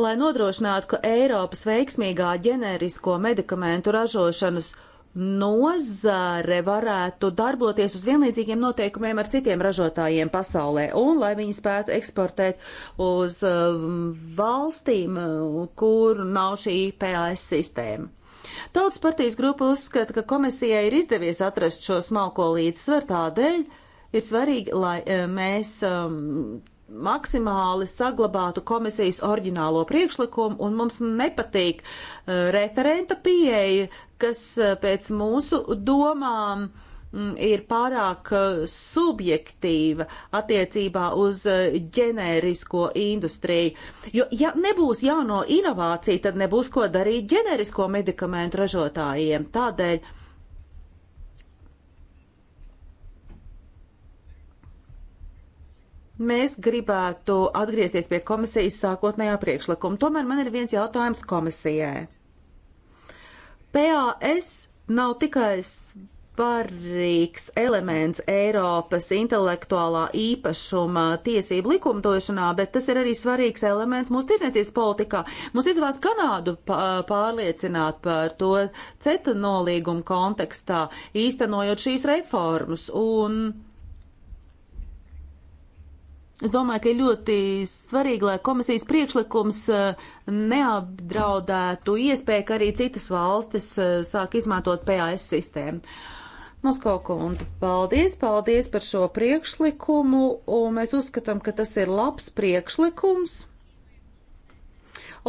lai nodrošinātu, ka Eiropas veiksmīgā ģenerisko medikamentu ražošanas uh, nozare varētu darboties uz vienlīdzīgiem noteikumiem ar citiem ražotājiem pasaulē, un lai viņi spētu eksportēt uz um, valstīm, uh, kur nav šī IPAS sistēma. Tautas partijas grupa uzskata, ka komisijai ir izdevies atrast šo smalko līdzsvaru tādēļ, ir svarīgi, lai uh, mēs um, maksimāli saglabātu komisijas oriģinālo priekšlikumu, un mums nepatīk uh, referenta pieeja, kas uh, pēc mūsu domām mm, ir pārāk uh, subjektīva attiecībā uz uh, ģenērisko industriju. Jo, ja nebūs jauno inovāciju, tad nebūs ko darīt ģenērisko medikamentu ražotājiem. Tādēļ Mēs gribētu atgriezties pie komisijas sākotnējā priekšlikuma. Tomēr man ir viens jautājums komisijai. PAS nav tikai svarīgs elements Eiropas intelektuālā īpašuma tiesību likumdošanā, bet tas ir arī svarīgs elements mūsu tirdzniecības politikā. Mums izdevās Kanādu pārliecināt par to CETA nolīgumu kontekstā, īstenojot šīs reformas. Un Es domāju, ka ir ļoti svarīgi, lai komisijas priekšlikums eh, neapdraudētu iespēju, ka arī citas valstis eh, sāk izmantot PAS sistēmu. Moskau kundze, paldies, paldies par šo priekšlikumu, un mēs uzskatām, ka tas ir labs priekšlikums,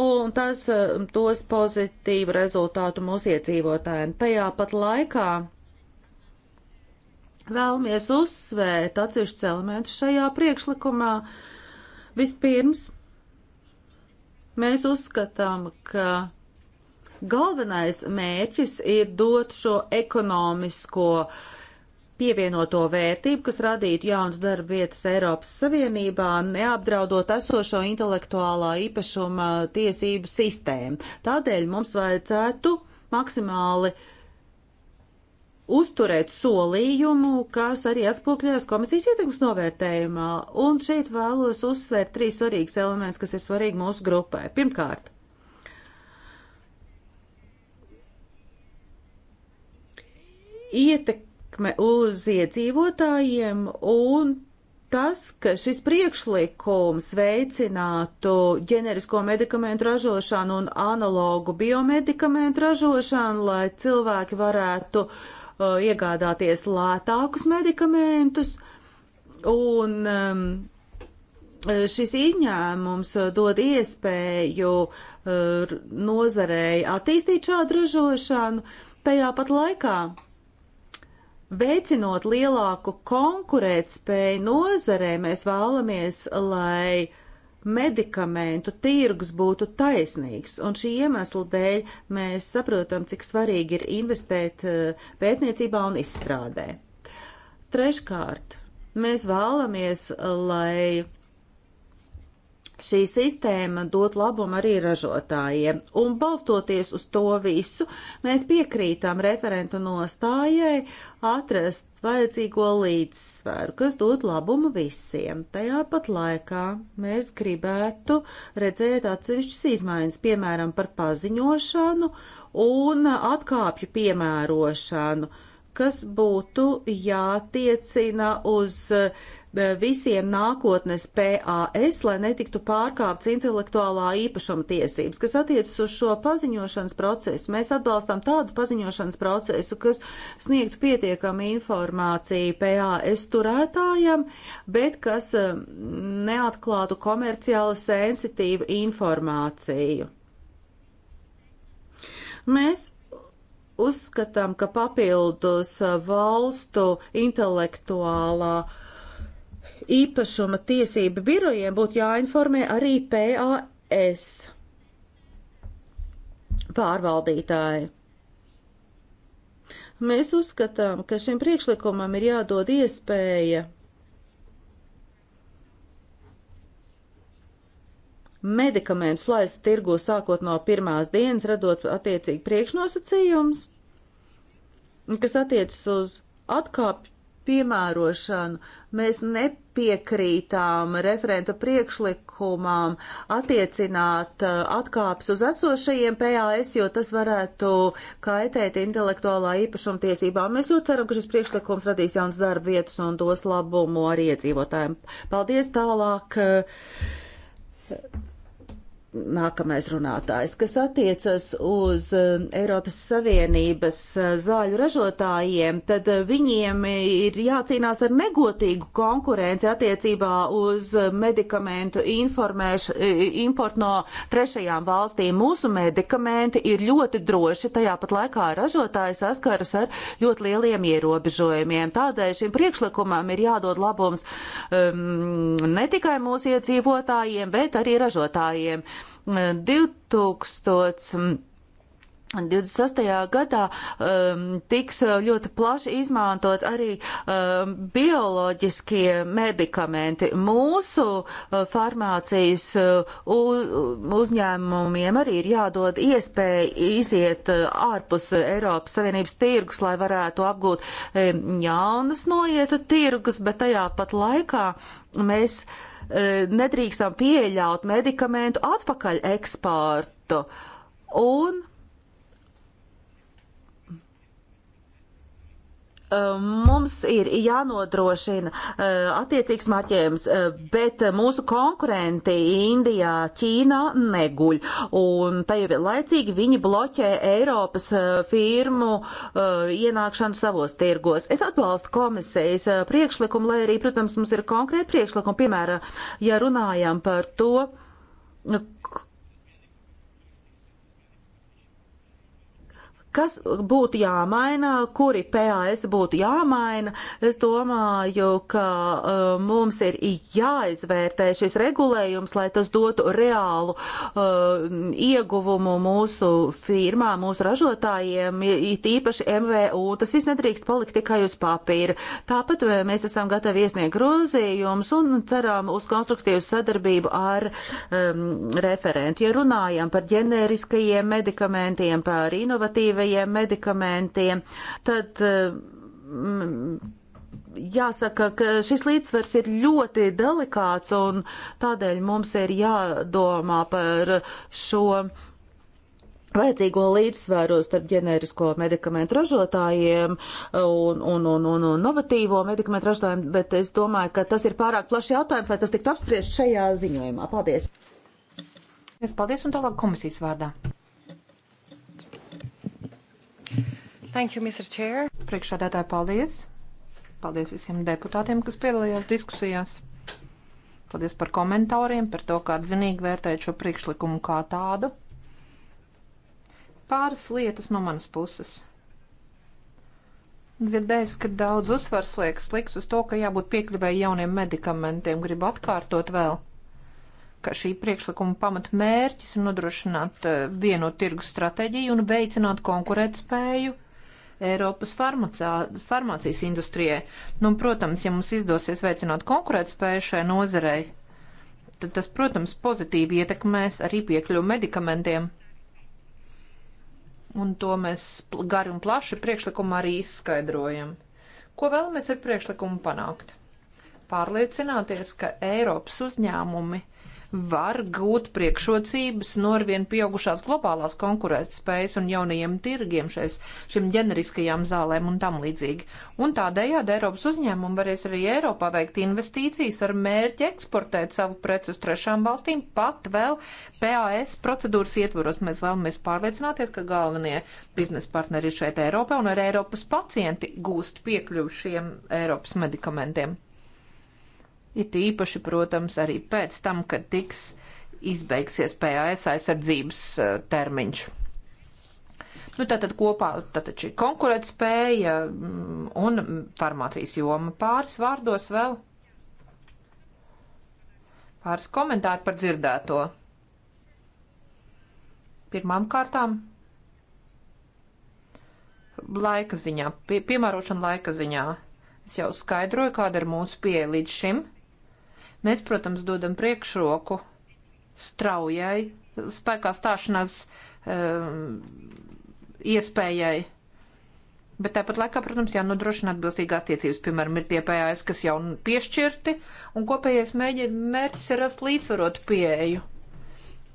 un tas eh, dos pozitīvu rezultātu mūsu iedzīvotājiem. Tajā pat laikā vēlamies uzsvērt atsevišķus elementus šajā priekšlikumā. Vispirms, mēs uzskatām, ka galvenais mērķis ir dot šo ekonomisko pievienoto vērtību, kas radītu jaunas darba vietas Eiropas Savienībā, neapdraudot esošo intelektuālā īpašuma tiesību sistēmu. Tādēļ mums vajadzētu maksimāli uh, uzturēt solījumu, kas arī atspūkļojas komisijas ietekmes novērtējumā. Un šeit vēlos uzsvērt trīs svarīgas elements, kas ir svarīgi mūsu grupai. Pirmkārt, ietekme uz iedzīvotājiem un tas, ka šis priekšlikums veicinātu ģenerisko medikamentu ražošanu un analogu biomedikamentu ražošanu, lai cilvēki varētu uh, uh, iegādāties lētākus medikamentus, un um, uh, šis izņēmums uh, dod iespēju uh, nozarei attīstīt šādu ražošanu, tajā pat laikā veicinot lielāku konkurētspēju nozarē, mēs vēlamies, lai medikamentu tirgus būtu taisnīgs, un šī iemesla dēļ mēs saprotam, cik svarīgi ir investēt eh, pētniecībā un izstrādē. Treškārt, mēs vēlamies, lai šī sistēma dot labumu arī ražotājiem. Un balstoties uz to visu, mēs piekrītam referentu nostājai atrast vajadzīgo līdzsvaru, kas dot labumu visiem. Tajā pat laikā mēs gribētu redzēt atsevišķas izmaiņas, piemēram, par paziņošanu un atkāpju piemērošanu, kas būtu jātiecina uz uh, visiem nākotnes PAS, lai netiktu pārkāpts intelektuālā īpašuma tiesības. Kas attiecas uz šo paziņošanas procesu, mēs atbalstam tādu paziņošanas procesu, kas sniegtu pietiekami informāciju PAS turētājam, bet kas um, neatklātu komerciāli sensitīvu informāciju. Mēs uzskatām, ka papildus valstu intelektuālā īpašuma tiesību birojiem būtu jāinformē arī PAS pārvaldītāji. Mēs uzskatām, ka šim priekšlikumam ir jādod iespēja medikamentus laist tirgu sākot no pirmās dienas, radot attiecīgi priekšnosacījums, kas attiecas uz atkāpju piemērošanu. Mēs nepiekrītām referenta priekšlikumām attiecināt uh, atkāpes uz esošajiem PAS, jo tas varētu kaitēt intelektuālā īpašuma tiesībām. Mēs jau ceram, ka šis priekšlikums radīs jauns darba vietas un dos labumu arī iedzīvotājiem. Paldies tālāk! Uh, nākamais runātājs, kas attiecas uz um, Eiropas Savienības uh, zāļu ražotājiem, tad uh, viņiem ir jācīnās ar negotīgu konkurenci attiecībā uz uh, medikamentu importu no trešajām valstīm. Mūsu medikamenti ir ļoti droši, tajā pat laikā ražotāji saskaras ar ļoti lieliem ierobežojumiem. Tādēļ šim priekšlikumam ir jādod labums um, ne tikai mūsu iedzīvotājiem, bet arī ražotājiem. 2000. 28. gadā um, tiks ļoti plaši izmantot arī um, bioloģiskie medikamenti. Mūsu uh, farmācijas uh, uzņēmumiem arī ir jādod iespēja iziet uh, ārpus Eiropas Savienības tirgus, lai varētu apgūt um, jaunas noietu tirgus, bet tajā pat laikā mēs. Uh, E, nedrīkstam pieļaut medikamentu atpakaļ eksportu. Un mums ir jānodrošina eh, attiecīgs marķējums, eh, bet mūsu konkurenti Indijā, Ķīnā neguļ. Un tajā laicīgi viņi bloķē Eiropas eh, firmu ienākšanu savos tirgos. Es atbalstu komisijas priekšlikumu, lai arī, protams, mums ir konkrēti priekšlikumi. Piemēram, ja runājam par to, Kas būtu jāmaina, kuri PAS būtu jāmaina? Es domāju, ka uh, mums ir jāizvērtē šis regulējums, lai tas dotu reālu uh, ieguvumu mūsu firmām, mūsu ražotājiem, it īpaši MVU. Tas viss nedrīkst palikt tikai uz papīra. Tāpat uh, mēs esam gatavi iesniegt grozījumus un ceram uz konstruktīvu sadarbību ar um, referentu. Ja runājam par ģeneriskajiem medikamentiem, par inovatīviem, inovatīvajiem medikamentiem, tad mm, jāsaka, ka šis līdzsvars ir ļoti delikāts un tādēļ mums ir jādomā par šo vajadzīgo līdzsvaru starp ģenerisko medikamentu ražotājiem un, un, un, un, un novatīvo medikamentu ražotājiem, bet es domāju, ka tas ir pārāk plašs jautājums, lai tas tiktu apspriest šajā ziņojumā. Paldies! Es paldies un tālāk komisijas vārdā. Thank you, Mr. Chair. Priekšādātāji, paldies. Paldies visiem deputātiem, kas piedalījās diskusijās. Paldies par komentāriem, par to, kā zinīgi vērtēt šo priekšlikumu kā tādu. Pāris lietas no manas puses. Dzirdējis, ka daudz uzsvars liekas liks uz to, ka jābūt piekļuvēji jauniem medikamentiem. Gribu atkārtot vēl ka šī priekšlikuma pamatmērķis ir nodrošināt eh, vienotu tirgu stratēģiju un veicināt konkurētspēju Eiropas farmacā, farmācijas industrijai. Nu, protams, ja mums izdosies veicināt konkurētspēju šai nozarei, tad tas, protams, pozitīvi ietekmēs arī piekļuvu medikamentiem. Un to mēs gari un plaši priekšlikumā arī izskaidrojam. Ko vēlamies ar priekšlikumu panākt? Pārliecināties, ka Eiropas uzņēmumi var gūt priekšrocības no arvien pieaugušās globālās konkurētspējas un jaunajiem tirgiem šais, šim ģeneriskajām zālēm un tam līdzīgi. Un tādējādi Eiropas uzņēmumi varēs arī Eiropā veikt investīcijas ar mērķi eksportēt savu preci uz trešām valstīm pat vēl PAS procedūras ietvaros. Mēs vēlamies pārliecināties, ka galvenie biznesa partneri šeit Eiropā un ar Eiropas pacienti gūst piekļuvu šiem Eiropas medikamentiem. It īpaši, protams, arī pēc tam, kad tiks izbeigsies PAS aizsardzības eh, termiņš. Nu, tātad kopā tātad šī konkurētspēja mm, un farmācijas joma pāris vārdos vēl. Pāris komentāri par dzirdēto. Pirmām kārtām laika ziņā, pie, piemērošana laika ziņā. Es jau skaidroju, kāda ir mūsu pieeja līdz šim. Mēs, protams, dodam priekšroku straujai spēkā stāšanās um, iespējai. Bet tāpat laikā, protams, jānodrošina atbilstīgās tiecības. Piemēram, ir tie PAS, kas jau piešķirti, un kopējais mēģi, mērķis ir rast līdzsvarotu pieeju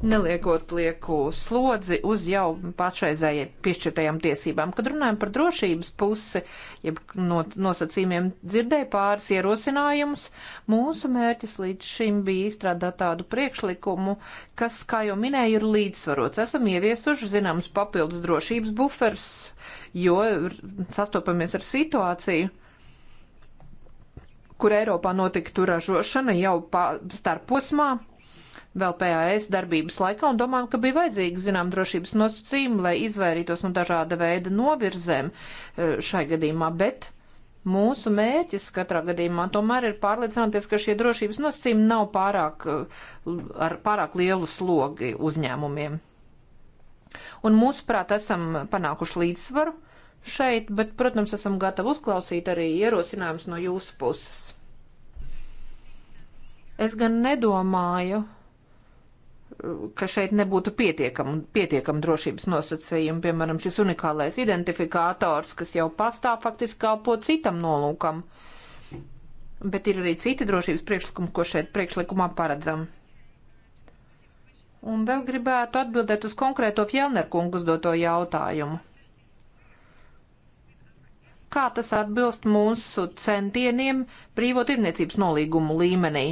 neliekot lieku slodzi uz jau pašreizējai piešķirtajām tiesībām. Kad runājam par drošības pusi, jeb no, nosacījumiem dzirdēju pāris ierosinājumus, mūsu mērķis līdz šim bija izstrādāt tādu priekšlikumu, kas, kā jau minēju, ir līdzsvarots. Esam ieviesuši zināmus papildus drošības buferus, jo sastopamies ar situāciju kur Eiropā notiktu ražošana jau starposmā, vēl PAS darbības laikā un domājam, ka bija vajadzīgi zinām drošības nosacījumi, lai izvairītos no dažāda veida novirzēm eh, šai gadījumā, bet mūsu mērķis katrā gadījumā tomēr ir pārliecināties, ka šie drošības nosacījumi nav pārāk, eh, ar pārāk lielu slogi uzņēmumiem. Un mūsuprāt, esam panākuši līdzsvaru šeit, bet, protams, esam gatavi uzklausīt arī ierosinājumus no jūsu puses. Es gan nedomāju, ka šeit nebūtu pietiekami pietiekam drošības nosacījumi. Piemēram, šis unikālais identifikātors, kas jau pastāv, faktiski kalpo citam nolūkam. Bet ir arī citi drošības priekšlikumi, ko šeit priekšlikumā paredzam. Un vēl gribētu atbildēt uz konkrēto Fjellnerkungu uzdoto jautājumu. Kā tas atbilst mūsu centieniem brīvo tirniecības nolīgumu līmenī?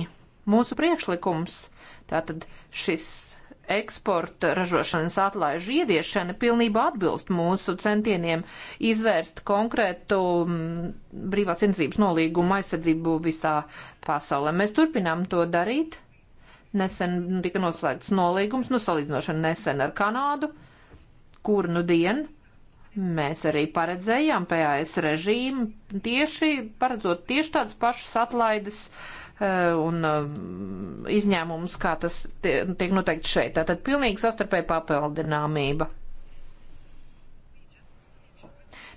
Mūsu priekšlikums Tātad šis eksporta ražošanas atlaižu ieviešana pilnībā atbilst mūsu centieniem izvērst konkrētu mm, brīvās indzības nolīgumu aizsardzību visā pasaulē. Mēs turpinām to darīt. Nesen tika noslēgts nolīgums, nu salīdzinoši nesen ar Kanādu, kur nu dien mēs arī paredzējām PAS režīmu tieši paredzot tieši tādas pašas atlaides uh, Eh, un eh, izņēmumus, kā tas tiek noteikti šeit. Tātad pilnīgi sastarpēja papildināmība.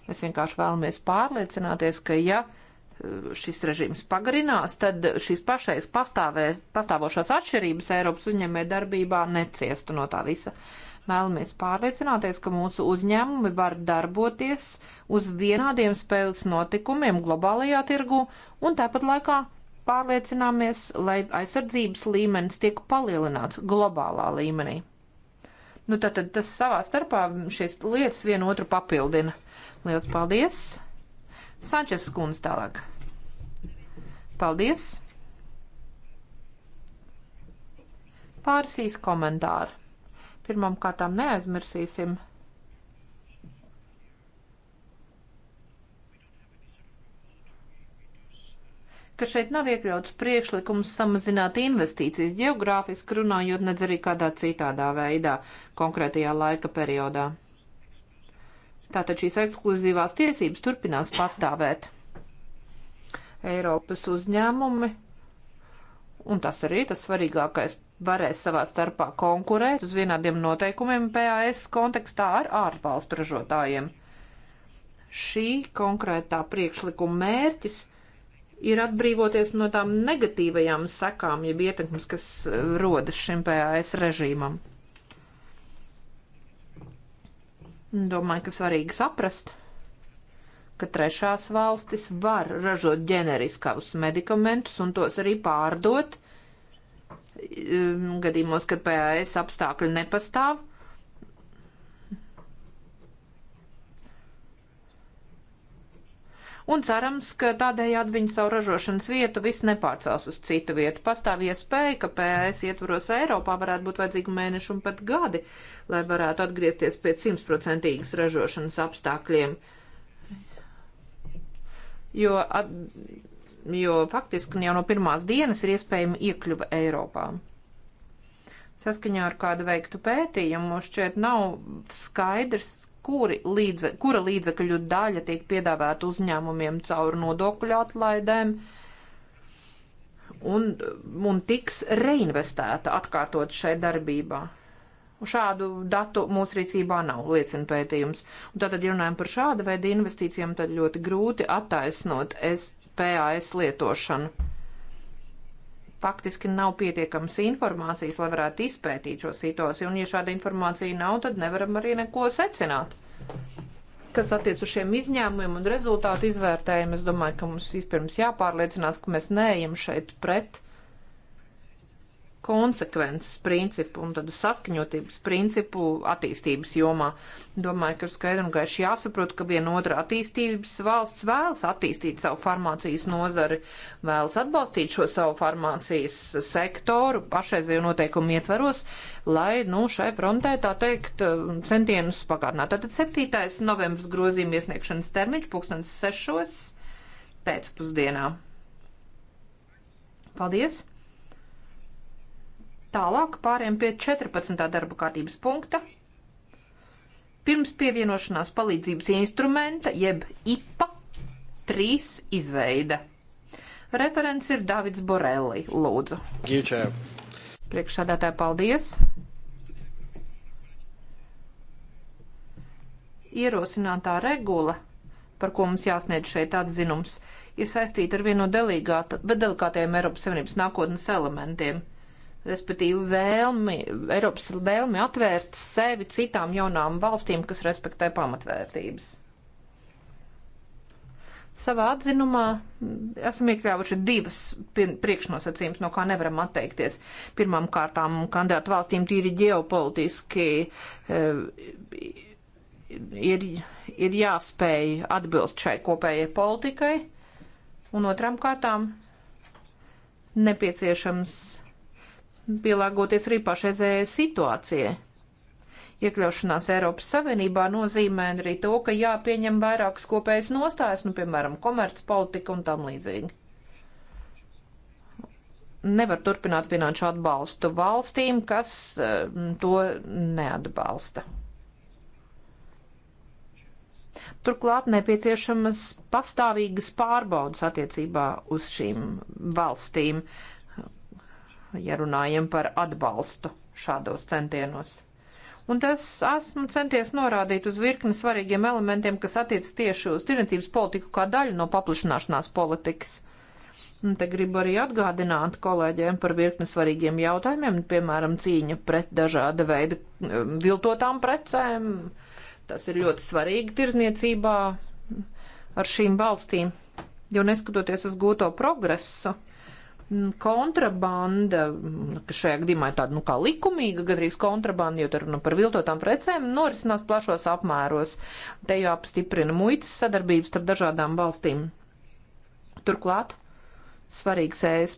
Mēs vienkārši vēlamies pārliecināties, ka ja eh, šis režīms pagarinās, tad šīs pašreiz pastāvē, pastāvošās atšķirības Eiropas uzņēmē darbībā neciestu no tā visa. Vēlamies pārliecināties, ka mūsu uzņēmumi var darboties uz vienādiem spēles notikumiem globālajā tirgu un tāpat laikā pārliecināmies, lai aizsardzības līmenis tiek palielināts globālā līmenī. Nu, tad, tad tas savā starpā šīs lietas vienu otru papildina. Lielas paldies! Sančes skundz tālāk. Paldies! Pāris īsi komentāri. Pirmām kārtām neaizmirsīsim, ka šeit nav iekļauts priekšlikums samazināt investīcijas geogrāfiski runājot, nedz arī kādā citādā veidā konkrētajā laika periodā. Tātad šīs ekskluzīvās tiesības turpinās pastāvēt. Eiropas uzņēmumi, un tas arī tas svarīgākais, varēs savā starpā konkurēt uz vienādiem noteikumiem PAS kontekstā ar ārvalstu ražotājiem. Šī konkrētā priekšlikuma mērķis ir ir atbrīvoties no tām negatīvajām sekām, jeb ietekmes, kas eh, rodas šim PAS režīmam. Domāju, ka svarīgi saprast, ka trešās valstis var ražot ģeneriskavus medikamentus un tos arī pārdot eh, gadījumos, kad PAS apstākļi nepastāv un cerams, ka tādējādi viņi savu ražošanas vietu visu nepārcels uz citu vietu. Pastāv iespēja, ka PS ietvaros Eiropā varētu būt vajadzīgi mēneši un pat gadi, lai varētu atgriezties pie simtprocentīgas ražošanas apstākļiem. Jo, at, jo faktiski jau no pirmās dienas ir iespējama iekļuva Eiropā saskaņā ar kādu veiktu pētījumu, šķiet nav skaidrs, kuri līdze, kura līdzekļu daļa tiek piedāvāta uzņēmumiem caur nodokļu atlaidēm un, un tiks reinvestēta atkārtot šai darbībā. Šādu datu mūsu rīcībā nav, liecina pētījums. Un tātad, ja runājam par šādu veidu investīcijām, tad ļoti grūti attaisnot PAS lietošanu faktiski nav pietiekams informācijas, lai varētu izpētīt šo situāciju, un ja šāda informācija nav, tad nevaram arī neko secināt. Kas attiec uz šiem izņēmumiem un rezultātu izvērtējumu, es domāju, ka mums vispirms jāpārliecinās, ka mēs neejam šeit pret konsekvences principu un tādu saskaņotības principu attīstības jomā. Domāju, ka ir skaidri un gaiši jāsaprot, ka viena otra attīstības valsts vēlas attīstīt savu farmācijas nozari, vēlas atbalstīt šo savu farmācijas sektoru pašreizējo noteikumu ietveros, lai, nu, šai frontē, tā teikt, centienus pagārināt. Tātad 7. novembris grozījuma iesniegšanas termiņš pulkstens 6. pēcpusdienā. Paldies! Tālāk pāriem pie 14. darba kārtības punkta. Pirms pievienošanās palīdzības instrumenta, jeb IPA 3 izveida. Referents ir Davids Borelli, lūdzu. Gīčē. Priekšsādātāji, paldies. Ierosinātā regula, par ko mums jāsniedz šeit atzinums, ir saistīta ar vienu no delikātajiem Eiropas Savienības nākotnes elementiem respektīvi vēlmi, Eiropas vēlmi atvērt sevi citām jaunām valstīm, kas respektē pamatvērtības. Savā atzinumā esam iekļāvuši divas priekšnosacījumus, no kā nevaram atteikties. Pirmām kārtām kandidātu valstīm tīri ģeopolitiski eh, ir, ir jāspēj atbilst šai kopējai politikai, un otrām kārtām nepieciešams pielāgoties arī pašreizējai situācijai. Iekļaušanās Eiropas Savienībā nozīmē arī to, ka jāpieņem vairākas kopējas nostājas, nu, piemēram, komercpolitika un tam līdzīgi. Nevar turpināt finanšu atbalstu valstīm, kas eh, to neatbalsta. Turklāt nepieciešamas pastāvīgas pārbaudas attiecībā uz šīm valstīm. Uh, ja runājam par atbalstu šādos centienos. Un tas esmu centies norādīt uz virkni svarīgiem elementiem, kas attiec tieši uz tirnicības politiku kā daļu no paplašināšanās politikas. Un te gribu arī atgādināt kolēģiem par virkni svarīgiem jautājumiem, piemēram, cīņa pret dažāda veida um, viltotām precēm. Tas ir ļoti svarīgi tirzniecībā ar šīm valstīm, jo neskatoties uz gūto progresu kontrabanda, kas šajā gadījumā ir tāda nu, kā likumīga, gandrīz kontrabanda, jo tur runa nu, par viltotām precēm, norisinās plašos apmēros. Te jau apstiprina muitas sadarbības starp dažādām valstīm. Turklāt svarīgs ES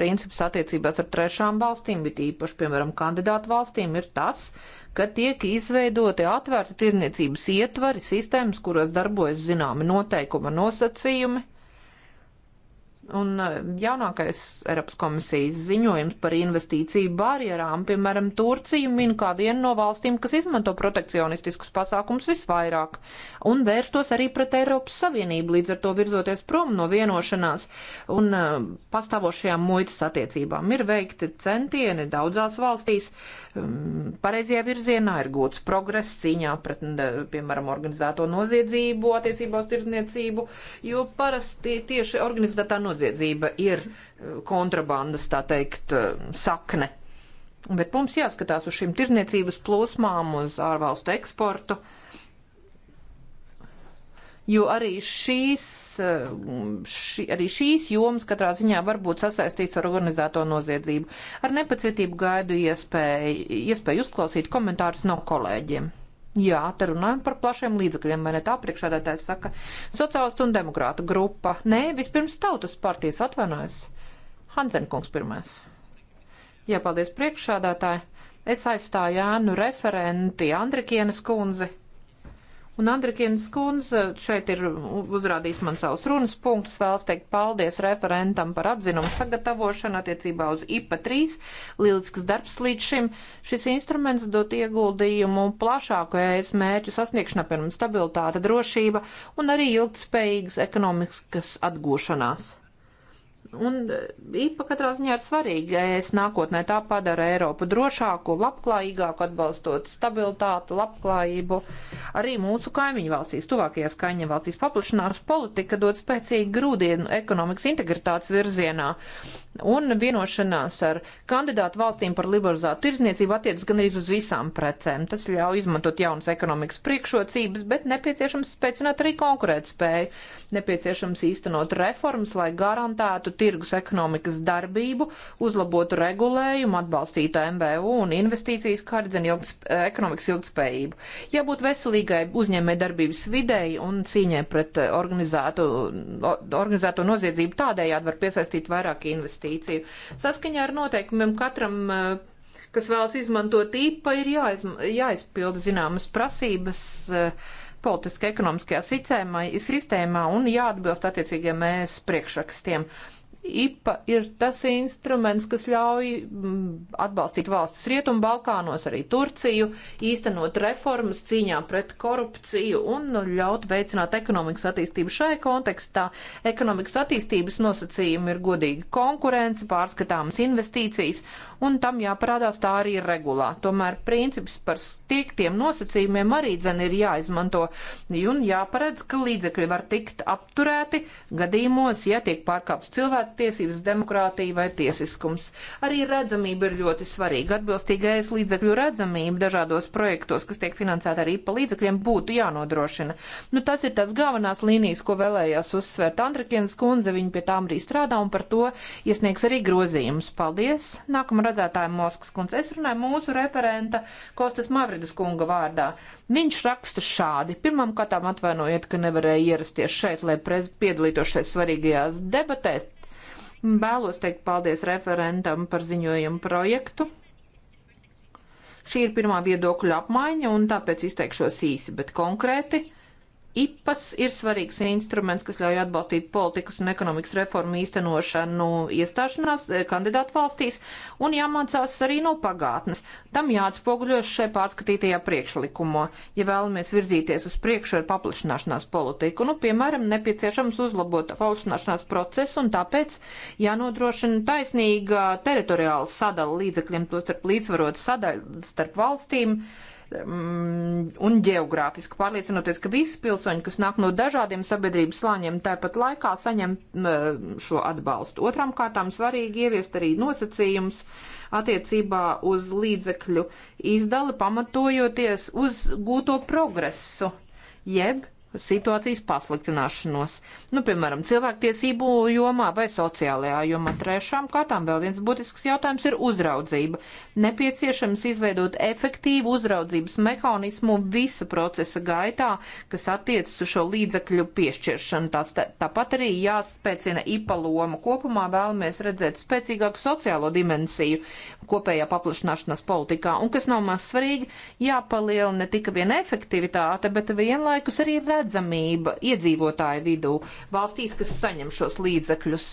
princips attiecībās ar trešām valstīm, bet īpaši, piemēram, kandidātu valstīm, ir tas, ka tiek izveidoti atvērti tirniecības ietvari, sistēmas, kuros darbojas zināmi noteikuma nosacījumi Un eh, jaunākais Eiropas komisijas ziņojums par investīciju barjerām, piemēram, Turciju min kā vienu no valstīm, kas izmanto protekcionistiskus pasākums visvairāk un vērstos arī pret Eiropas Savienību, līdz ar to virzoties prom no vienošanās un uh, pastāvošajām muitas attiecībām. Ir veikti centieni daudzās valstīs, Um, pareizajā virzienā, ir gūts progress cīņā pret, piemēram, organizēto noziedzību attiecībā uz tirzniecību, jo parasti tieši organizētā noziedzība ir uh, kontrabandas, tā teikt, uh, sakne. Bet mums jāskatās uz šīm tirzniecības plūsmām, uz ārvalstu eksportu. Uh, jo arī šīs, eh, ši, arī šīs jomas katrā ziņā var būt sasaistīts ar organizēto noziedzību. Ar nepacietību gaidu iespēju, iespēju uzklausīt komentārus no kolēģiem. Jā, te runājam par plašiem līdzakļiem, vai ne tā priekšādātājs saka sociālistu un demokrātu grupa. Nē, vispirms tautas partijas atvainojas. Hansenkungs pirmais. Jā, paldies priekšādātāji. Es aizstāju Jānu referenti Andrikienes kundzi. Un Andrikienas kundze šeit ir uzrādījis man savus runas punktus, vēlas teikt paldies referentam par atzinumu sagatavošanu attiecībā uz IPA 3. Lielisks darbs līdz šim. Šis instruments dot ieguldījumu plašāku ES mērķu sasniegšanā, piemēram, stabilitāte, drošība un arī ilgtspējīgas ekonomikas atgūšanās. Un eh, IPA katrā ziņā ir svarīga. Es nākotnē tā padara Eiropu drošāku, labklājīgāku, atbalstot stabilitāti, labklājību. Arī mūsu kaimiņu valstīs, tuvākajās kaimiņu valstīs paplašinās politika dod spēcīgu grūdienu ekonomikas integritātes virzienā. Un vienošanās ar kandidātu valstīm par liberalizētu tirzniecību attiecas gan arī uz visām precēm. Tas ļauj izmantot jaunas ekonomikas priekšrocības, bet nepieciešams spēcināt arī konkurētspēju. Nepieciešams īstenot reformas, lai garantētu tirgus ekonomikas darbību, uzlabotu regulējumu, atbalstītu MVU un investīcijas, kā arī dzina ekonomikas ilgspējību. Jābūt veselīgai uzņēmē darbības videi un cīņai pret eh, organizēto, organizēto noziedzību tādējādi var piesaistīt vairāk investīciju. Saskaņā ar noteikumiem katram eh, kas vēlas izmantot īpa, ir jāizm, jāizpilda zināmas prasības eh, politiski ekonomiskajā sistēmā, sistēmā un jāatbilst attiecīgiem ES priekšrakstiem. IPA ir tas instruments, kas ļauj mm, atbalstīt valstis Rietumu Balkānos, arī Turciju, īstenot reformas cīņā pret korupciju un nu, ļaut veicināt ekonomikas attīstību. Šai kontekstā ekonomikas attīstības nosacījumi ir godīga konkurence, pārskatāmas investīcijas un tam jāparādās tā arī ir regulā. Tomēr princips par tiektiem nosacījumiem arī dzen ir jāizmanto un jāparedz, ka līdzekļi var tikt apturēti gadījumos, ja tiek pārkāpts cilvēktiesības, demokrātija vai tiesiskums. Arī redzamība ir ļoti svarīga. Atbilstīgais līdzekļu redzamība dažādos projektos, kas tiek finansēta arī pa līdzekļiem, būtu jānodrošina. Nu, tas ir tās galvenās līnijas, ko vēlējās uzsvērt Andrikienas kundze. Viņa pie tām arī strādā un par to iesniegs arī grozījumus. Paldies! Nākamā redzētājiem Moskas kundze. Es runāju mūsu referenta Kostas Mavridas kunga vārdā. Viņš raksta šādi. Pirmam kārtām atvainojiet, ka nevarēja ierasties šeit, lai piedalītos šeit svarīgajās debatēs. Vēlos teikt paldies referentam par ziņojumu projektu. Šī ir pirmā viedokļa apmaiņa, un tāpēc izteikšos īsi, bet konkrēti IPAS ir svarīgs instruments, kas ļauj atbalstīt politikas un ekonomikas reformu īstenošanu iestāšanās eh, kandidātu valstīs un jāmācās arī no pagātnes. Tam jāatspoguļojas šai pārskatītajā priekšlikumā. Ja vēlamies virzīties uz priekšu ar paplašināšanās politiku, nu, piemēram, nepieciešams uzlabot paplašināšanās procesu un tāpēc jānodrošina taisnīga teritoriāla sadala līdzekļiem, to starp līdzvarot sadala starp valstīm. Uh, Mm, un geogrāfiski pārliecinoties, ka visi pilsoņi, kas nāk no dažādiem sabiedrības slāņiem, tāpat laikā saņem mm, eh, šo atbalstu. Otram kārtām svarīgi ieviest arī nosacījumus attiecībā uz līdzekļu izdali, pamatojoties uz gūto progresu, jeb situācijas pasliktināšanos. Nu, piemēram, cilvēktiesību jomā vai sociālajā jomā. Trešām kārtām vēl viens būtisks jautājums ir uzraudzība. Nepieciešams izveidot efektīvu uzraudzības mehānismu visa procesa gaitā, kas attiecas uz šo līdzekļu piešķiršanu. Tās, tā, tāpat arī jāspēcina IPA loma. Kopumā vēlamies redzēt spēcīgāku sociālo dimensiju kopējā paplašināšanās politikā. Un, kas nav maz svarīgi, jāpalielina ne tika vien efektivitāte, bet vienlaikus arī vēl redzamība iedzīvotāju vidū valstīs, kas saņem šos līdzekļus.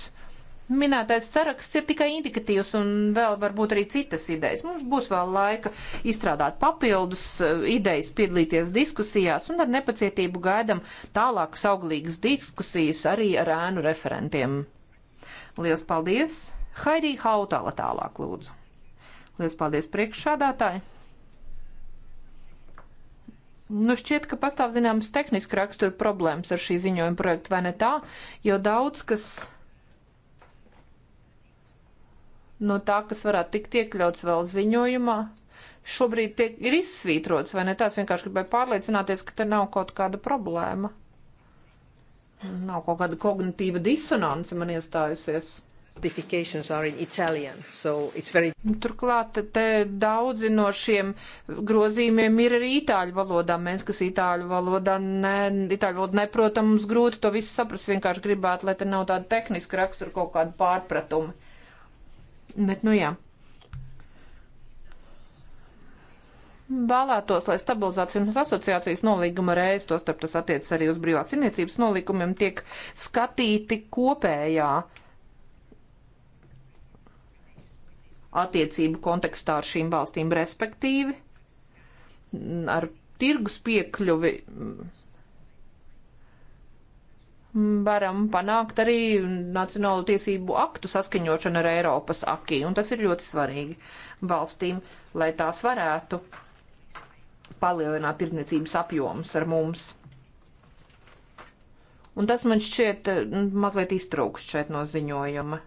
Minētais saraksts ir tikai indikatīvs un vēl varbūt arī citas idejas. Mums būs vēl laika izstrādāt papildus eh, idejas, piedalīties diskusijās un ar nepacietību gaidam tālākas auglīgas diskusijas arī ar ēnu referentiem. Lielas paldies! Haidī Hautala tālāk lūdzu. Lielas paldies priekšsādātāji! Nu, šķiet, ka pastāv zināmas tehniski rakstura problēmas ar šī ziņojuma projektu, vai ne tā? Jo daudz, kas no tā, kas varētu tikt iekļauts vēl ziņojumā, šobrīd tiek, ir izsvītrots, vai ne tāds vienkārši gribēja pārliecināties, ka te nav kaut kāda problēma. Nav kaut kāda kognitīva disonance man iestājusies. Italian, so very... Nu, turklāt te daudzi no šiem grozījumiem ir arī itāļu valodā. Mēs, kas itāļu valodā ne, itāļu valodu neprotam, mums grūti to visu saprast. Vienkārši gribētu, lai te nav tāda tehniska rakstura kaut kāda pārpratuma. Bet, nu jā. Vēlētos, lai stabilizācijas asociācijas nolīguma reiz, to starp tas attiecas arī uz brīvās cilvēcības nolīgumiem, tiek skatīti kopējā uh, attiecību kontekstā ar šīm valstīm, respektīvi ar tirgus piekļuvi varam panākt arī nacionālo tiesību aktu saskaņošanu ar Eiropas akī, un tas ir ļoti svarīgi valstīm, lai tās varētu palielināt tirdzniecības apjomus ar mums. Un tas man šķiet mazliet iztrūkst šeit no ziņojuma.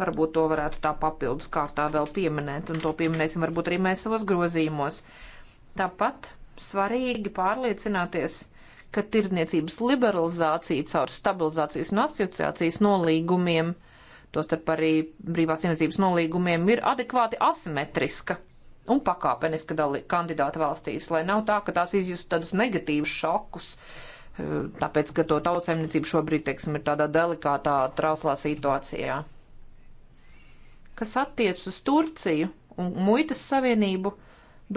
Varbūt to varētu tā papildus kārtā vēl pieminēt, un to pieminēsim varbūt arī mēs savos grozījumos. Tāpat svarīgi pārliecināties, ka tirdzniecības liberalizācija caur stabilizācijas un asociācijas nolīgumiem, tostarp arī brīvās tirdzniecības nolīgumiem, ir adekvāti asimetriska un pakāpeniska kandidāta valstīs, lai nav tā, ka tās izjust tādus negatīvus šokus. Eh, tāpēc, ka to tautsēmniecība šobrīd, teiksim, ir tādā delikātā, trauslā situācijā. Kas attiec uz Turciju un muitas savienību,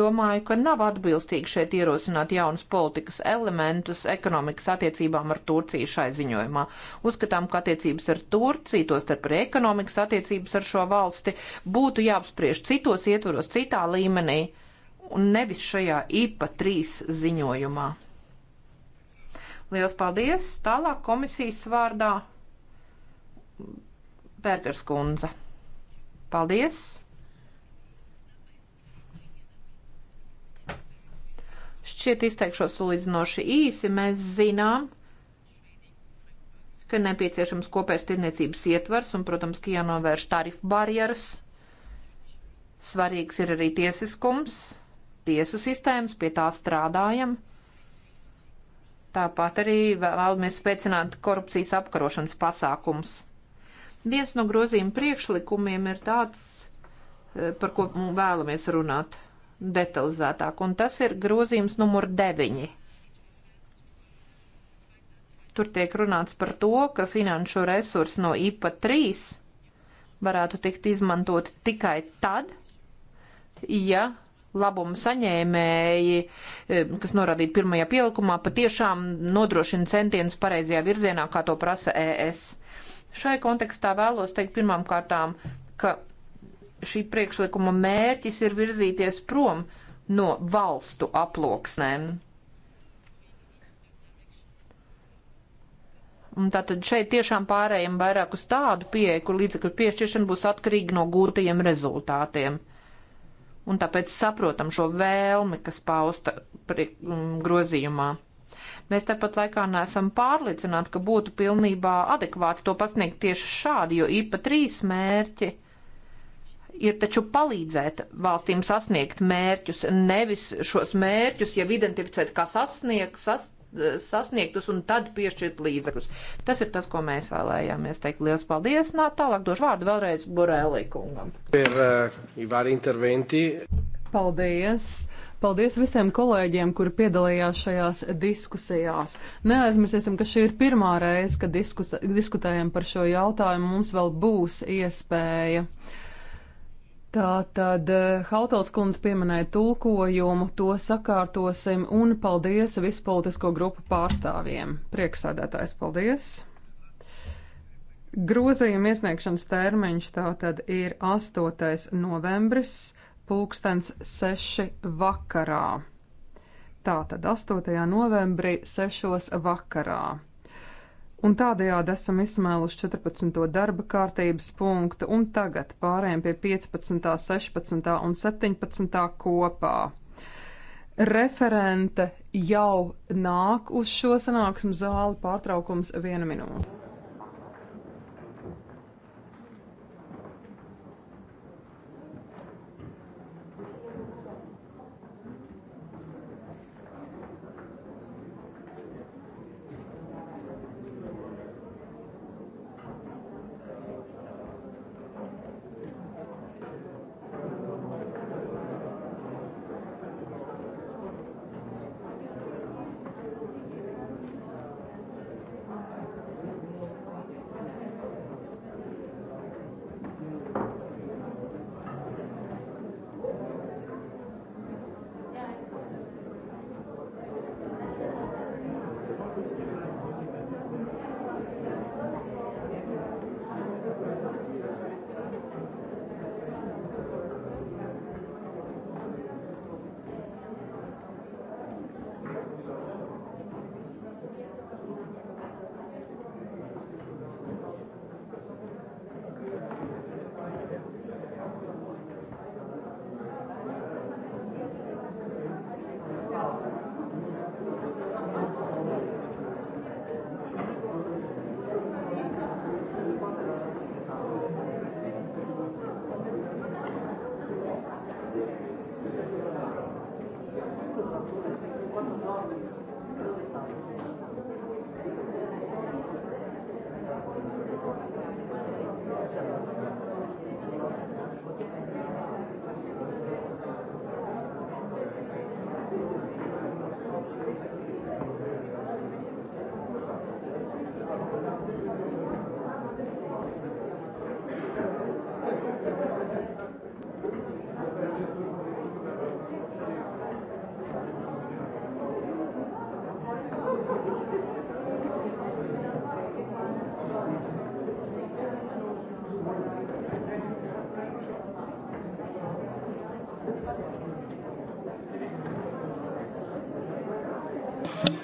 domāju, ka nav atbilstīgi šeit ierosināt jaunus politikas elementus ekonomikas attiecībām ar Turciju šai ziņojumā. Uzskatām, ka attiecības ar Turciju, tostarp arī ekonomikas attiecības ar šo valsti, būtu jāapspriež citos ietvaros, citā līmenī un nevis šajā IPA 3 ziņojumā. Lielas paldies! Tālāk komisijas vārdā Pērkers kundze. Paldies! Šķiet izteikšos salīdzinoši īsi. Mēs zinām, ka nepieciešams kopējs tirniecības ietvers un, protams, ka jānovērš tarifu barjeras. Svarīgs ir arī tiesiskums, tiesu sistēmas, pie tā strādājam. Tāpat arī vēlamies spēcināt korupcijas apkarošanas pasākumus. Viens no grozījuma priekšlikumiem ir tāds, eh, par ko vēlamies runāt detalizētāk, un tas ir grozījums numur 9. Tur tiek runāts par to, ka finanšu resursi no IPA 3 varētu tikt izmantot tikai tad, ja labumu saņēmēji, eh, kas norādīti pirmajā pielikumā, patiešām nodrošina centienus pareizajā virzienā, kā to prasa ES. Šai kontekstā vēlos teikt pirmām kārtām, ka šī priekšlikuma mērķis ir virzīties prom no valstu aploksnēm. Un tātad šeit tiešām pārējiem vairāk uz tādu pieeju, kur līdzekļu piešķiršana būs atkarīga no gūtajiem rezultātiem. Un tāpēc saprotam šo vēlmi, kas pausta mm, grozījumā. Mēs tāpat laikā neesam pārliecināti, ka būtu pilnībā adekvāti to pasniegt tieši šādi, jo IPA 3 mērķi ir taču palīdzēt valstīm sasniegt mērķus, nevis šos mērķus jau identificēt kā sasniegt, sas, sasniegtus un tad piešķirt līdzekļus. Tas ir tas, ko mēs vēlējāmies teikt. Lielas paldies! Nā, tālāk došu vārdu vēlreiz Borēlī kungam. Ir uh, vari interventi. Paldies! Paldies visiem kolēģiem, kuri piedalījās šajās diskusijās. Neaizmirsīsim, ka šī ir pirmā reize, kad diskus, diskutējam par šo jautājumu. Mums vēl būs iespēja. Tā tad eh, Hautels kundze pieminēja tulkojumu, to sakārtosim un paldies vispolitisko grupu pārstāvjiem. Prieksādētājs, paldies! Grozījuma iesniegšanas termiņš tātad ir 8. novembris pulkstens seši vakarā. Tātad 8. novembrī 6. vakarā. Un tādējādi esam izsmēluši 14. darba kārtības punktu, un tagad pārējām pie 15., 16. un 17. kopā. Referente jau nāk uz šo sanāksmu zāli pārtraukums viena minūte.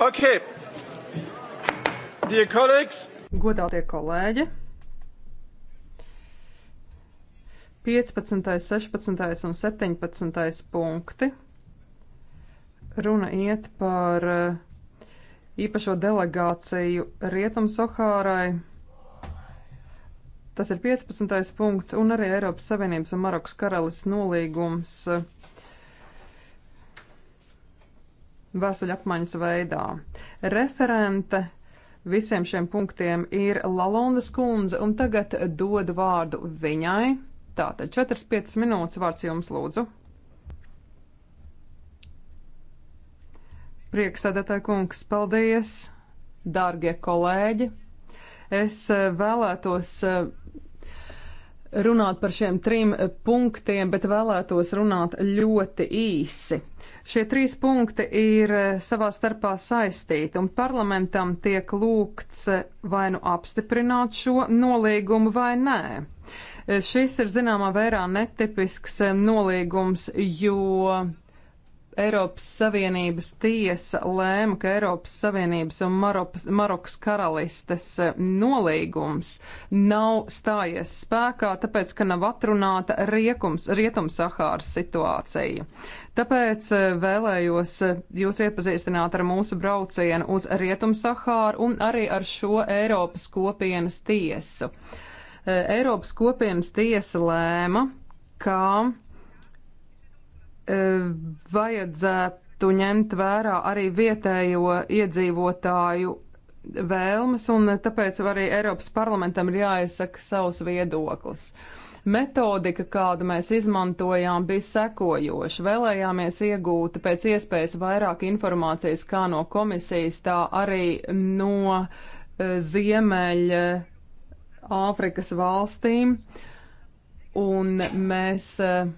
Okay. Dear colleagues. Godātie kolēģi. 15., 16. un 17. punkti. Runa iet par eh, īpašo delegāciju Rietumsohārai. Tas ir 15. punkts un arī Eiropas Savienības un Marokas karalis nolīgums vēstuļu apmaiņas veidā. Referente visiem šiem punktiem ir Lalondas kundze, un tagad dodu vārdu viņai. Tātad 4-5 minūtes vārds jums lūdzu. Prieksēdētāji kungs, paldies, dārgie kolēģi. Es eh, vēlētos eh, runāt par šiem trim eh, punktiem, bet vēlētos runāt ļoti īsi. Šie trīs punkti ir eh, savā starpā saistīti, un parlamentam tiek lūgts eh, vai nu apstiprināt šo nolīgumu vai nē. Eh, šis ir zināmā vērā netipisks nolīgums, jo Eiropas Savienības tiesa lēma, ka Eiropas Savienības un Maropas, Marokas karalistes e, nolīgums nav stājies spēkā, tāpēc, ka nav atrunāta riekums, rietumsahāras situācija. Tāpēc e, vēlējos e, jūs iepazīstināt ar mūsu braucienu uz rietumsahāru un arī ar šo Eiropas kopienas tiesu. Eiropas kopienas tiesa lēma, ka E, vajadzētu ņemt vērā arī vietējo iedzīvotāju vēlmes, un tāpēc arī Eiropas parlamentam ir jāizsaka savs viedoklis. Metodika, kādu mēs izmantojām, bija sekojoša. Vēlējāmies iegūt pēc iespējas vairāk informācijas kā no komisijas, tā arī no e, Ziemeļa e, Āfrikas valstīm, un mēs uh,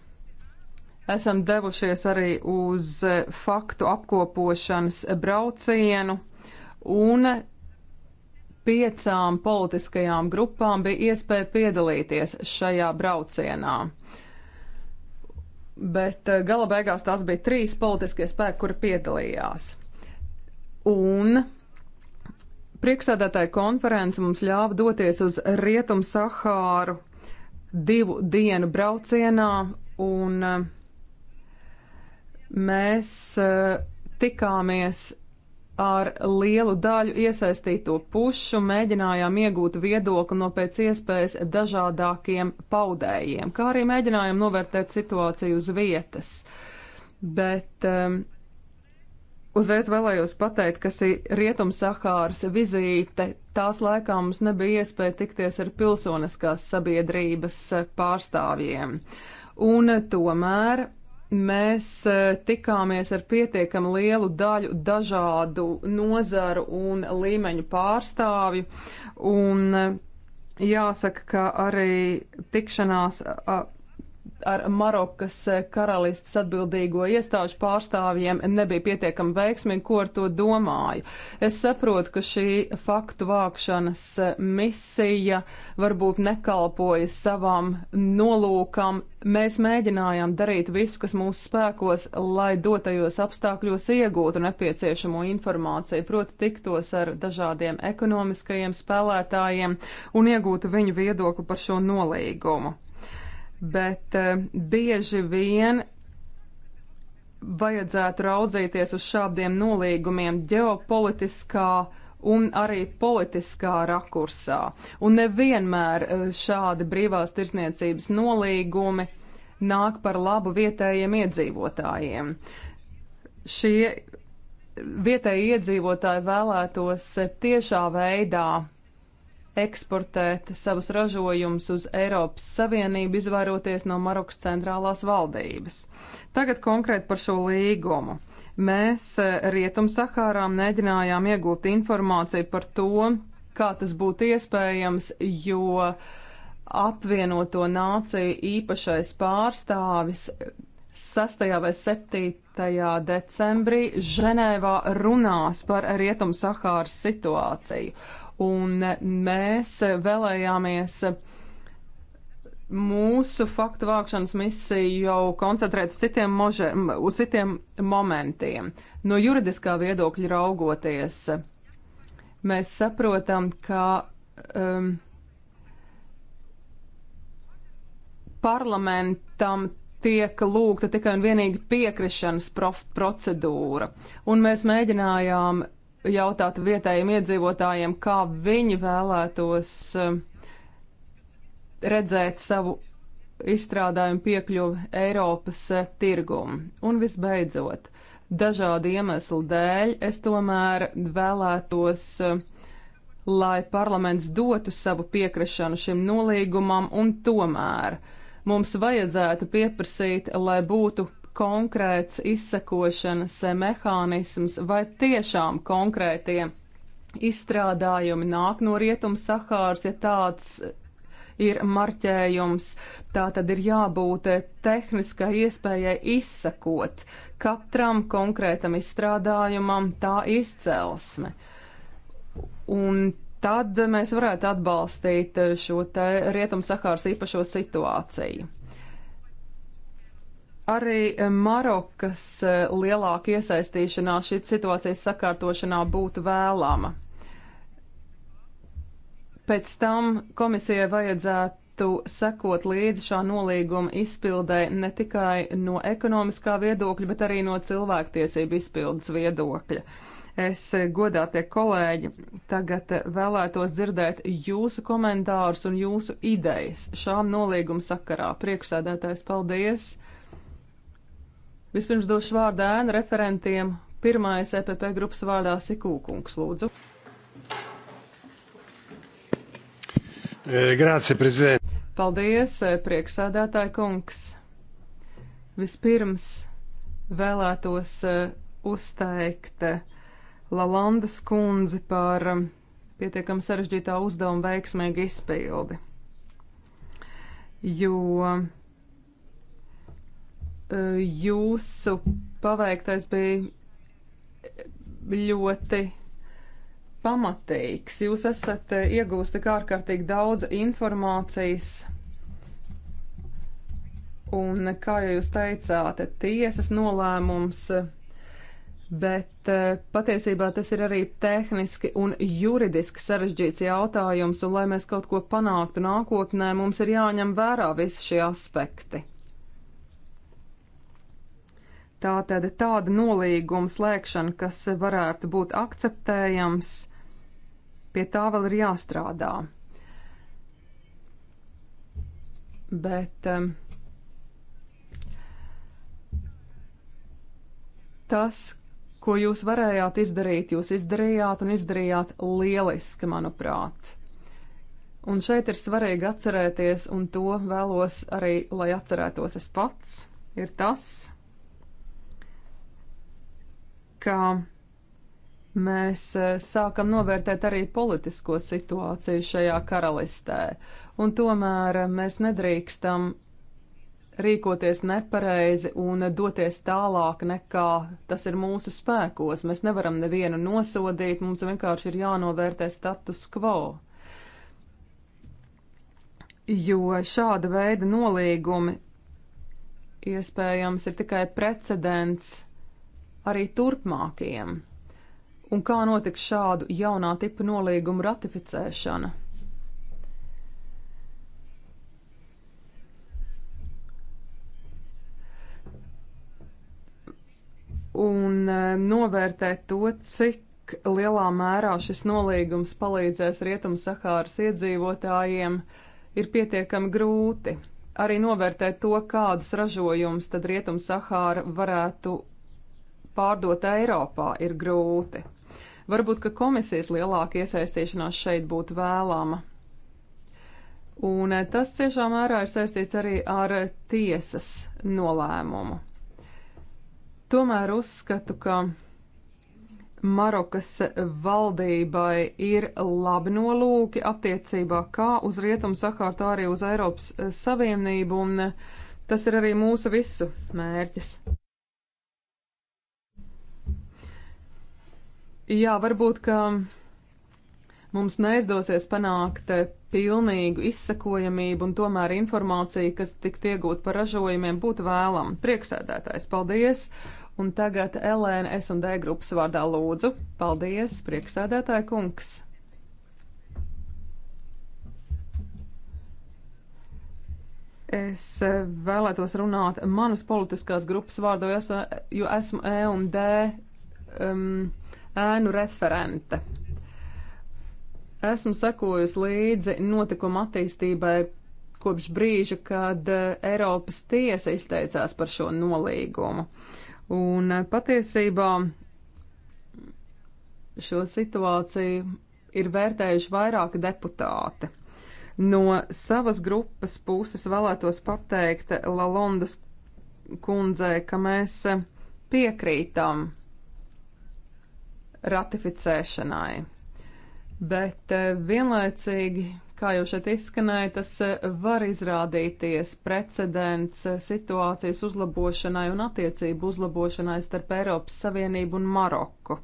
esam devušies arī uz faktu apkopošanas braucienu, un piecām politiskajām grupām bija iespēja piedalīties šajā braucienā. Bet eh, gala beigās tās bija trīs politiskie spēki, kuri piedalījās. Un priekšsēdētāja konference mums ļāva doties uz Rietumu Sahāru divu dienu braucienā, un uh, Mēs eh, tikāmies ar lielu daļu iesaistīto pušu mēģinājām iegūt viedokli no pēc iespējas dažādākiem paudējiem, kā arī mēģinājām novērtēt situāciju uz vietas. Bet um, uzreiz vēlējos pateikt, ka šī Rietumsahāras vizīte tās laikā mums nebija iespēja tikties ar pilsoniskās sabiedrības eh, pārstāvjiem. Un tomēr mēs e, tikāmies ar pietiekami lielu daļu dažādu nozaru un līmeņu pārstāvju. Un e, jāsaka, ka arī tikšanās ar Marokas karalistes atbildīgo iestāžu pārstāvjiem nebija pietiekami veiksmīgi, ko ar to domāju. Es saprotu, ka šī faktu vākšanas misija varbūt nekalpoja savam nolūkam. Mēs mēģinājām darīt visu, kas mūsu spēkos, lai dotajos apstākļos iegūtu nepieciešamo informāciju, proti tiktos ar dažādiem ekonomiskajiem spēlētājiem un iegūtu viņu viedokli par šo nolīgumu bet eh, bieži vien vajadzētu raudzīties uz šādiem nolīgumiem ģeopolitiskā un arī politiskā rakursā. Un nevienmēr eh, šādi brīvās tirsniecības nolīgumi nāk par labu vietējiem iedzīvotājiem. Šie vietēji iedzīvotāji vēlētos tiešā veidā eksportēt savus ražojumus uz Eiropas Savienību, izvairoties no Marokas centrālās valdības. Tagad konkrēti par šo līgumu. Mēs eh, Rietum-Sahārā mēģinājām iegūt informāciju par to, kā tas būtu iespējams, jo apvienoto nāciju īpašais pārstāvis 6. vai 7. decembrī Ženēvā runās par Rietum-Sahāras situāciju un mēs vēlējāmies mūsu faktu vākšanas misiju jau koncentrēt uz citiem, može, uz citiem momentiem. No juridiskā viedokļa raugoties, mēs saprotam, ka um, parlamentam tiek lūgta tikai un vienīgi piekrišanas procedūra, un mēs mēģinājām jautāt vietējiem iedzīvotājiem, kā viņi vēlētos um, redzēt savu izstrādājumu piekļuvi Eiropas eh, tirgumu. Un visbeidzot, dažādu iemeslu dēļ es tomēr vēlētos eh, lai parlaments dotu savu piekrišanu šim nolīgumam, un tomēr mums vajadzētu pieprasīt, lai būtu konkrēts izsekošanas mehānisms vai tiešām konkrētie izstrādājumi nāk no rietumu Sahāras, ja tāds ir marķējums. Tā tad ir jābūt tehniskai iespējai izsakot katram konkrētam izstrādājumam tā izcelsme. Un tad mēs varētu atbalstīt šo te Rietumu Sahāras īpašo situāciju. Arī eh, Marokas eh, lielāka iesaistīšanās šīs situācijas sakārtošanā būtu vēlama. Pēc tam komisijai vajadzētu sekot līdzi šā nolīguma izpildē ne tikai no ekonomiskā viedokļa, bet arī no cilvēktiesību izpildes viedokļa. Es, eh, godātie kolēģi, tagad vēlētos dzirdēt jūsu komentārus un jūsu idejas šām nolīguma sakarā. Priekšsēdētājs, paldies! Vispirms došu vārdu ēnu referentiem. Pirmais EPP grupas vārdā Sikūkungs, lūdzu. Eh, Grācija, prezident. Paldies, eh, prieksādātāji kungs. Vispirms vēlētos eh, uzteikt Lalandas kundzi par pietiekami sarežģītā uzdevuma veiksmīgu izpildi. Jo jūsu paveiktais bija ļoti pamatīgs. Jūs esat eh, iegūst tik ārkārtīgi daudz informācijas. Un, eh, kā jau jūs teicāt, tiesas nolēmums, bet eh, patiesībā tas ir arī tehniski un juridiski sarežģīts jautājums, un lai mēs kaut ko panāktu nākotnē, mums ir jāņem vērā visi šie aspekti. Tātad tāda nolīguma slēgšana, kas varētu būt akceptējams, pie tā vēl ir jāstrādā. Bet um, tas, ko jūs varējāt izdarīt, jūs izdarījāt un izdarījāt lieliski, manuprāt. Un šeit ir svarīgi atcerēties, un to vēlos arī, lai atcerētos es pats, ir tas, ka ka mēs e, sākam novērtēt arī politisko situāciju šajā karalistē, un tomēr e, mēs nedrīkstam rīkoties nepareizi un doties tālāk nekā tas ir mūsu spēkos. Mēs nevaram nevienu nosodīt, mums vienkārši ir jānovērtē status quo. Jo šāda veida nolīgumi iespējams ir tikai precedents arī turpmākajiem? Un kā notiks šādu jaunā tipa nolīgumu ratificēšana? Un e, novērtēt to, cik lielā mērā šis nolīgums palīdzēs Rietumu-Sahāras iedzīvotājiem, ir pietiekami grūti. Arī novērtēt to, kādus ražojumus tad Rietumu-Sahāra varētu pārdot Eiropā ir grūti. Varbūt, ka komisijas lielāka iesaistīšanās šeit būtu vēlama. Un eh, tas ciešā mērā ir saistīts arī ar tiesas nolēmumu. Tomēr uzskatu, ka Marokas valdībai ir labi nolūki attiecībā kā uz Rietumu Sahāru, tā arī uz Eiropas Savienību, un eh, tas ir arī mūsu visu mērķis. Jā, varbūt, ka mums neizdosies panākt eh, pilnīgu izsakojamību un tomēr informācija, kas tiktu iegūt par ražojumiem, būtu vēlama. Prieksēdētājs, paldies! Un tagad Elēna S&D grupas vārdā lūdzu. Paldies, prieksēdētāja kungs! es eh, vēlētos runāt manas politiskās grupas vārdā, jo esmu E un D um, ēnu referente. Esmu sekojusi līdzi notikuma attīstībai kopš brīža, kad eh, Eiropas tiesa izteicās par šo nolīgumu. Un eh, patiesībā šo situāciju ir vērtējuši vairāki deputāti. No savas grupas puses vēlētos pateikt Lalondas kundzē, ka mēs eh, piekrītam ratificēšanai. Bet eh, vienlaicīgi, kā jau šeit izskanēja, tas eh, var izrādīties precedents eh, situācijas uzlabošanai un attiecību uzlabošanai starp Eiropas Savienību un Maroku.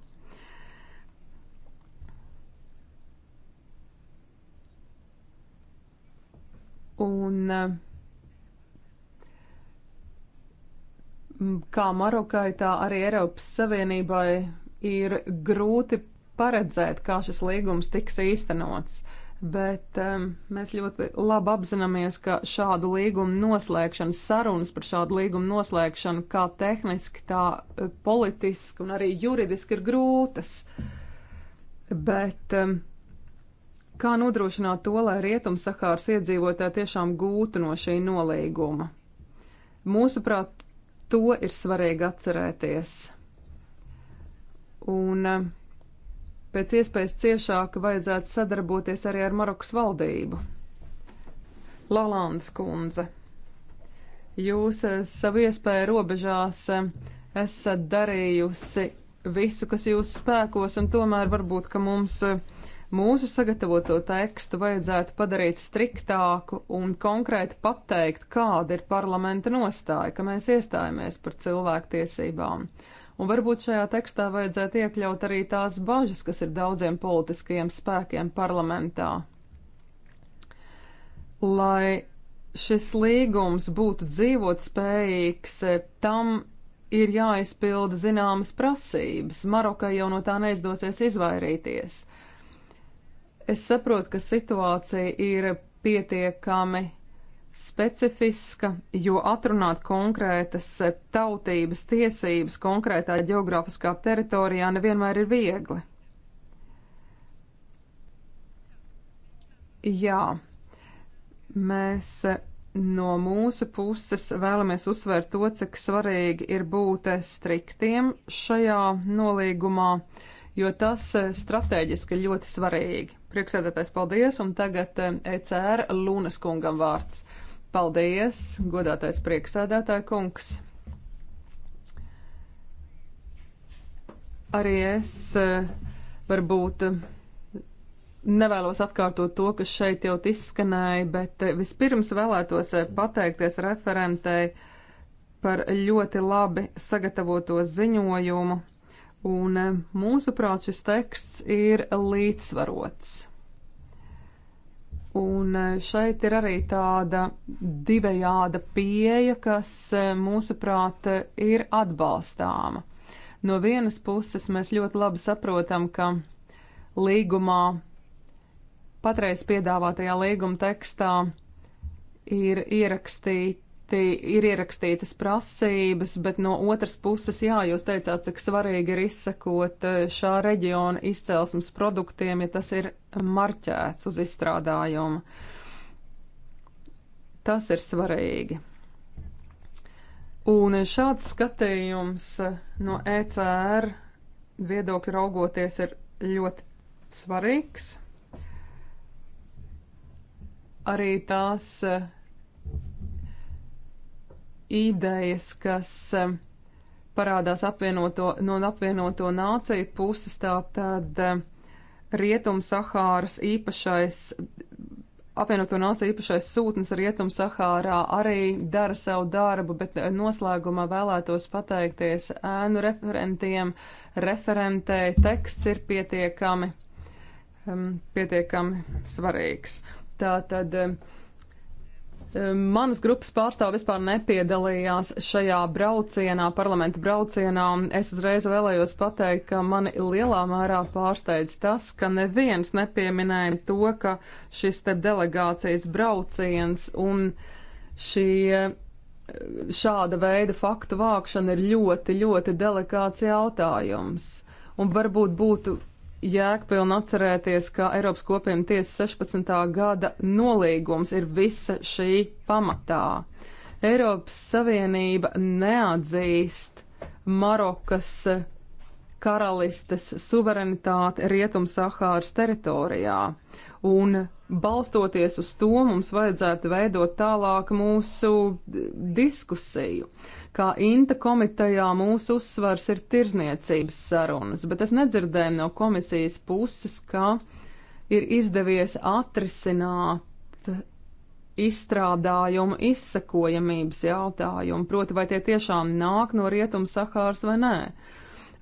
Un kā Marokai, tā arī Eiropas Savienībai ir grūti paredzēt, kā šis līgums tiks īstenots. Bet um, mēs ļoti labi apzināmies, ka šādu līgumu noslēgšana, sarunas par šādu līgumu noslēgšanu, kā tehniski, tā eh, politiski un arī juridiski ir grūtas. Bet um, kā nodrošināt to, lai Rietumsahāras iedzīvotāji tiešām gūtu no šī nolīguma? Mūsuprāt, to ir svarīgi atcerēties un eh, pēc iespējas ciešāk vajadzētu sadarboties arī ar Marokas valdību. Lalandes kundze, jūs eh, savu iespēju robežās eh, esat darījusi visu, kas jūs spēkos, un tomēr varbūt, ka mums mūsu sagatavoto tekstu vajadzētu padarīt striktāku un konkrēti pateikt, kāda ir parlamenta nostāja, ka mēs iestājamies par cilvēktiesībām. tiesībām. Un varbūt šajā tekstā vajadzētu iekļaut arī tās bažas, kas ir daudziem politiskajiem spēkiem parlamentā. Lai šis līgums būtu dzīvot spējīgs, tam ir jāizpilda zināmas prasības. Marokai jau no tā neizdosies izvairīties. Es saprotu, ka situācija ir pietiekami specifiska, jo atrunāt konkrētas tautības tiesības konkrētā geogrāfiskā teritorijā nevienmēr ir viegli. Jā, mēs no mūsu puses vēlamies uzsvērt to, cik svarīgi ir būt striktiem šajā nolīgumā, jo tas strateģiski ir ļoti svarīgi. Priekšsēdētājs paldies, un tagad ECR eh, e Lūnas kungam vārds. Paldies, godātais prieksēdētāja kungs. Arī es eh, varbūt nevēlos atkārtot to, kas šeit jau izskanēja, bet eh, vispirms vēlētos eh, pateikties referentei par ļoti labi sagatavoto ziņojumu. Un mūsuprāt, šis teksts ir līdzsvarots. Un e, šeit ir arī tāda divējāda pieeja, kas e, mūsuprāt e, ir atbalstāma. No vienas puses mēs ļoti labi saprotam, ka līgumā, patreiz piedāvātajā līguma tekstā, ir ierakstīta ir ierakstītas prasības, bet no otras puses, jā, jūs teicāt, cik svarīgi ir izsekot eh, šā reģiona izcelsmes produktiem, ja tas ir marķēts uz izstrādājumu. Tas ir svarīgi. Un šāds skatījums eh, no ECR viedokļa raugoties ir ļoti svarīgs. Arī tās eh, idejas, kas eh, parādās apvienoto, no apvienoto nāciju puses, tātad eh, Rietum Sahāras īpašais, apvienoto nāciju īpašais sūtnis Rietum Sahārā arī dara savu darbu, bet eh, noslēgumā vēlētos pateikties ēnu referentiem, referentē teksts ir pietiekami, ehm, pietiekami svarīgs. Tātad. tad Manas grupas pārstāvis vispār nepiedalījās šajā braucienā, parlamenta braucienā, un es uzreiz vēlējos pateikt, ka mani lielā mērā pārsteidz tas, ka neviens nepieminēja to, ka šis te delegācijas brauciens un šie šāda veida faktu vākšana ir ļoti, ļoti delikāts jautājums. Un varbūt būtu jēgpilni atcerēties, ka Eiropas kopiena tiesa 16. gada nolīgums ir visa šī pamatā. Eiropas Savienība neatzīst Marokas karalistes suverenitāti Rietum-Sahāras teritorijā, un balstoties uz to mums vajadzētu veidot tālāk mūsu diskusiju. Kā Inta komitejā mūsu uzsvars ir tirzniecības sarunas, bet es nedzirdēju no komisijas puses, ka ir izdevies atrisināt izstrādājumu izsakojamības jautājumu, proti vai tie tiešām nāk no Rietum Sahāras vai nē. Uh,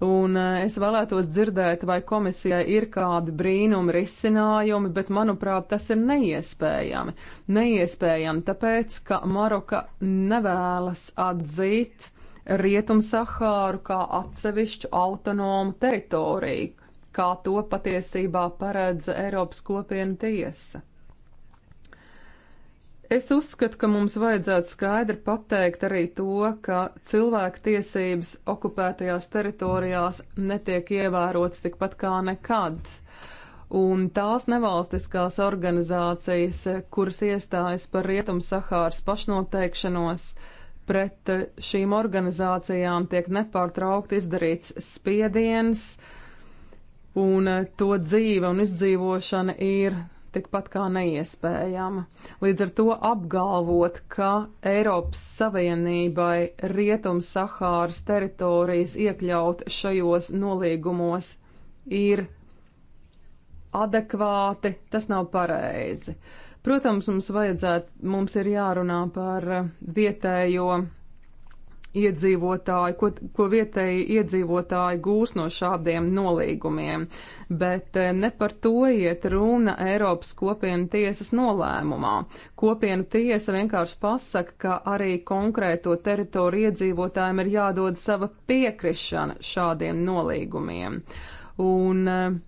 Un eh, es vēlētos dzirdēt, vai komisijai ir kādi brīnumi risinājumi, bet manuprāt, tas ir neiespējami. Neiespējami tāpēc, ka Maroka nevēlas atzīt Rietum-Sahāru kā atsevišķu autonomu teritoriju, kā to patiesībā paredz Eiropas kopienu tiesa. Es uzskatu, ka mums vajadzētu skaidri pateikt arī to, ka cilvēku tiesības okupētajās teritorijās netiek ievērotas tikpat kā nekad. Un tās nevalstiskās organizācijas, kuras iestājas par Rietum-Sahāras pašnoteikšanos, pret šīm organizācijām tiek nepārtraukti izdarīts spiediens, un to dzīve un izdzīvošana ir tikpat kā neiespējama. Līdz ar to apgalvot, ka Eiropas Savienībai Rietum-Sahāras teritorijas iekļaut šajos nolīgumos ir adekvāti, tas nav pareizi. Protams, mums vajadzētu, mums ir jārunā par vietējo iedzīvotāji, ko, ko vietēji iedzīvotāji gūs no šādiem nolīgumiem, bet eh, ne par to iet runa Eiropas kopienu tiesas nolēmumā. Kopienu tiesa vienkārši pasaka, ka arī konkrēto teritoriju iedzīvotājiem ir jādod sava piekrišana šādiem nolīgumiem. Un, uh,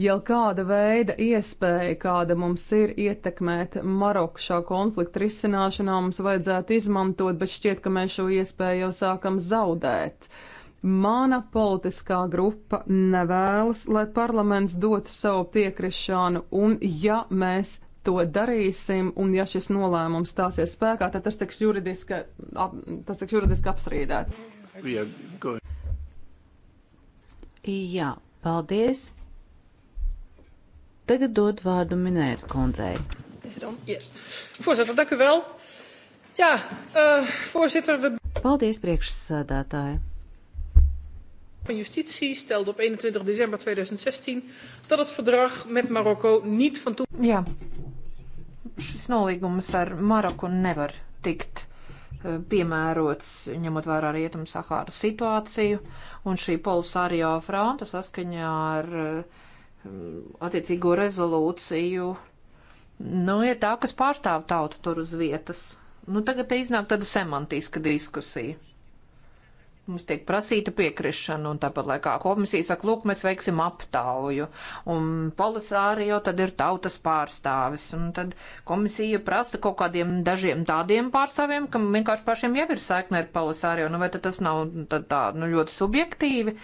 jau kāda veida iespēja, kāda mums ir ietekmēt Maroku šā konflikta risināšanā, mums vajadzētu izmantot, bet šķiet, ka mēs šo iespēju jau sākam zaudēt. Mana politiskā grupa nevēlas, lai parlaments dotu savu piekrišanu, un ja mēs to darīsim, un ja šis nolēmums stāsies spēkā, tad tas tiks juridiski, ap, tas tiks juridiski apstrīdēts. Jā, paldies! Tagad dod vārdu minēras kundzei. Yes. Voorzitter, dank u wel. Jā, uh, eh, voorzitter, we... Paldies, priekšsādātāja. Van Justitie stelde op 21 december 2016 dat het verdrag met Marokko niet van toe. Jā, šis nolīgums ar Maroku nevar tikt eh, piemērots, ņemot vērā rietumu Sahāras situāciju, un šī polisārijā fronta saskaņā ar uh, Um, attiecīgo rezolūciju, nu, ir tā, kas pārstāv tautu tur uz vietas. Nu, tagad te iznāk tāda semantiska diskusija mums tiek prasīta piekrišana, un tāpat laikā komisija saka, lūk, mēs veiksim aptauju, un polisārio tad ir tautas pārstāvis, un tad komisija prasa kaut kādiem dažiem tādiem pārstāvjiem, kam vienkārši pašiem jau ir saikne ar polisārio, nu vai tad tas nav tad tā, nu ļoti subjektīvi?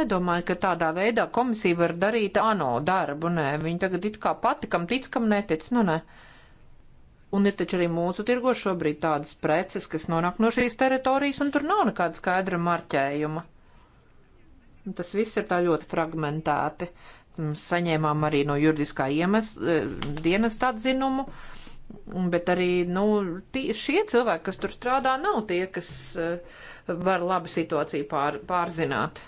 Nedomāju, ka tādā veidā komisija var darīt ANO darbu, nē, viņi tagad it kā pati, kam tic, kam netic, nu nē. Ne. Un ir taču arī mūsu tirgo šobrīd tādas preces, kas nonāk no šīs teritorijas, un tur nav nekāda skaidra marķējuma. Tas viss ir tā ļoti fragmentēti. Saņēmām arī no juridiskā iemes, e, dienas atzinumu, bet arī nu, tie, šie cilvēki, kas tur strādā, nav tie, kas e, var labi situāciju pār, pārzināt.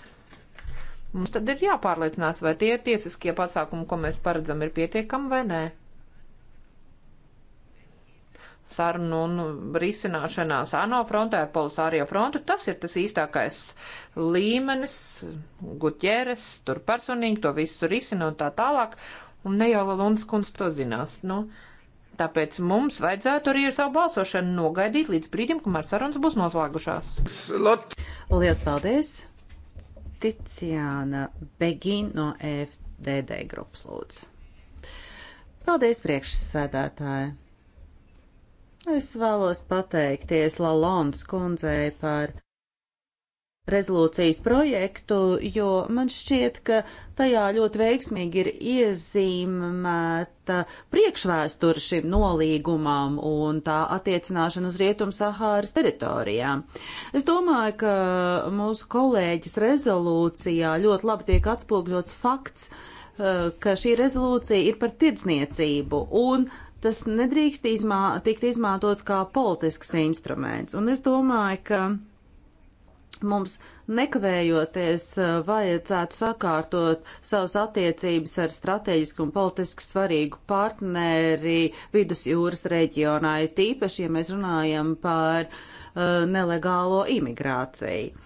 Mums tad ir jāpārliecinās, vai tie tiesiskie pasākumi, ko mēs paredzam, ir pietiekami vai nē sarunu un risināšanās ANO frontē ar Polisārio frontu. Tas ir tas īstākais līmenis, guķeres, tur personīgi to visu risina un tā tālāk. Un ne jau Lunds kundze to zinās. Nu, tāpēc mums vajadzētu arī ar savu balsošanu nogaidīt līdz brīdim, kamēr sarunas būs noslēgušās. Slot. Lielas paldies! Ticiāna Begin no FDD grupas lūdzu. Paldies priekšsēdētāji! Es vēlos pateikties Lalons kundzei par rezolūcijas projektu, jo man šķiet, ka tajā ļoti veiksmīgi ir iezīmēta priekšvēsture šim nolīgumam un tā attiecināšana uz Rietum-Sahāras teritorijām. Es domāju, ka mūsu kolēģis rezolūcijā ļoti labi tiek atspūgļots fakts, eh, ka šī rezolūcija ir par tirdzniecību un tas nedrīkst izmā, tikt izmantots kā politisks instruments. Un es domāju, ka mums nekavējoties uh, vajadzētu sakārtot savas attiecības ar strateģisku un politiski svarīgu partneri vidusjūras reģionā, tīpaši, ja mēs runājam par uh, nelegālo imigrāciju.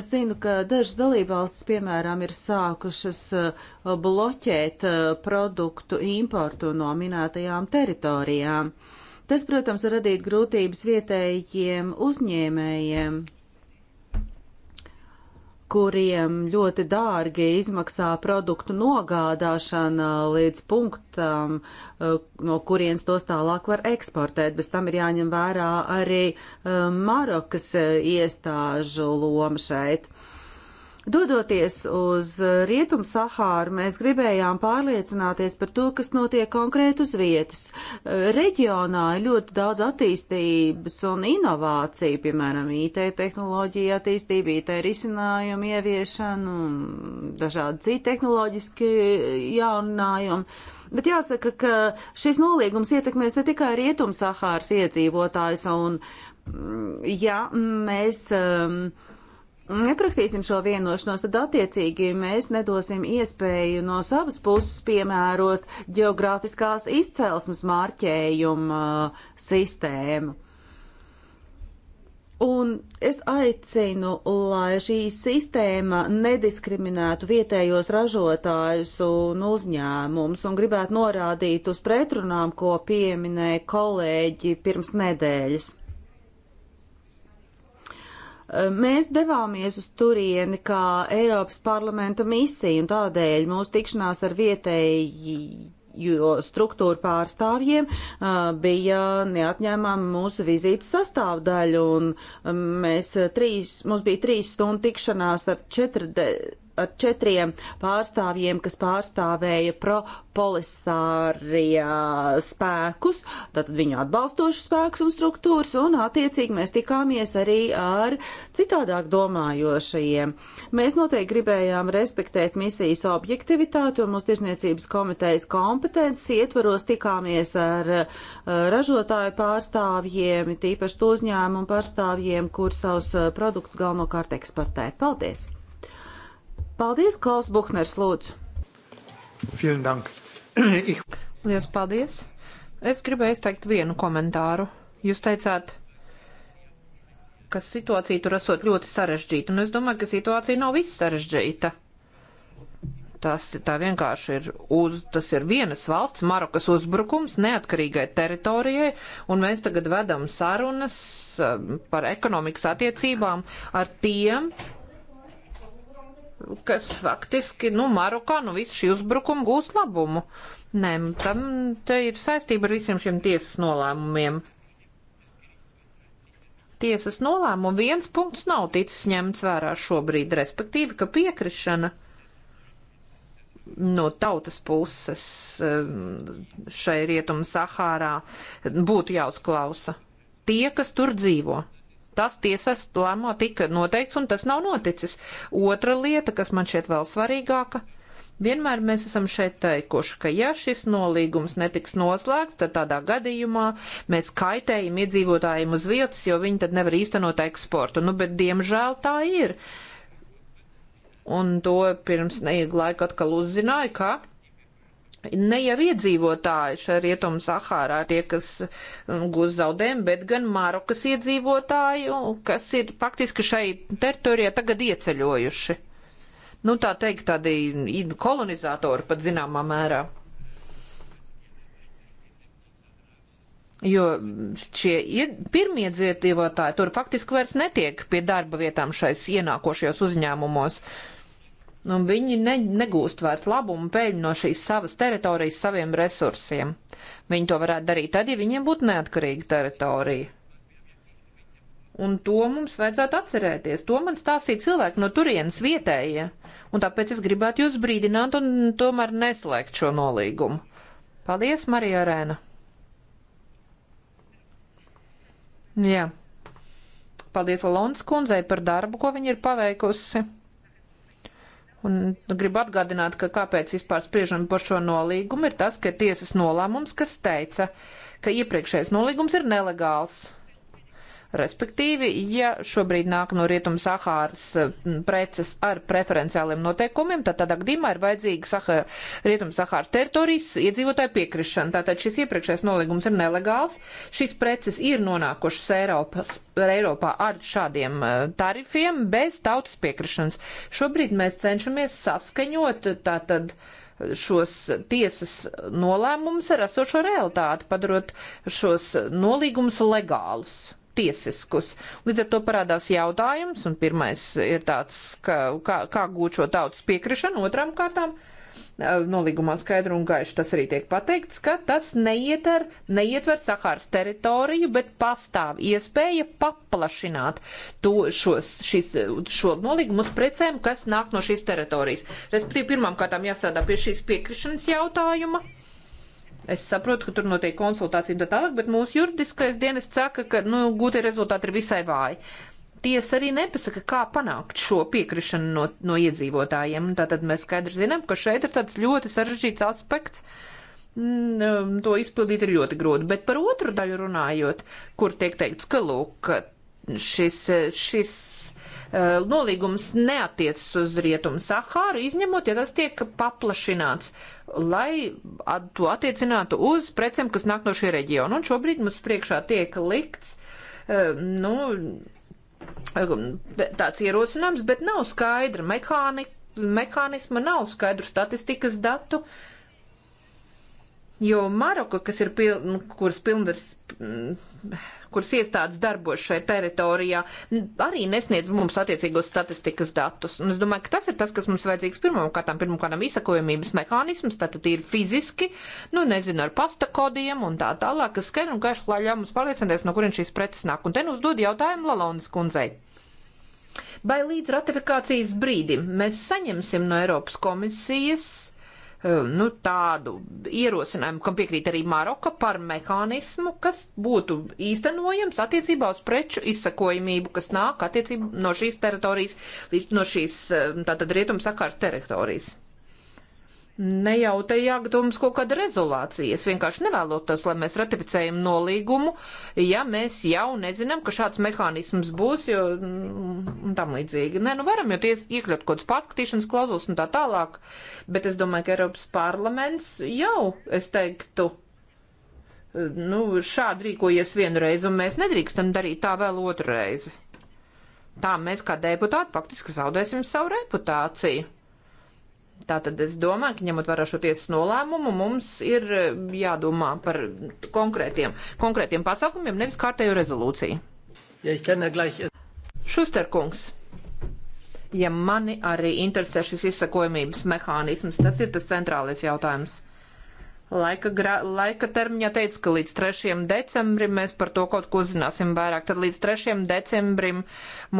Es zinu, ka dažas dalībvalstis, piemēram, ir sākušas uh, bloķēt uh, produktu importu no minētajām teritorijām. Tas, protams, radīt grūtības vietējiem uzņēmējiem, kuriem ļoti dārgi izmaksā produktu nogādāšana līdz punktam, eh, no kurienes tos tālāk var eksportēt. Bez tam ir jāņem vērā arī eh, Marokas eh, iestāžu loma šeit. Dodoties uz Rietumu Sahāru, mēs gribējām pārliecināties par to, kas notiek konkrēt uz vietas. Reģionā ir ļoti daudz attīstības un inovāciju, piemēram, IT tehnoloģija attīstība, IT risinājumu ieviešanu, dažādi citi tehnoloģiski jauninājumi. Bet jāsaka, ka šis noliegums ietekmēs ne tikai Rietum Sahāras iedzīvotājs, un mm, ja mēs. Um, neprakstīsim šo vienošanos, tad attiecīgi mēs nedosim iespēju no savas puses piemērot geogrāfiskās izcelsmes mārķējuma uh, sistēmu. Un es aicinu, lai šī sistēma nediskriminētu vietējos ražotājus un uzņēmumus, un gribētu norādīt uz pretrunām, ko pieminēja kolēģi pirms nedēļas. Mēs devāmies uz turieni kā Eiropas parlamenta misija, un tādēļ mūsu tikšanās ar vietēji jo struktūra pārstāvjiem bija neatņēmama mūsu vizītes sastāvdaļa, un mēs trīs, mums bija trīs stundu tikšanās ar 40 ar četriem pārstāvjiem, kas pārstāvēja propolisārija spēkus, tātad viņu atbalstošu spēkus un struktūras, un attiecīgi mēs tikāmies arī ar citādāk domājošajiem. Mēs noteikti gribējām respektēt misijas objektivitāti, un mūsu tirsniecības komitejas kompetences ietvaros tikāmies ar ražotāju pārstāvjiem, tīpaši to uzņēmumu pārstāvjiem, kur savus eh, produktus galvenokārt eksportē. Paldies! Paldies, Klaus Buhners, lūdzu. Vielen Dank. Lielas paldies. Es gribēju izteikt vienu komentāru. Jūs teicāt, ka situācija tur esot ļoti sarežģīta, un es domāju, ka situācija nav viss sarežģīta. Tas tā vienkārši ir, uz, tas ir vienas valsts, Marokas uzbrukums neatkarīgai teritorijai, un mēs tagad vedam sarunas eh, par ekonomikas attiecībām ar tiem, kas faktiski, nu, Marokā no nu, visu šī uzbrukuma gūs labumu. Nē, tam te ir saistība ar visiem šiem tiesas nolēmumiem. Tiesas nolēmumu viens punkts nav ticis ņemts vērā šobrīd, respektīvi, ka piekrišana no tautas puses eh, šai rietumu Sahārā būtu jāuzklausa tie, kas tur dzīvo. Tas tiesas lēmumā tika noteikts, un tas nav noticis. Otra lieta, kas man šķiet vēl svarīgāka. Vienmēr mēs esam šeit teikuši, ka ja šis nolīgums netiks noslēgts, tad tādā gadījumā mēs kaitējam iedzīvotājiem uz vietas, jo viņi tad nevar īstenot eksportu. Nu, bet diemžēl tā ir. Un to pirms neilga laika atkal uzzināju, ka Ne jau iedzīvotāji šajā rietumu Sahārā tie, kas um, gūs zaudējumu, bet gan Marokas iedzīvotāji, kas ir faktiski šai teritorijā tagad ieceļojuši. Nu, tā teikt, tādi kolonizatori pat zināmā mērā. Jo šie pirmie dzīvotāji tur faktiski vairs netiek pie darba vietām šais ienākošajos uzņēmumos un viņi ne, negūst vairs labumu peļņu no šīs savas teritorijas saviem resursiem. Viņi to varētu darīt tad, ja viņiem būtu neatkarīga teritorija. Un to mums vajadzētu atcerēties. To man stāstīja cilvēki no turienes vietējie. Un tāpēc es gribētu jūs brīdināt un tomēr neslēgt šo nolīgumu. Paldies, Marija Arēna. Jā. Paldies Lons kundzei par darbu, ko viņa ir paveikusi. Un nu, gribu atgādināt, ka kāpēc vispār spriežam par šo nolīgumu, ir tas, ka ir tiesas nolēmums, kas teica, ka iepriekšējais nolīgums ir nelegāls Respektīvi, ja šobrīd nāk no rietuma Sahāras eh, preces ar preferenciāliem noteikumiem, tad tādā gadījumā ir vajadzīga Sahara, rietuma Sahāras teritorijas iedzīvotāja piekrišana. Tātad šis iepriekšējais nolīgums ir nelegāls. Šīs preces ir nonākušas Eiropas, Eiropā ar šādiem eh, tarifiem bez tautas piekrišanas. Šobrīd mēs cenšamies saskaņot tātad šos tiesas nolēmumus ar esošo realitāti, padarot šos nolīgumus legālus tiesiskus. Līdz ar to parādās jautājums, un pirmais ir tāds, ka, kā, kā gūt šo tautas piekrišanu, otram kārtām eh, nolīgumā skaidri un gaiši tas arī tiek pateikts, ka tas neietar, neietver Sahāras teritoriju, bet pastāv iespēja paplašināt to, šos, šis, šo nolīgumu uz precēm, kas nāk no šīs teritorijas. Respektīvi, pirmām kārtām jāstrādā pie šīs piekrišanas jautājuma. Es saprotu, ka tur notiek konsultācija un tā tālāk, bet mūsu juridiskais dienas saka, ka nu, gūtie rezultāti ir visai vāji. Tiesa arī nepasaka, kā panākt šo piekrišanu no, no iedzīvotājiem. Tātad mēs skaidri zinām, ka šeit ir tāds ļoti sarežģīts aspekts. Mm, um, to izpildīt ir ļoti grūti. Bet par otru daļu runājot, kur tiek teikts, ka lūk, šis, šis Eh, nolīgums neatiecas uz rietumu Sahāru, izņemot, ja tas tiek paplašināts, lai at to attiecinātu uz precēm, kas nāk no šī reģiona. Un šobrīd mums priekšā tiek likts, eh, nu, eh, tāds ierosinājums, bet nav skaidra mehānika, mehānisma, nav skaidru statistikas datu. Jo Maroka, kas ir, piln, kuras pilnvars kuras iestādes darbojas šajā teritorijā, arī nesniedz mums attiecīgos statistikas datus. Un es domāju, ka tas ir tas, kas mums vajadzīgs pirmām kārtām, pirmām kārtām izsakojamības mehānisms, tātad ir fiziski, nu, nezinu, ar pasta kodiem un tā tālāk, kas skaidri un gaiši, lai ļauj mums pārliecināties, no kurien šīs preces nāk. Un te nu uzdod jautājumu Lalonas kundzei. Vai līdz ratifikācijas brīdim mēs saņemsim no Eiropas komisijas Eh, nu, tādu ierosinājumu, kam piekrīt arī Maroka, par mehānismu, kas būtu īstenojams attiecībā uz preču izsakojamību, kas nāk attiecībā no šīs teritorijas, no šīs eh, tātad rietumsakārs teritorijas. Ne jau te jāgatavo mums kaut kāda rezolācija. Es vienkārši nevēlotos, lai mēs ratificējam nolīgumu, ja mēs jau nezinām, ka šāds mehānisms būs, jo mm, un tam līdzīgi. Nē, nu varam jau ties, iekļaut kaut kādas pārskatīšanas klauzulas un tā tālāk, bet es domāju, ka Eiropas parlaments jau, es teiktu, nu, šādi rīkojies vienreiz, un mēs nedrīkstam darīt tā vēl otru reizi. Tā mēs kā deputāti faktiski zaudēsim savu reputāciju. Tātad es domāju, ka ņemot vērā šo tiesas nolēmumu, mums ir e, jādomā par konkrētiem, konkrētiem pasākumiem, nevis kārtēju rezolūciju. Ja gleich... Šusterkungs. Ja mani arī interesē šis izsakojamības mehānisms, tas ir tas centrālais jautājums. Laika, gra, laika termiņā teica, ka līdz 3. decembrim mēs par to kaut ko zināsim vairāk. Tad līdz 3. decembrim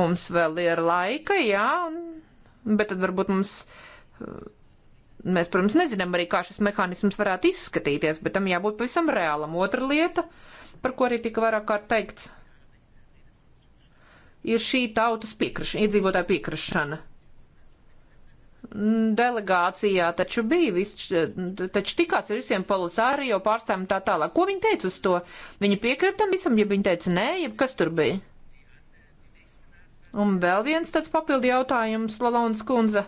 mums vēl ir laika, jā, bet tad varbūt mums Mēs, protams, nezinām arī, kā šis mehānisms varētu izskatīties, bet tam jābūt pavisam reālam. Otra lieta, par ko arī tika vairāk kārt teikts, ir šī tautas piekrišana, iedzīvotāja piekrišana. Mm, delegācijā taču bija, viss, taču tikās ar visiem polisārio pārstāvjiem tā tālāk. Ko viņi teica uz to? Viņi piekritam visam, ja viņi teica nē, jeb kas tur bija? Un vēl viens tāds papildi jautājums, Lalons Kunze.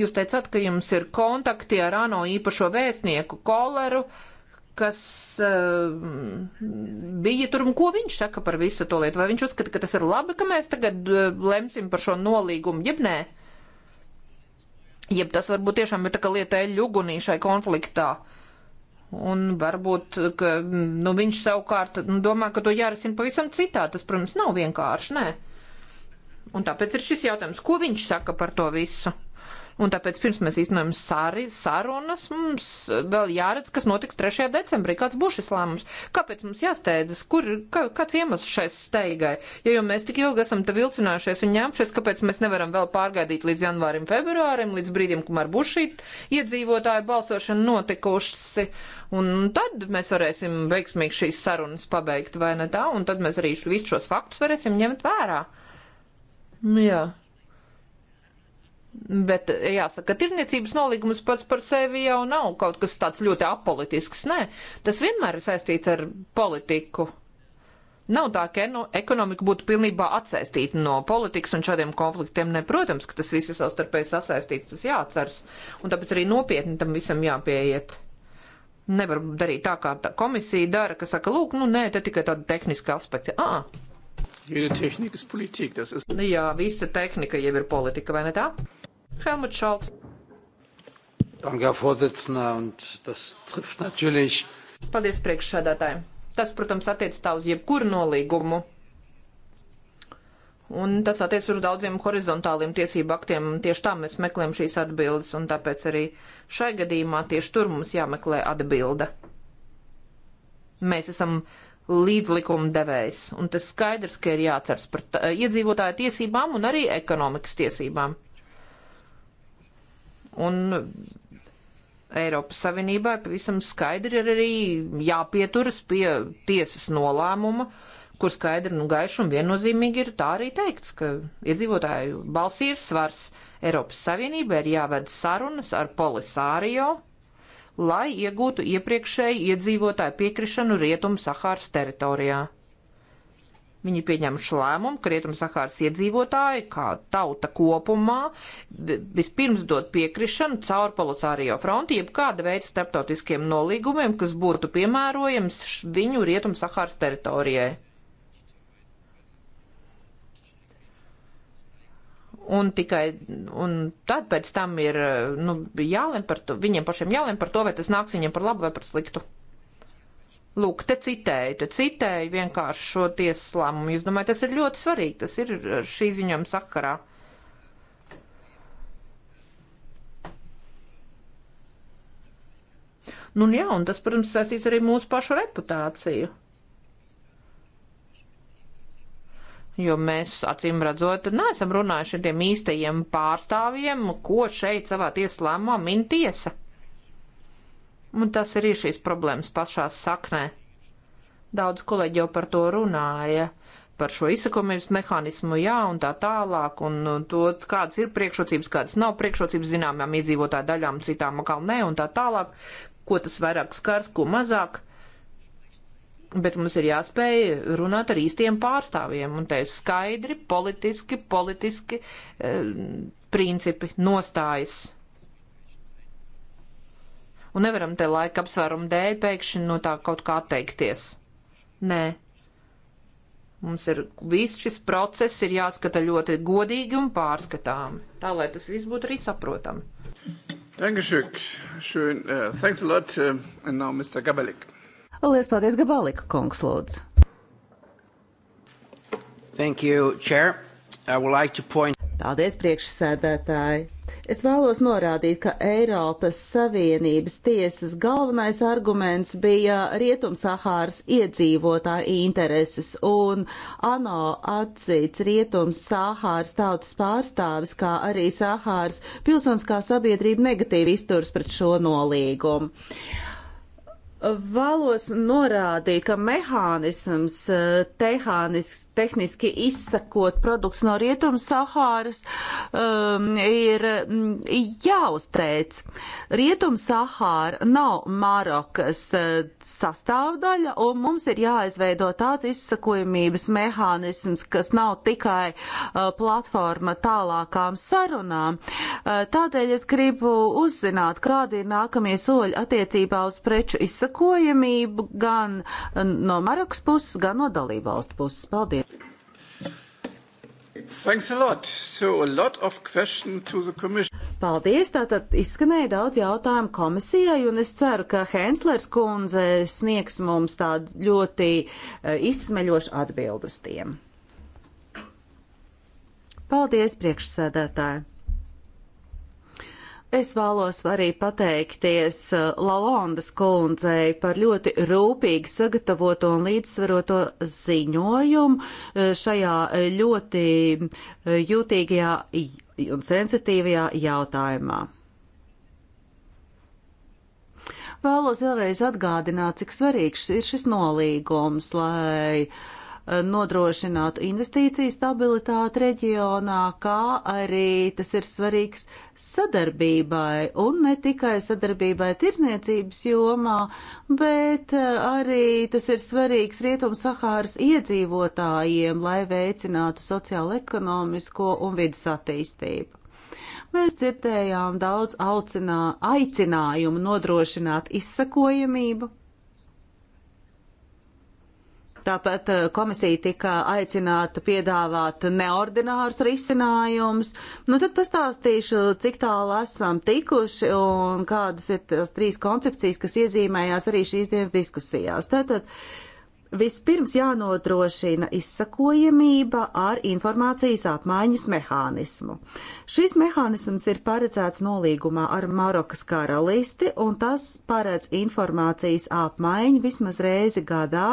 Jūs teicāt, ka jums ir kontakti ar ANO īpašo vēstnieku koleru, kas uh, bija tur un ko viņš saka par visu to lietu. Vai viņš uzskata, ka tas ir labi, ka mēs tagad uh, lemsim par šo nolīgumu, jeb nē? Jeb tas varbūt tiešām ir tā kā lieta eļugunī šai konfliktā. Un varbūt, ka nu, viņš savukārt nu, domā, ka to jārisina pavisam citā. Tas, protams, nav vienkārši, nē. Un tāpēc ir šis jautājums, ko viņš saka par to visu? Un tāpēc pirms mēs īstenojam sari, sarunas, mums vēl jāredz, kas notiks 3. decembrī, kāds būs šis lēmums. Kāpēc mums jāsteidzas? Kur, kā, kāds iemesls šai steigai? Ja jau mēs tik ilgi esam te vilcinājušies un ņēmušies, kāpēc mēs nevaram vēl pārgaidīt līdz janvārim, februārim, līdz brīdim, kamēr būs šī iedzīvotāja balsošana notikusi? Un tad mēs varēsim veiksmīgi šīs sarunas pabeigt, vai ne tā? Un tad mēs arī visus šos faktus varēsim ņemt vērā. Nu jā. Bet jāsaka, tirniecības nolīgums pats par sevi jau nav kaut kas tāds ļoti apolitisks. Nē, tas vienmēr ir saistīts ar politiku. Nav tā, ka no, ekonomika būtu pilnībā atsaistīta no politikas un šādiem konfliktiem. Ne, protams, ka tas viss ir savstarpēji sasaistīts, tas jāatceras. Un tāpēc arī nopietni tam visam jāpieiet. Nevar darīt tā, kā tā komisija dara, ka saka, lūk, nu nē, te tikai tāda tehniska aspekta. Ah. Jede Technik ist Politik, das ist. Nu jā, visa tehnika jau ir politika, vai ne tā? Helmut Scholz. Danke, Herr Vorsitzender, und das trifft natürlich. Paldies priekšsēdētājiem. Tas, protams, attiec tā uz jebkuru nolīgumu. Un tas attiec uz daudziem horizontāliem tiesību aktiem. Tieši tā mēs meklējam šīs atbildes, un tāpēc arī šai gadījumā tieši tur mums jāmeklē atbilde. Mēs esam līdzlikuma devējs, un tas skaidrs, ka ir jāceras par iedzīvotāju tiesībām un arī ekonomikas tiesībām. Un Eiropas Savienībai pavisam skaidri ir arī jāpieturas pie tiesas nolēmuma, kur skaidri, nu, gaiši un viennozīmīgi ir tā arī teikts, ka iedzīvotāju balsī ir svars. Eiropas Savienībai ir jāved sarunas ar Polisārio, lai iegūtu iepriekšēju iedzīvotāju piekrišanu Rietumu Sahāras teritorijā. Viņi ir pieņēmuši lēmumu, ka Rietumsahāras iedzīvotāji, kā tauta kopumā, vispirms dod piekrišanu caur Polisārio fronti, jeb kāda veida starptautiskiem nolīgumiem, kas būtu piemērojams viņu Rietumsahāras teritorijai. Un tikai un tad pēc tam ir nu, jālem par to, viņiem pašiem jālem par to, vai tas nāks viņiem par labu vai par sliktu. Lūk, te citēju, te citēju vienkārši šo tiesas lēmumu. Es domāju, tas ir ļoti svarīgi, tas ir uh, šī ziņojuma sakarā. Nu, jā, un tas, protams, saistīts arī mūsu pašu reputāciju. Jo mēs, acīm redzot, neesam runājuši ar tiem īstajiem pārstāvjiem, ko šeit savā tieslēmumā min tiesa. Un tas ir šīs problēmas pašā saknē. Daudz kolēģi jau par to runāja, par šo izsakomības mehānismu, jā, un tā tālāk, un to, kādas ir priekšrocības, kādas nav priekšrocības zināmām iedzīvotāju daļām, citām atkal nē, un tā tālāk, ko tas vairāk skars, ko mazāk bet mums ir jāspēj runāt ar īstiem pārstāvjiem, un te ir skaidri politiski, politiski e, principi, nostājas un nevaram te laika apsvērumu dēļ pēkšņi no tā kaut kā atteikties. Nē. Mums ir viss šis process ir jāskata ļoti godīgi un pārskatāmi, tā lai tas viss būtu arī saprotami. Dankeschön. Schön. Uh, thanks a lot. Uh, and now Mr. Gabalik. Lielas paldies, Gabalika kungs, lūdzu. Thank you, Chair. I would like to point. Paldies, priekšsēdētāji. Es vēlos norādīt, ka Eiropas Savienības tiesas galvenais arguments bija Rietumsahāras iedzīvotāju intereses, un ANO atcīts Rietumsahāras tautas pārstāvis, kā arī Sahāras pilsoniskā sabiedrība negatīvi izturs pret šo nolīgumu. Vēlos norādīt, ka mehānisms, eh, tehānisks, tehniski izsakot produkts no Rietumu Sahāras, um, ir mm, jāuzteic. Rietumu Sahāra nav Marokas uh, sastāvdaļa, un mums ir jāizveido tāds izsakojamības mehānisms, kas nav tikai uh, platforma tālākām sarunām. Uh, tādēļ es gribu uzzināt, kādi ir nākamie soļi attiecībā uz preču izsakojamību gan no Marokas puses, gan no dalībvalstu puses. Paldies! Thanks a lot. So a lot of questions to the commission. Paldies, tātad izskanēja daudz jautājumu komisijai, un es ceru, ka Henslers kundze sniegs mums tādu ļoti uh, izsmeļošu atbildus tiem. Paldies, priekšsēdētāji! Es vēlos arī pateikties uh, Lalondas kundzei par ļoti rūpīgi sagatavoto un līdzsvaroto ziņojumu uh, šajā uh, ļoti jūtīgajā un sensitīvajā jautājumā. Vēlos vēlreiz atgādināt, cik svarīgs ir šis nolīgums, lai uh, Eh, nodrošinātu investīciju stabilitāti reģionā, kā arī tas ir svarīgs sadarbībai un ne tikai sadarbībai tirzniecības jomā, bet eh, arī tas ir svarīgs Rietum-Sahāras iedzīvotājiem, lai veicinātu sociālo-ekonomisko un vidas attīstību mēs dzirdējām daudz aucinā, aicinājumu nodrošināt izsakojamību. Tāpat eh, komisija tika aicināta piedāvāt neordinārus risinājumus. Nu, tad pastāstīšu, cik tālu esam tikuši un kādas ir tās trīs koncepcijas, kas iezīmējās arī šīs dienas diskusijās. Tātad, uh, Vispirms jānodrošina izsakojamība ar informācijas apmaiņas mehānismu. Šis mehānisms ir paredzēts nolīgumā ar Marokas karalisti, un tas paredz informācijas apmaiņu vismaz reizi gadā,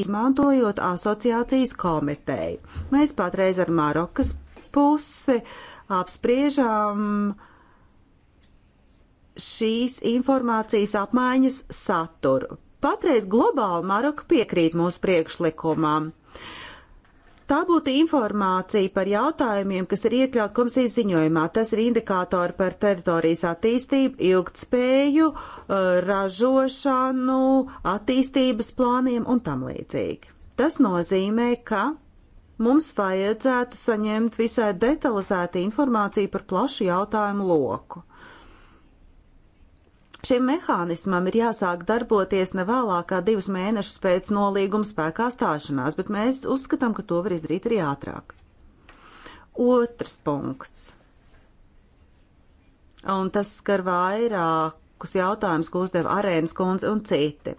izmantojot asociācijas komiteju. Mēs patreiz ar Marokas pusi apspriežam šīs informācijas apmaiņas saturu. Patreiz globāli Maroka piekrīt mūsu priekšlikumam. Tā būtu informācija par jautājumiem, kas ir iekļaut komisijas ziņojumā. Tas ir indikātori par teritorijas attīstību, ilgtspēju, eh, ražošanu, attīstības plāniem un tam līdzīgi. Tas nozīmē, ka mums vajadzētu saņemt visai detalizētu informāciju par plašu jautājumu loku. Šim mehānismam ir jāsāk darboties ne vēlāk kā divus mēnešus pēc nolīguma spēkā stāšanās, bet mēs uzskatām, ka to var izdarīt arī ātrāk. Otrs punkts. Un tas skar vairākus jautājumus, ko uzdeva Arēnas kundze un citi.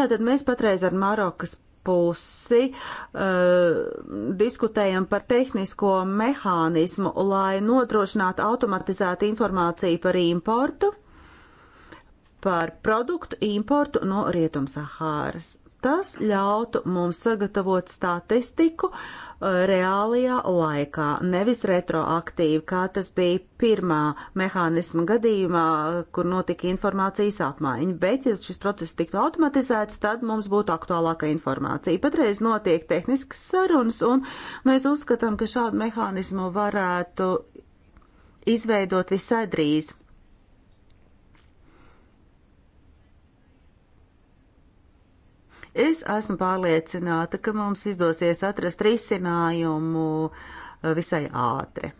Tātad mēs patreiz ar Marokas pusi uh, diskutējam par tehnisko mehānismu, lai nodrošinātu automatizētu informāciju par importu par produktu importu no Rietumsahāras. Tas ļautu mums sagatavot statistiku uh, reālajā laikā, nevis retroaktīvi, kā tas bija pirmā mehānisma gadījumā, kur notika informācijas apmaiņa. Bet, ja šis process tiktu automatizēts, tad mums būtu aktuālāka informācija. Patreiz notiek tehniskas sarunas, un mēs uzskatām, ka šādu mehānismu varētu izveidot visai drīz. Es esmu pārliecināta, ka mums izdosies atrast risinājumu eh, visai ātri.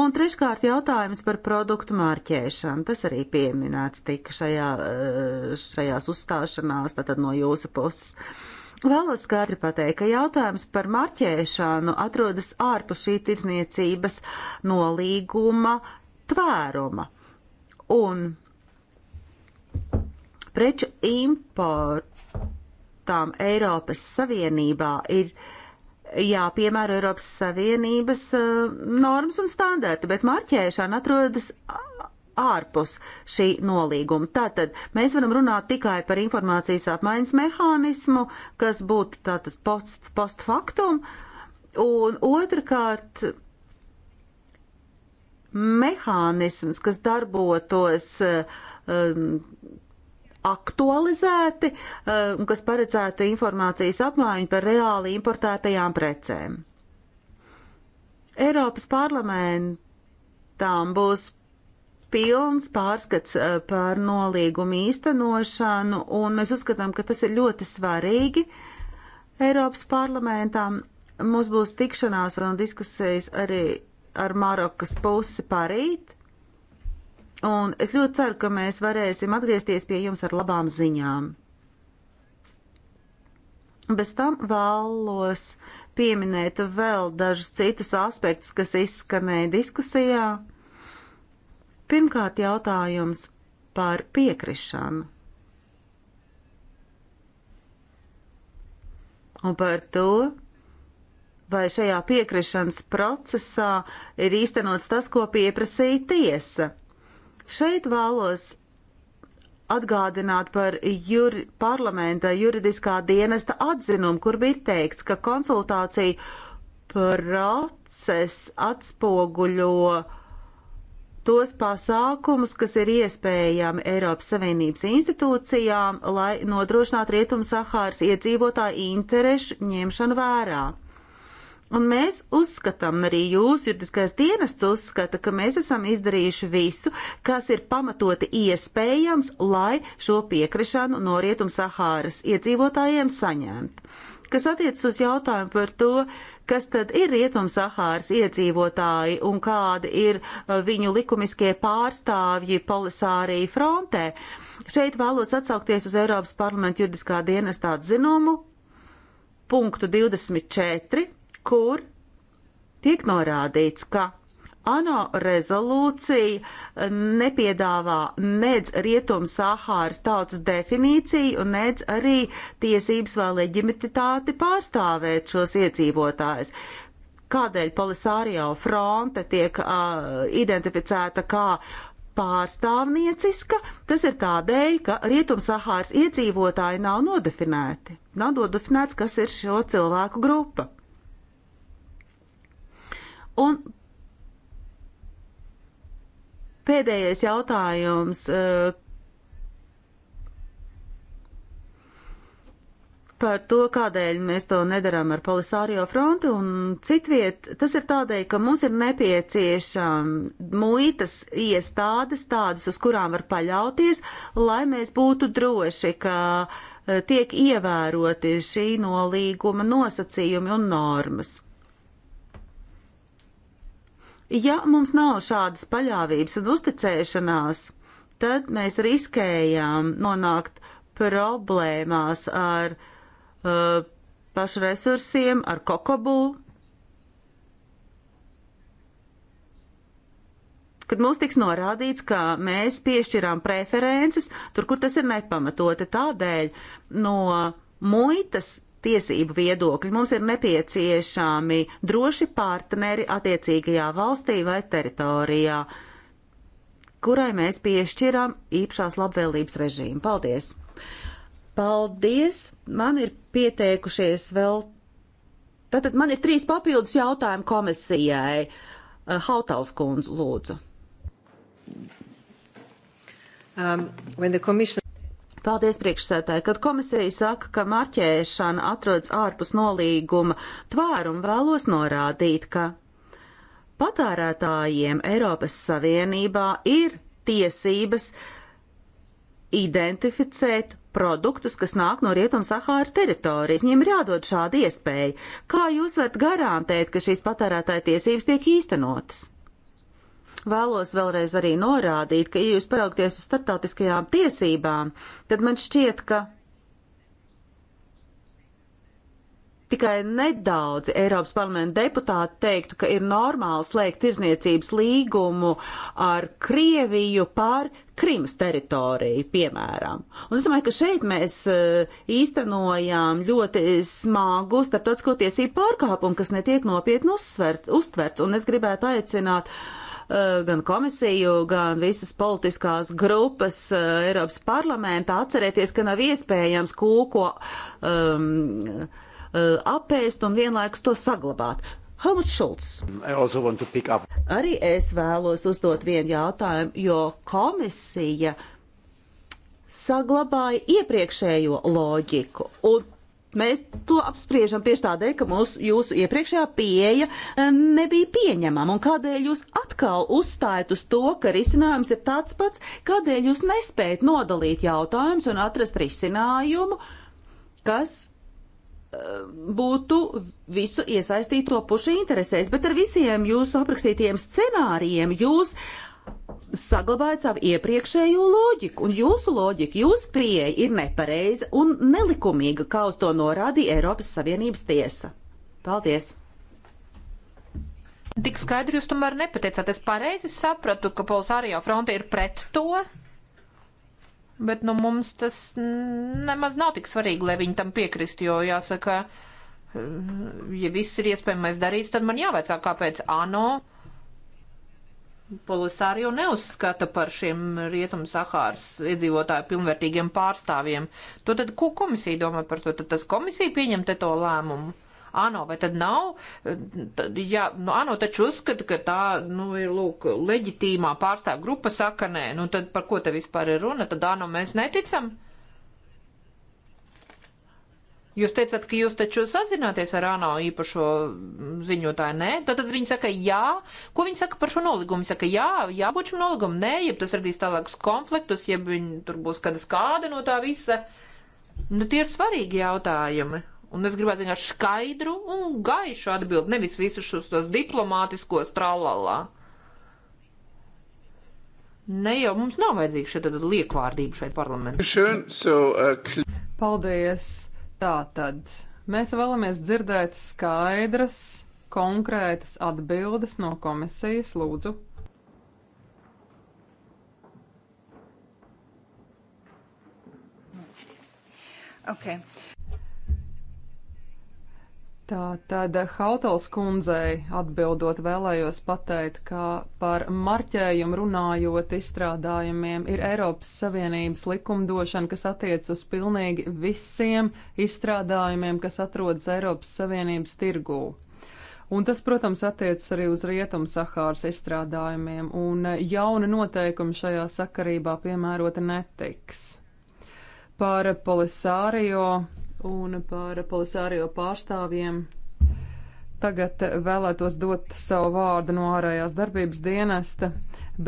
Un treškārt jautājums par produktu mārķēšanu. Tas arī pieminēts tika šajā, eh, šajās uzstāšanās, tātad no jūsu puses. Vēlos skaidri pateikt, ka jautājums par marķēšanu atrodas ārpus šī tirzniecības nolīguma tvēruma. Un preču import lietām Eiropas Savienībā ir jāpiemēro Eiropas Savienības uh, normas un standarti, bet marķēšana atrodas ārpus šī nolīguma. Tātad mēs varam runāt tikai par informācijas apmaiņas mehānismu, kas būtu tātad post, post faktum, un otrkārt mehānisms, kas darbotos um, aktualizēti eh, un kas paredzētu informācijas apmaiņu par reāli importētajām precēm. Eiropas parlamentām būs pilns pārskats eh, par nolīgumu īstenošanu, un mēs uzskatām, ka tas ir ļoti svarīgi Eiropas parlamentām. Mums būs tikšanās un diskusijas arī ar Marokas pusi parīt. Un es ļoti ceru, ka mēs varēsim atgriezties pie jums ar labām ziņām. Bez tam vēlos pieminēt vēl dažus citus aspektus, kas izskanēja diskusijā. Pirmkārt, jautājums par piekrišanu. Un par to, vai šajā piekrišanas procesā ir īstenots tas, ko pieprasīja tiesa. Šeit vēlos atgādināt par juri, parlamenta juridiskā dienesta atzinumu, kur bija teikts, ka konsultācija process atspoguļo tos pasākumus, kas ir iespējami Eiropas Savienības institūcijām, lai nodrošinātu Rietumu Sahāras iedzīvotāju interešu ņemšanu vērā. Un mēs uzskatām, un arī jūsu juridiskais dienests uzskata, ka mēs esam izdarījuši visu, kas ir pamatoti iespējams, lai šo piekrišanu no Rietum-Sahāras iedzīvotājiem saņemtu. Kas attiecas uz jautājumu par to, kas tad ir Rietum-Sahāras iedzīvotāji un kādi ir uh, viņu likumiskie pārstāvji polisārī frontē, šeit vēlos atsaukties uz Eiropas parlamenta juridiskā dienestā atzinumu punktu 24 kur tiek norādīts, ka ANO rezolūcija nepiedāvā nedz rietumu Sahāras tautas definīciju un nedz arī tiesības vai leģimitāti pārstāvēt šos iedzīvotājus kādēļ Polisārio fronte tiek uh, identificēta kā pārstāvnieciska, tas ir tādēļ, ka Rietum-Sahāras iedzīvotāji nav nodefinēti. Nav nodefinēts, kas ir šo cilvēku grupa. Un pēdējais jautājums. Eh, par to, kādēļ mēs to nedarām ar Polisārio fronti un citviet, tas ir tādēļ, ka mums ir nepieciešama muitas iestādes, tādas, uz kurām var paļauties, lai mēs būtu droši, ka eh, tiek ievēroti šī nolīguma nosacījumi un normas. Ja mums nav šādas paļāvības un uzticēšanās, tad mēs riskējām nonākt problēmās ar uh, pašu resursiem, ar kokobu. Kad mums tiks norādīts, ka mēs piešķirām preferences tur, kur tas ir nepamatoti, tādēļ no muitas tiesību viedokļa. Mums ir nepieciešami droši partneri attiecīgajā valstī vai teritorijā, kurai mēs piešķiram īpašās labvēlības režīmu. Paldies! Paldies! Man ir pieteikušies vēl. Tātad man ir trīs papildus jautājumi komisijai. Eh, Hautals kundze, lūdzu. Um, commission... Paldies, priekšsētāji. Kad komisija saka, ka marķēšana atrodas ārpus nolīguma tvērumu, vēlos norādīt, ka patērētājiem Eiropas Savienībā ir tiesības identificēt produktus, kas nāk no Rietum-Sahāras teritorijas. Viņiem ir jādod šāda iespēja. Kā jūs varat garantēt, ka šīs patērētāja tiesības tiek īstenotas? Vēlos vēlreiz arī norādīt, ka, ja jūs paraugties uz starptautiskajām tiesībām, tad man šķiet, ka tikai nedaudz Eiropas parlamenta deputāti teiktu, ka ir normāli slēgt tirzniecības līgumu ar Krieviju par Krimas teritoriju, piemēram. Un es domāju, ka šeit mēs eh, īstenojām ļoti smagu starptautisko tiesību pārkāpumu, kas netiek nopietni uzsverts, uztverts, un es gribētu aicināt uh, Eh, gan komisiju, gan visas politiskās grupas eh, Eiropas parlamentā atcerēties, ka nav iespējams kūko um, apēst un vienlaikus to saglabāt. Helmuts Šulcs. Arī es vēlos uzdot vienu jautājumu, jo komisija saglabāja iepriekšējo loģiku, un Mēs to apspriežam tieši tādēļ, ka mūsu, jūsu iepriekšējā pieeja um, nebija pieņemama, un kādēļ jūs atkal uzstājat uz to, ka risinājums ir tāds pats, kādēļ jūs nespējat nodalīt jautājumus un atrast risinājumu, kas um, būtu visu iesaistīto pušu interesēs, bet ar visiem jūsu aprakstītiem scenārijiem jūs uh, saglabājat savu iepriekšējo loģiku, un jūsu loģika, jūsu pieeja ir nepareiza un nelikumīga, kā uz to norādīja Eiropas Savienības tiesa. Paldies! Tik skaidri jūs tomēr nepateicāt. Es pareizi sapratu, ka Polsārijā fronte ir pret to, bet nu mums tas nemaz nav tik svarīgi, lai viņi tam piekrist, jo jāsaka, ja viss ir iespējamais darīts, tad man jāvaicā, kāpēc ANO. Ah, Polisāriju neuzskata par šiem rietumu Sahāras iedzīvotāju pilnvērtīgiem pārstāvjiem. To tad, ko komisija domā par to? Tad tas komisija pieņem te to lēmumu. ANO, vai tad nav? Tad, jā, nu, ANO taču uzskata, ka tā, nu, ir, lūk, leģitīmā pārstāv grupa saka, nē, nu, tad par ko te vispār ir runa? Tad ANO mēs neticam. Uh, Jūs teicat, ka jūs taču sazināties ar ANO īpašo ziņotāju, nē? Tad, tad viņi saka, jā. Ko viņi saka par šo noligumu? Viņi saka, jā, jābūt šim noligumam, nē, ja tas radīs tālākus konfliktus, ja viņi tur būs kāda skāde no tā visa. Nu, tie ir svarīgi jautājumi. Un es gribētu vienkārši skaidru un gaišu atbildi, nevis visus šos tos diplomātiskos tralalā. Ne jau mums nav vajadzīga šī liekvārdība šeit parlamentā. So, uh, Paldies! Tātad mēs vēlamies dzirdēt skaidras, konkrētas atbildes no komisijas. Lūdzu, Okay. Tā tad Hautals kundzei atbildot vēlējos pateikt, ka par marķējumu runājot izstrādājumiem ir Eiropas Savienības likumdošana, kas attiec uz pilnīgi visiem izstrādājumiem, kas atrodas Eiropas Savienības tirgū. Un tas, protams, attiecas arī uz rietumu Sahāras izstrādājumiem, un jauna noteikuma šajā sakarībā piemērota netiks. Par polisārio un par polisārio pārstāvjiem. Tagad vēlētos dot savu vārdu no ārējās darbības dienesta,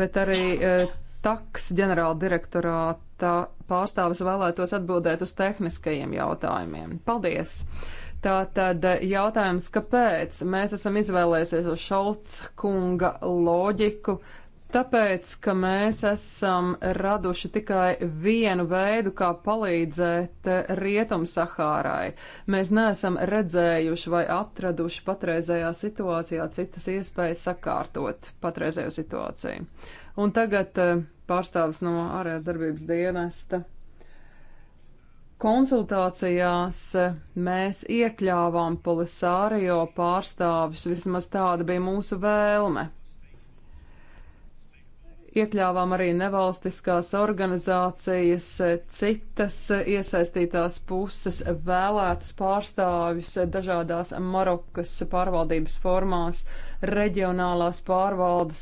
bet arī eh, taks ģenerāla direktorāta pārstāvis vēlētos atbildēt uz tehniskajiem jautājumiem. Paldies! Tātad jautājums, kāpēc mēs esam izvēlēsies uz Šolts kunga loģiku Tāpēc, ka mēs esam raduši tikai vienu veidu, kā palīdzēt Rietumsahārai. Mēs neesam redzējuši vai atraduši patreizējā situācijā citas iespējas sakārtot patreizējo situāciju. Un tagad eh, pārstāvis no ārējās darbības dienesta. Konsultācijās eh, mēs iekļāvām polisārio pārstāvis, vismaz tāda bija mūsu vēlme Iekļāvām arī nevalstiskās organizācijas, citas iesaistītās puses, vēlētus pārstāvjus dažādās Marokas pārvaldības formās, reģionālās pārvaldes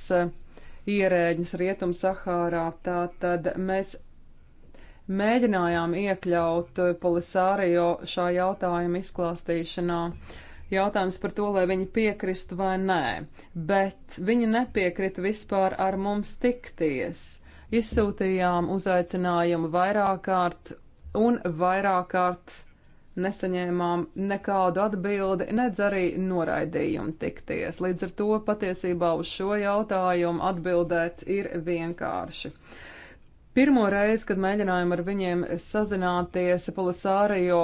ierēģus Rietum-Sahārā. Tātad mēs mēģinājām iekļaut Polisārio šā jautājuma izklāstīšanā. Uh, Jautājums par to, vai viņi piekristu vai nē, bet viņi nepiekrita vispār ar mums tikties. Izsūtījām uzaicinājumu vairāk kārt un vairāk kārt nesaņēmām nekādu atbildi, nedz arī noraidījumu tikties. Līdz ar to patiesībā uz šo jautājumu atbildēt ir vienkārši. Pirmo reizi, kad mēģinājām ar viņiem sazināties, Polisārio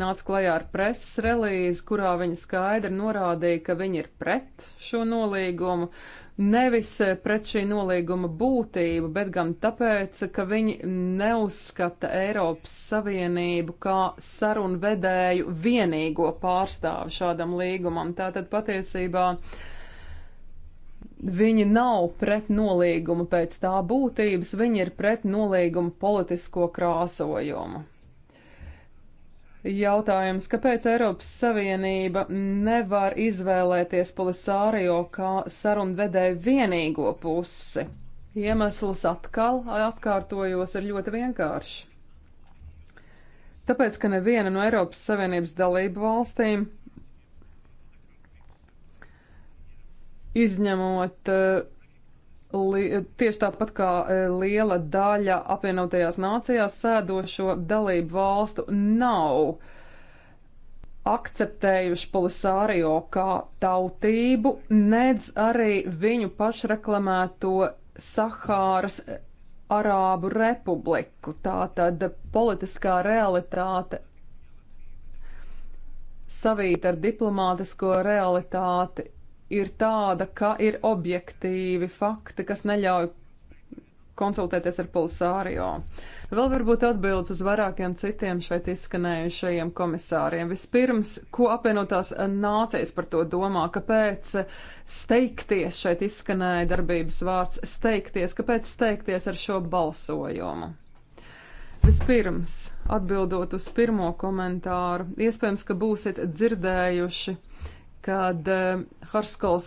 nāca klajā ar preses relīzi, kurā viņa skaidri norādīja, ka viņa ir pret šo nolīgumu, nevis eh, pret šī nolīguma būtību, bet gan tāpēc, ka viņi neuzskata Eiropas Savienību kā sarunu vedēju vienīgo pārstāvu šādam līgumam. Tātad patiesībā viņi nav pret nolīgumu pēc tā būtības, viņi ir pret nolīgumu politisko krāsojumu. Jautājums, kāpēc Eiropas Savienība nevar izvēlēties Polisārio kā sarunvedēju vienīgo pusi? Iemesls atkal, atkārtojos, ir ļoti vienkāršs. Tāpēc, ka neviena no Eiropas Savienības dalību valstīm, izņemot uh, Li, tieši tāpat kā e, liela daļa apvienotajās nācijās sēdošo dalību valstu nav akceptējuši polisārio kā tautību, nedz arī viņu pašreklamēto Sahāras Arābu Republiku. Tā tad politiskā realitāte savīt ar diplomātisko realitāti ir tāda, ka ir objektīvi fakti, kas neļauj konsultēties ar Polsārio. Vēl varbūt atbildes uz vairākiem citiem šeit izskanējušajiem komisāriem. Vispirms, ko apvienotās nācijas par to domā, kāpēc steigties šeit izskanēja darbības vārds steigties, kāpēc steigties ar šo balsojumu? Vispirms, atbildot uz pirmo komentāru, iespējams, ka būsiet dzirdējuši kad eh, Harskols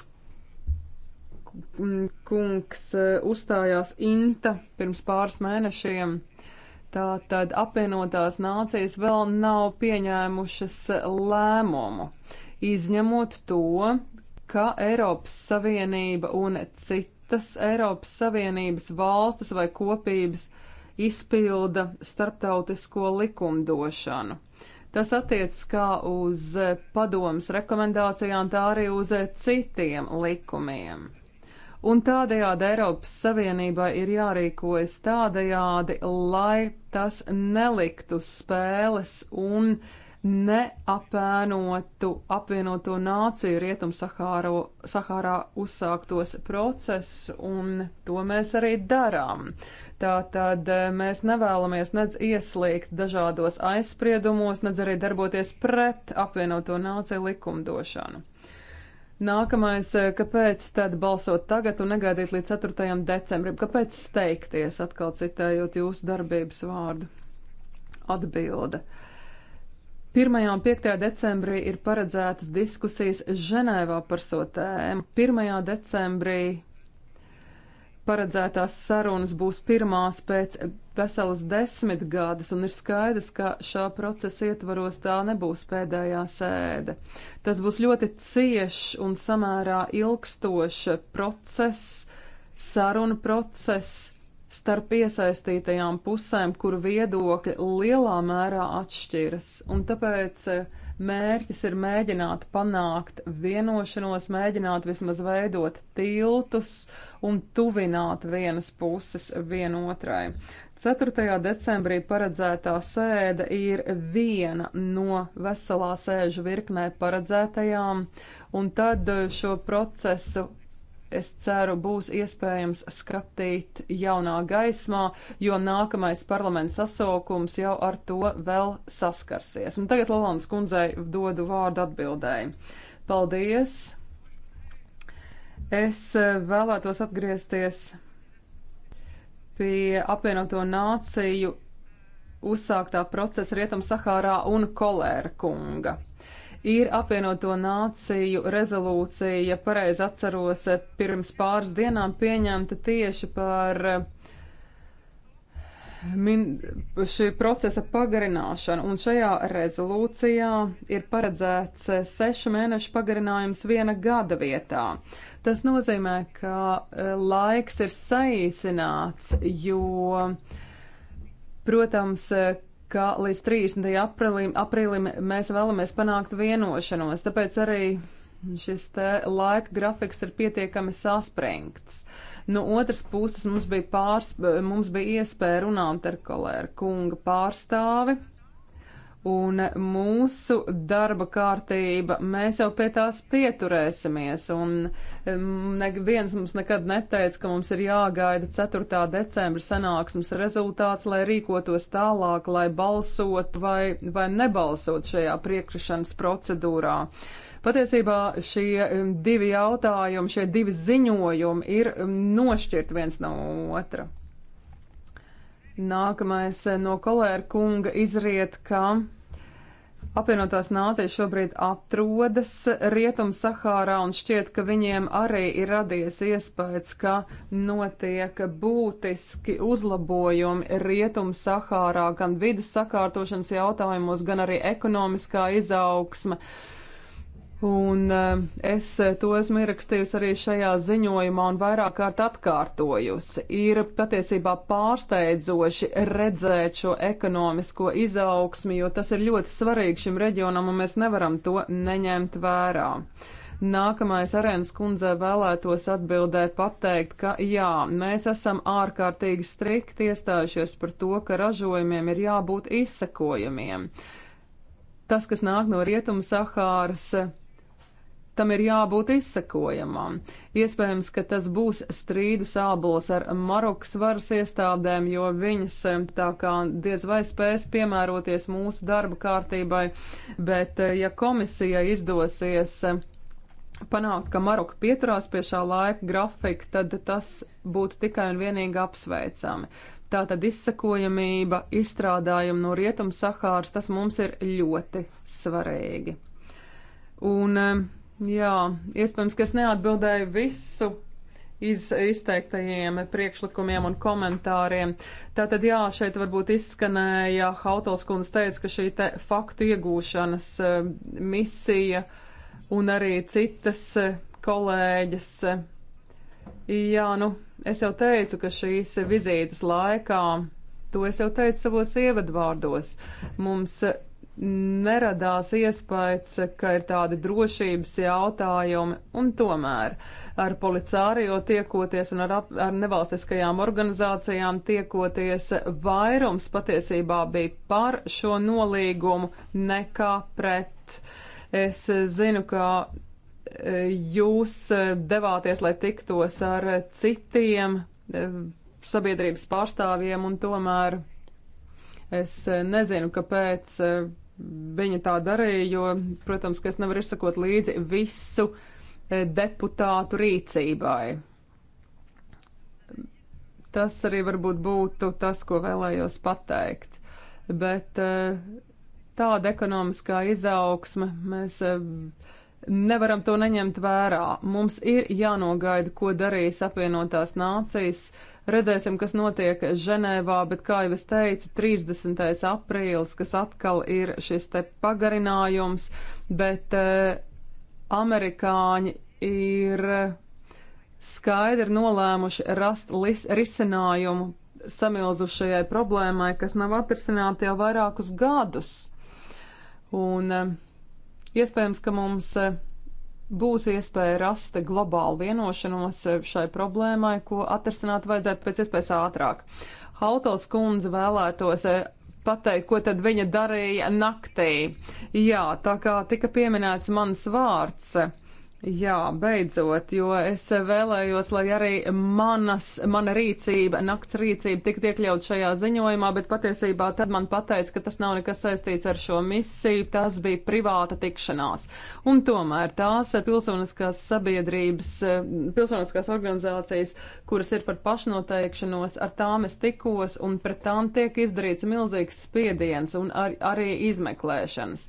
kungs eh, uzstājās Inta pirms pāris mēnešiem. Tātad apvienotās nācijas vēl nav pieņēmušas lēmumu, izņemot to, ka Eiropas Savienība un citas Eiropas Savienības valstis vai kopības izpilda starptautisko likumdošanu. Tas attiecas kā uz padomas rekomendācijām, tā arī uz citiem likumiem. Un tādējādi Eiropas Savienībai ir jārīkojas tādējādi, lai tas neliktu spēles un neapēnotu apvienoto nāciju Rietum-Sahārā uzsāktos procesus, un to mēs arī darām. Tātad e, mēs nevēlamies nedz ieslīgt dažādos aizspriedumos, nedz arī darboties pret apvienoto nāciju likumdošanu. Nākamais, e, kāpēc tad balsot tagad un negaidīt līdz 4. decembrim? Kāpēc steigties, atkal citējot jūsu darbības vārdu? Atbilde. 1. un 5. decembrī ir paredzētas diskusijas Ženēvā par šo so tēmu. 1. decembrī paredzētās sarunas būs pirmās pēc veselas desmit gadas, un ir skaidrs, ka šā procesa ietvaros tā nebūs pēdējā sēde. Tas būs ļoti ciešs un samērā ilgstošs process, saruna process starp iesaistītajām pusēm, kuru viedokļi lielā mērā atšķiras, un tāpēc eh, Mērķis ir mēģināt panākt vienošanos, mēģināt vismaz veidot tiltus un tuvināt vienas puses vienotrai. 4. decembrī paredzētā sēde ir viena no veselā sēžu virknē paredzētajām, un tad šo procesu es ceru, būs iespējams skatīt jaunā gaismā, jo nākamais parlaments sasaukums jau ar to vēl saskarsies. Un tagad Lalandas kundzei dodu vārdu atbildēji. Paldies! Es e, vēlētos atgriezties pie apvienoto nāciju uzsāktā procesa Rietum Sahārā un Kolēra kunga ir apvienoto nāciju rezolūcija, ja pareizi atceros, pirms pāris dienām pieņemta tieši par eh, min, šī procesa pagarināšanu. Un šajā rezolūcijā ir paredzēts eh, sešu mēnešu pagarinājums viena gada vietā. Tas nozīmē, ka eh, laiks ir saīsināts, jo, protams, ka līdz 30. Aprīlim, aprīlim mēs vēlamies panākt vienošanos, tāpēc arī šis laika grafiks ir pietiekami saspringts. No otras puses mums bija, pārs, mums bija iespēja runāt ar kolēru kunga pārstāvi un mūsu darba kārtība, mēs jau pie tās pieturēsimies, un neviens mums nekad neteica, ka mums ir jāgaida 4. decembra sanāksmes rezultāts, lai rīkotos tālāk, lai balsot vai, vai nebalsot šajā priekšrišanas procedūrā. Patiesībā šie divi jautājumi, šie divi ziņojumi ir nošķirt viens no otra. Nākamais eh, no kolēra kunga izriet, ka apvienotās nācijas šobrīd atrodas Rietum Sahārā un šķiet, ka viņiem arī ir radies iespējas, ka notiek būtiski uzlabojumi Rietum Sahārā gan vidas sakārtošanas jautājumos, gan arī ekonomiskā izaugsme. Uh, Un eh, es to esmu ierakstījusi arī šajā ziņojumā un vairāk kārt atkārtojusi. Ir patiesībā pārsteidzoši redzēt šo ekonomisko izaugsmi, jo tas ir ļoti svarīgi šim reģionam un mēs nevaram to neņemt vērā. Nākamais arēnas kundzē vēlētos atbildē pateikt, ka jā, mēs esam ārkārtīgi strikti iestājušies par to, ka ražojumiem ir jābūt izsekojumiem. Tas, kas nāk no rietumu Sahāras, tam ir jābūt izsekojamam. Iespējams, ka tas būs strīdu sābols ar Marokas varas iestādēm, jo viņas tā kā diez vai spēs piemēroties mūsu darba kārtībai, bet eh, ja komisijai izdosies panākt, ka Maroka pieturās pie šā laika grafika, tad tas būtu tikai un vienīgi apsveicami. Tātad izsakojamība, izstrādājumi no rietuma Sahāras, tas mums ir ļoti svarīgi. Un Jā, iespējams, ka es neatbildēju visu iz, izteiktajiem priekšlikumiem un komentāriem. Tātad, jā, šeit varbūt izskanēja, Hautals kundze teica, ka šī te faktu iegūšanas uh, misija un arī citas uh, kolēģis. Uh, jā, nu, es jau teicu, ka šīs vizītes laikā, to es jau teicu savos ievadvārdos, mums. Uh, neradās iespējas, ka ir tādi drošības jautājumi, un tomēr ar policārio tiekoties un ar, ap, ar nevalstiskajām organizācijām tiekoties, vairums patiesībā bija par šo nolīgumu nekā pret. Es zinu, ka e, jūs devāties, lai tiktos ar citiem e, sabiedrības pārstāvjiem, un tomēr es nezinu, kāpēc e, viņa tā darīja, jo, protams, ka es nevaru izsakot līdzi visu e, deputātu rīcībai. Tas arī varbūt būtu tas, ko vēlējos pateikt. Bet e, tāda ekonomiskā izaugsme mēs e, nevaram to neņemt vērā. Mums ir jānogaida, ko darīs apvienotās nācijas. Redzēsim, kas notiek Ženēvā, bet, kā jau es teicu, 30. aprīlis, kas atkal ir šis te pagarinājums, bet eh, amerikāņi ir skaidri nolēmuši rast lis, risinājumu samilzušajai problēmai, kas nav atrisināta jau vairākus gadus. Un eh, Iespējams, ka mums e, būs iespēja rast globālu vienošanos e, šai problēmai, ko atrisināt vajadzētu pēc iespējas ātrāk. Hautals kundze vēlētos e, pateikt, ko tad viņa darīja naktī. Jā, tā kā tika pieminēts mans vārds. Jā, beidzot, jo es vēlējos, lai arī manas, mana rīcība, nakts rīcība tiktu iekļaut šajā ziņojumā, bet patiesībā tad man pateica, ka tas nav nekas saistīts ar šo misiju, tas bija privāta tikšanās. Un tomēr tās pilsoniskās sabiedrības, pilsoniskās organizācijas, kuras ir par pašnoteikšanos, ar tām es tikos un pret tām tiek izdarīts milzīgs spiediens un ar, arī izmeklēšanas.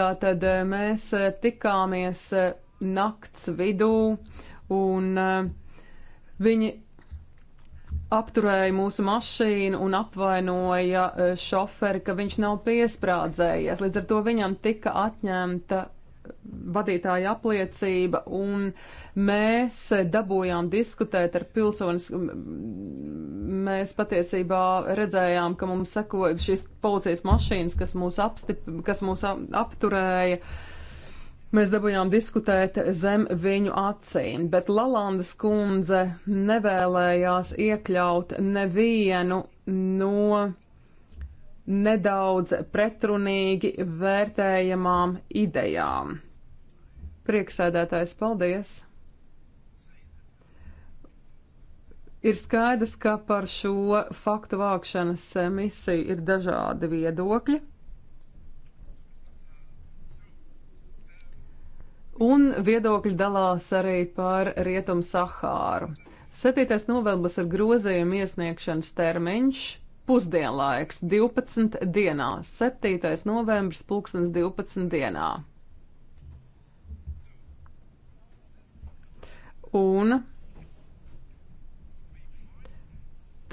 Tātad eh, mēs eh, tikāmies eh, nakts vidū, un eh, viņi apturēja mūsu mašīnu un apvainoja eh, šoferi, ka viņš nav piesprādzējies. Līdz ar to viņam tika atņemta eh, vadītāja apliecība, un mēs dabūjām diskutēt ar pilsonis. Mēs patiesībā redzējām, ka mums sekoja šīs policijas mašīnas, kas mūs, apstip, kas mūs apturēja. Uh, Mēs dabūjām diskutēt zem viņu acīm, bet Lalandes kundze nevēlējās iekļaut nevienu no nedaudz pretrunīgi vērtējamām idejām. Prieksēdētājs, paldies! Ir skaidrs, ka par šo faktu vākšanas misiju ir dažādi viedokļi. Un viedokļi dalās arī par Rietumu Sahāru. 7. novembris ir grozījuma iesniegšanas termiņš, pusdienlaiks 12 dienās, 7. novembris 2012 dienā. Un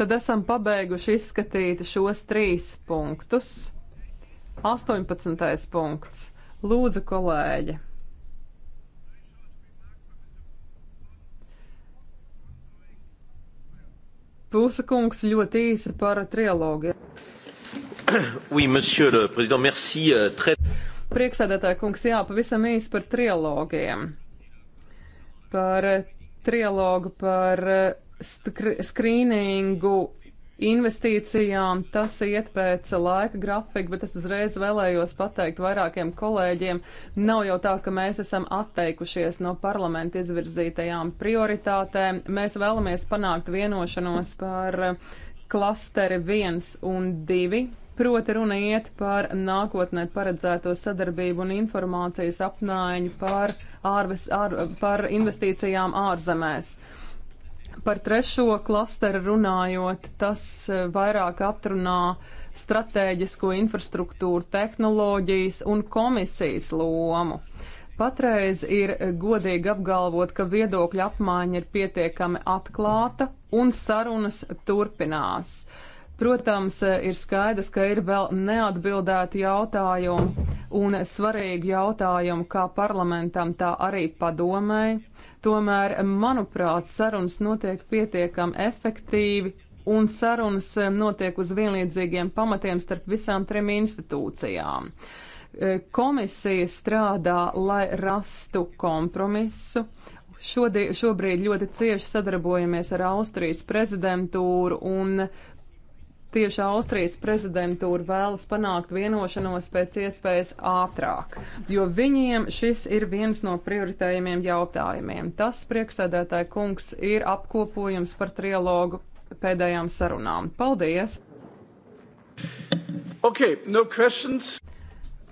tad esam pabeiguši izskatīt šos trīs punktus. 18. punkts. Lūdzu, kolēģi! Pūsa kungs ļoti īsi par trialogu. Oui, monsieur le président, merci. Euh, très... Prieksēdētāja kungs, jā, pavisam īsi par trialogiem. Par trialogu, par eh, skrīningu investīcijām. Tas iet pēc laika grafika, bet es uzreiz vēlējos pateikt vairākiem kolēģiem, nav jau tā, ka mēs esam atteikušies no parlamenta izvirzītajām prioritātēm. Mēs vēlamies panākt vienošanos par klasteri 1 un 2, Proti runa iet par nākotnē paredzēto sadarbību un informācijas apmaiņu par, ārves, ār, par investīcijām ārzemēs. Par trešo klasteru runājot, tas e, vairāk atrunā stratēģisko infrastruktūru, tehnoloģijas un komisijas lomu. Patreiz ir godīgi apgalvot, ka viedokļa apmaiņa ir pietiekami atklāta un sarunas turpinās. Protams, e, ir skaidrs, ka ir vēl neatbildēti jautājumi un svarīgi jautājumi kā parlamentam, tā arī padomēji Tomēr, manuprāt, sarunas notiek pietiekami efektīvi un sarunas eh, notiek uz vienlīdzīgiem pamatiem starp visām trim institūcijām. Eh, komisija strādā, lai rastu kompromisu. Šodien, šobrīd ļoti cieši sadarbojamies ar Austrijas prezidentūru, un Tieši Austrijas prezidentūra vēlas panākt vienošanos pēc iespējas ātrāk, jo viņiem šis ir viens no prioritējumiem jautājumiem. Tas, prieksēdētāji kungs, ir apkopojums par trilogu pēdējām sarunām. Paldies! Okay, no questions.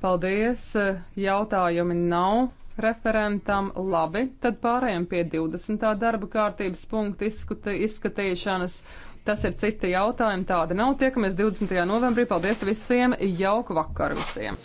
Paldies, jautājumi nav referentam labi, tad pārējiem pie 20. darba kārtības punkta izskata, izskatīšanas. Tas ir citi jautājumi, tāda nav. Tiekamies 20. novembrī. Paldies visiem! Jauku vakaru visiem!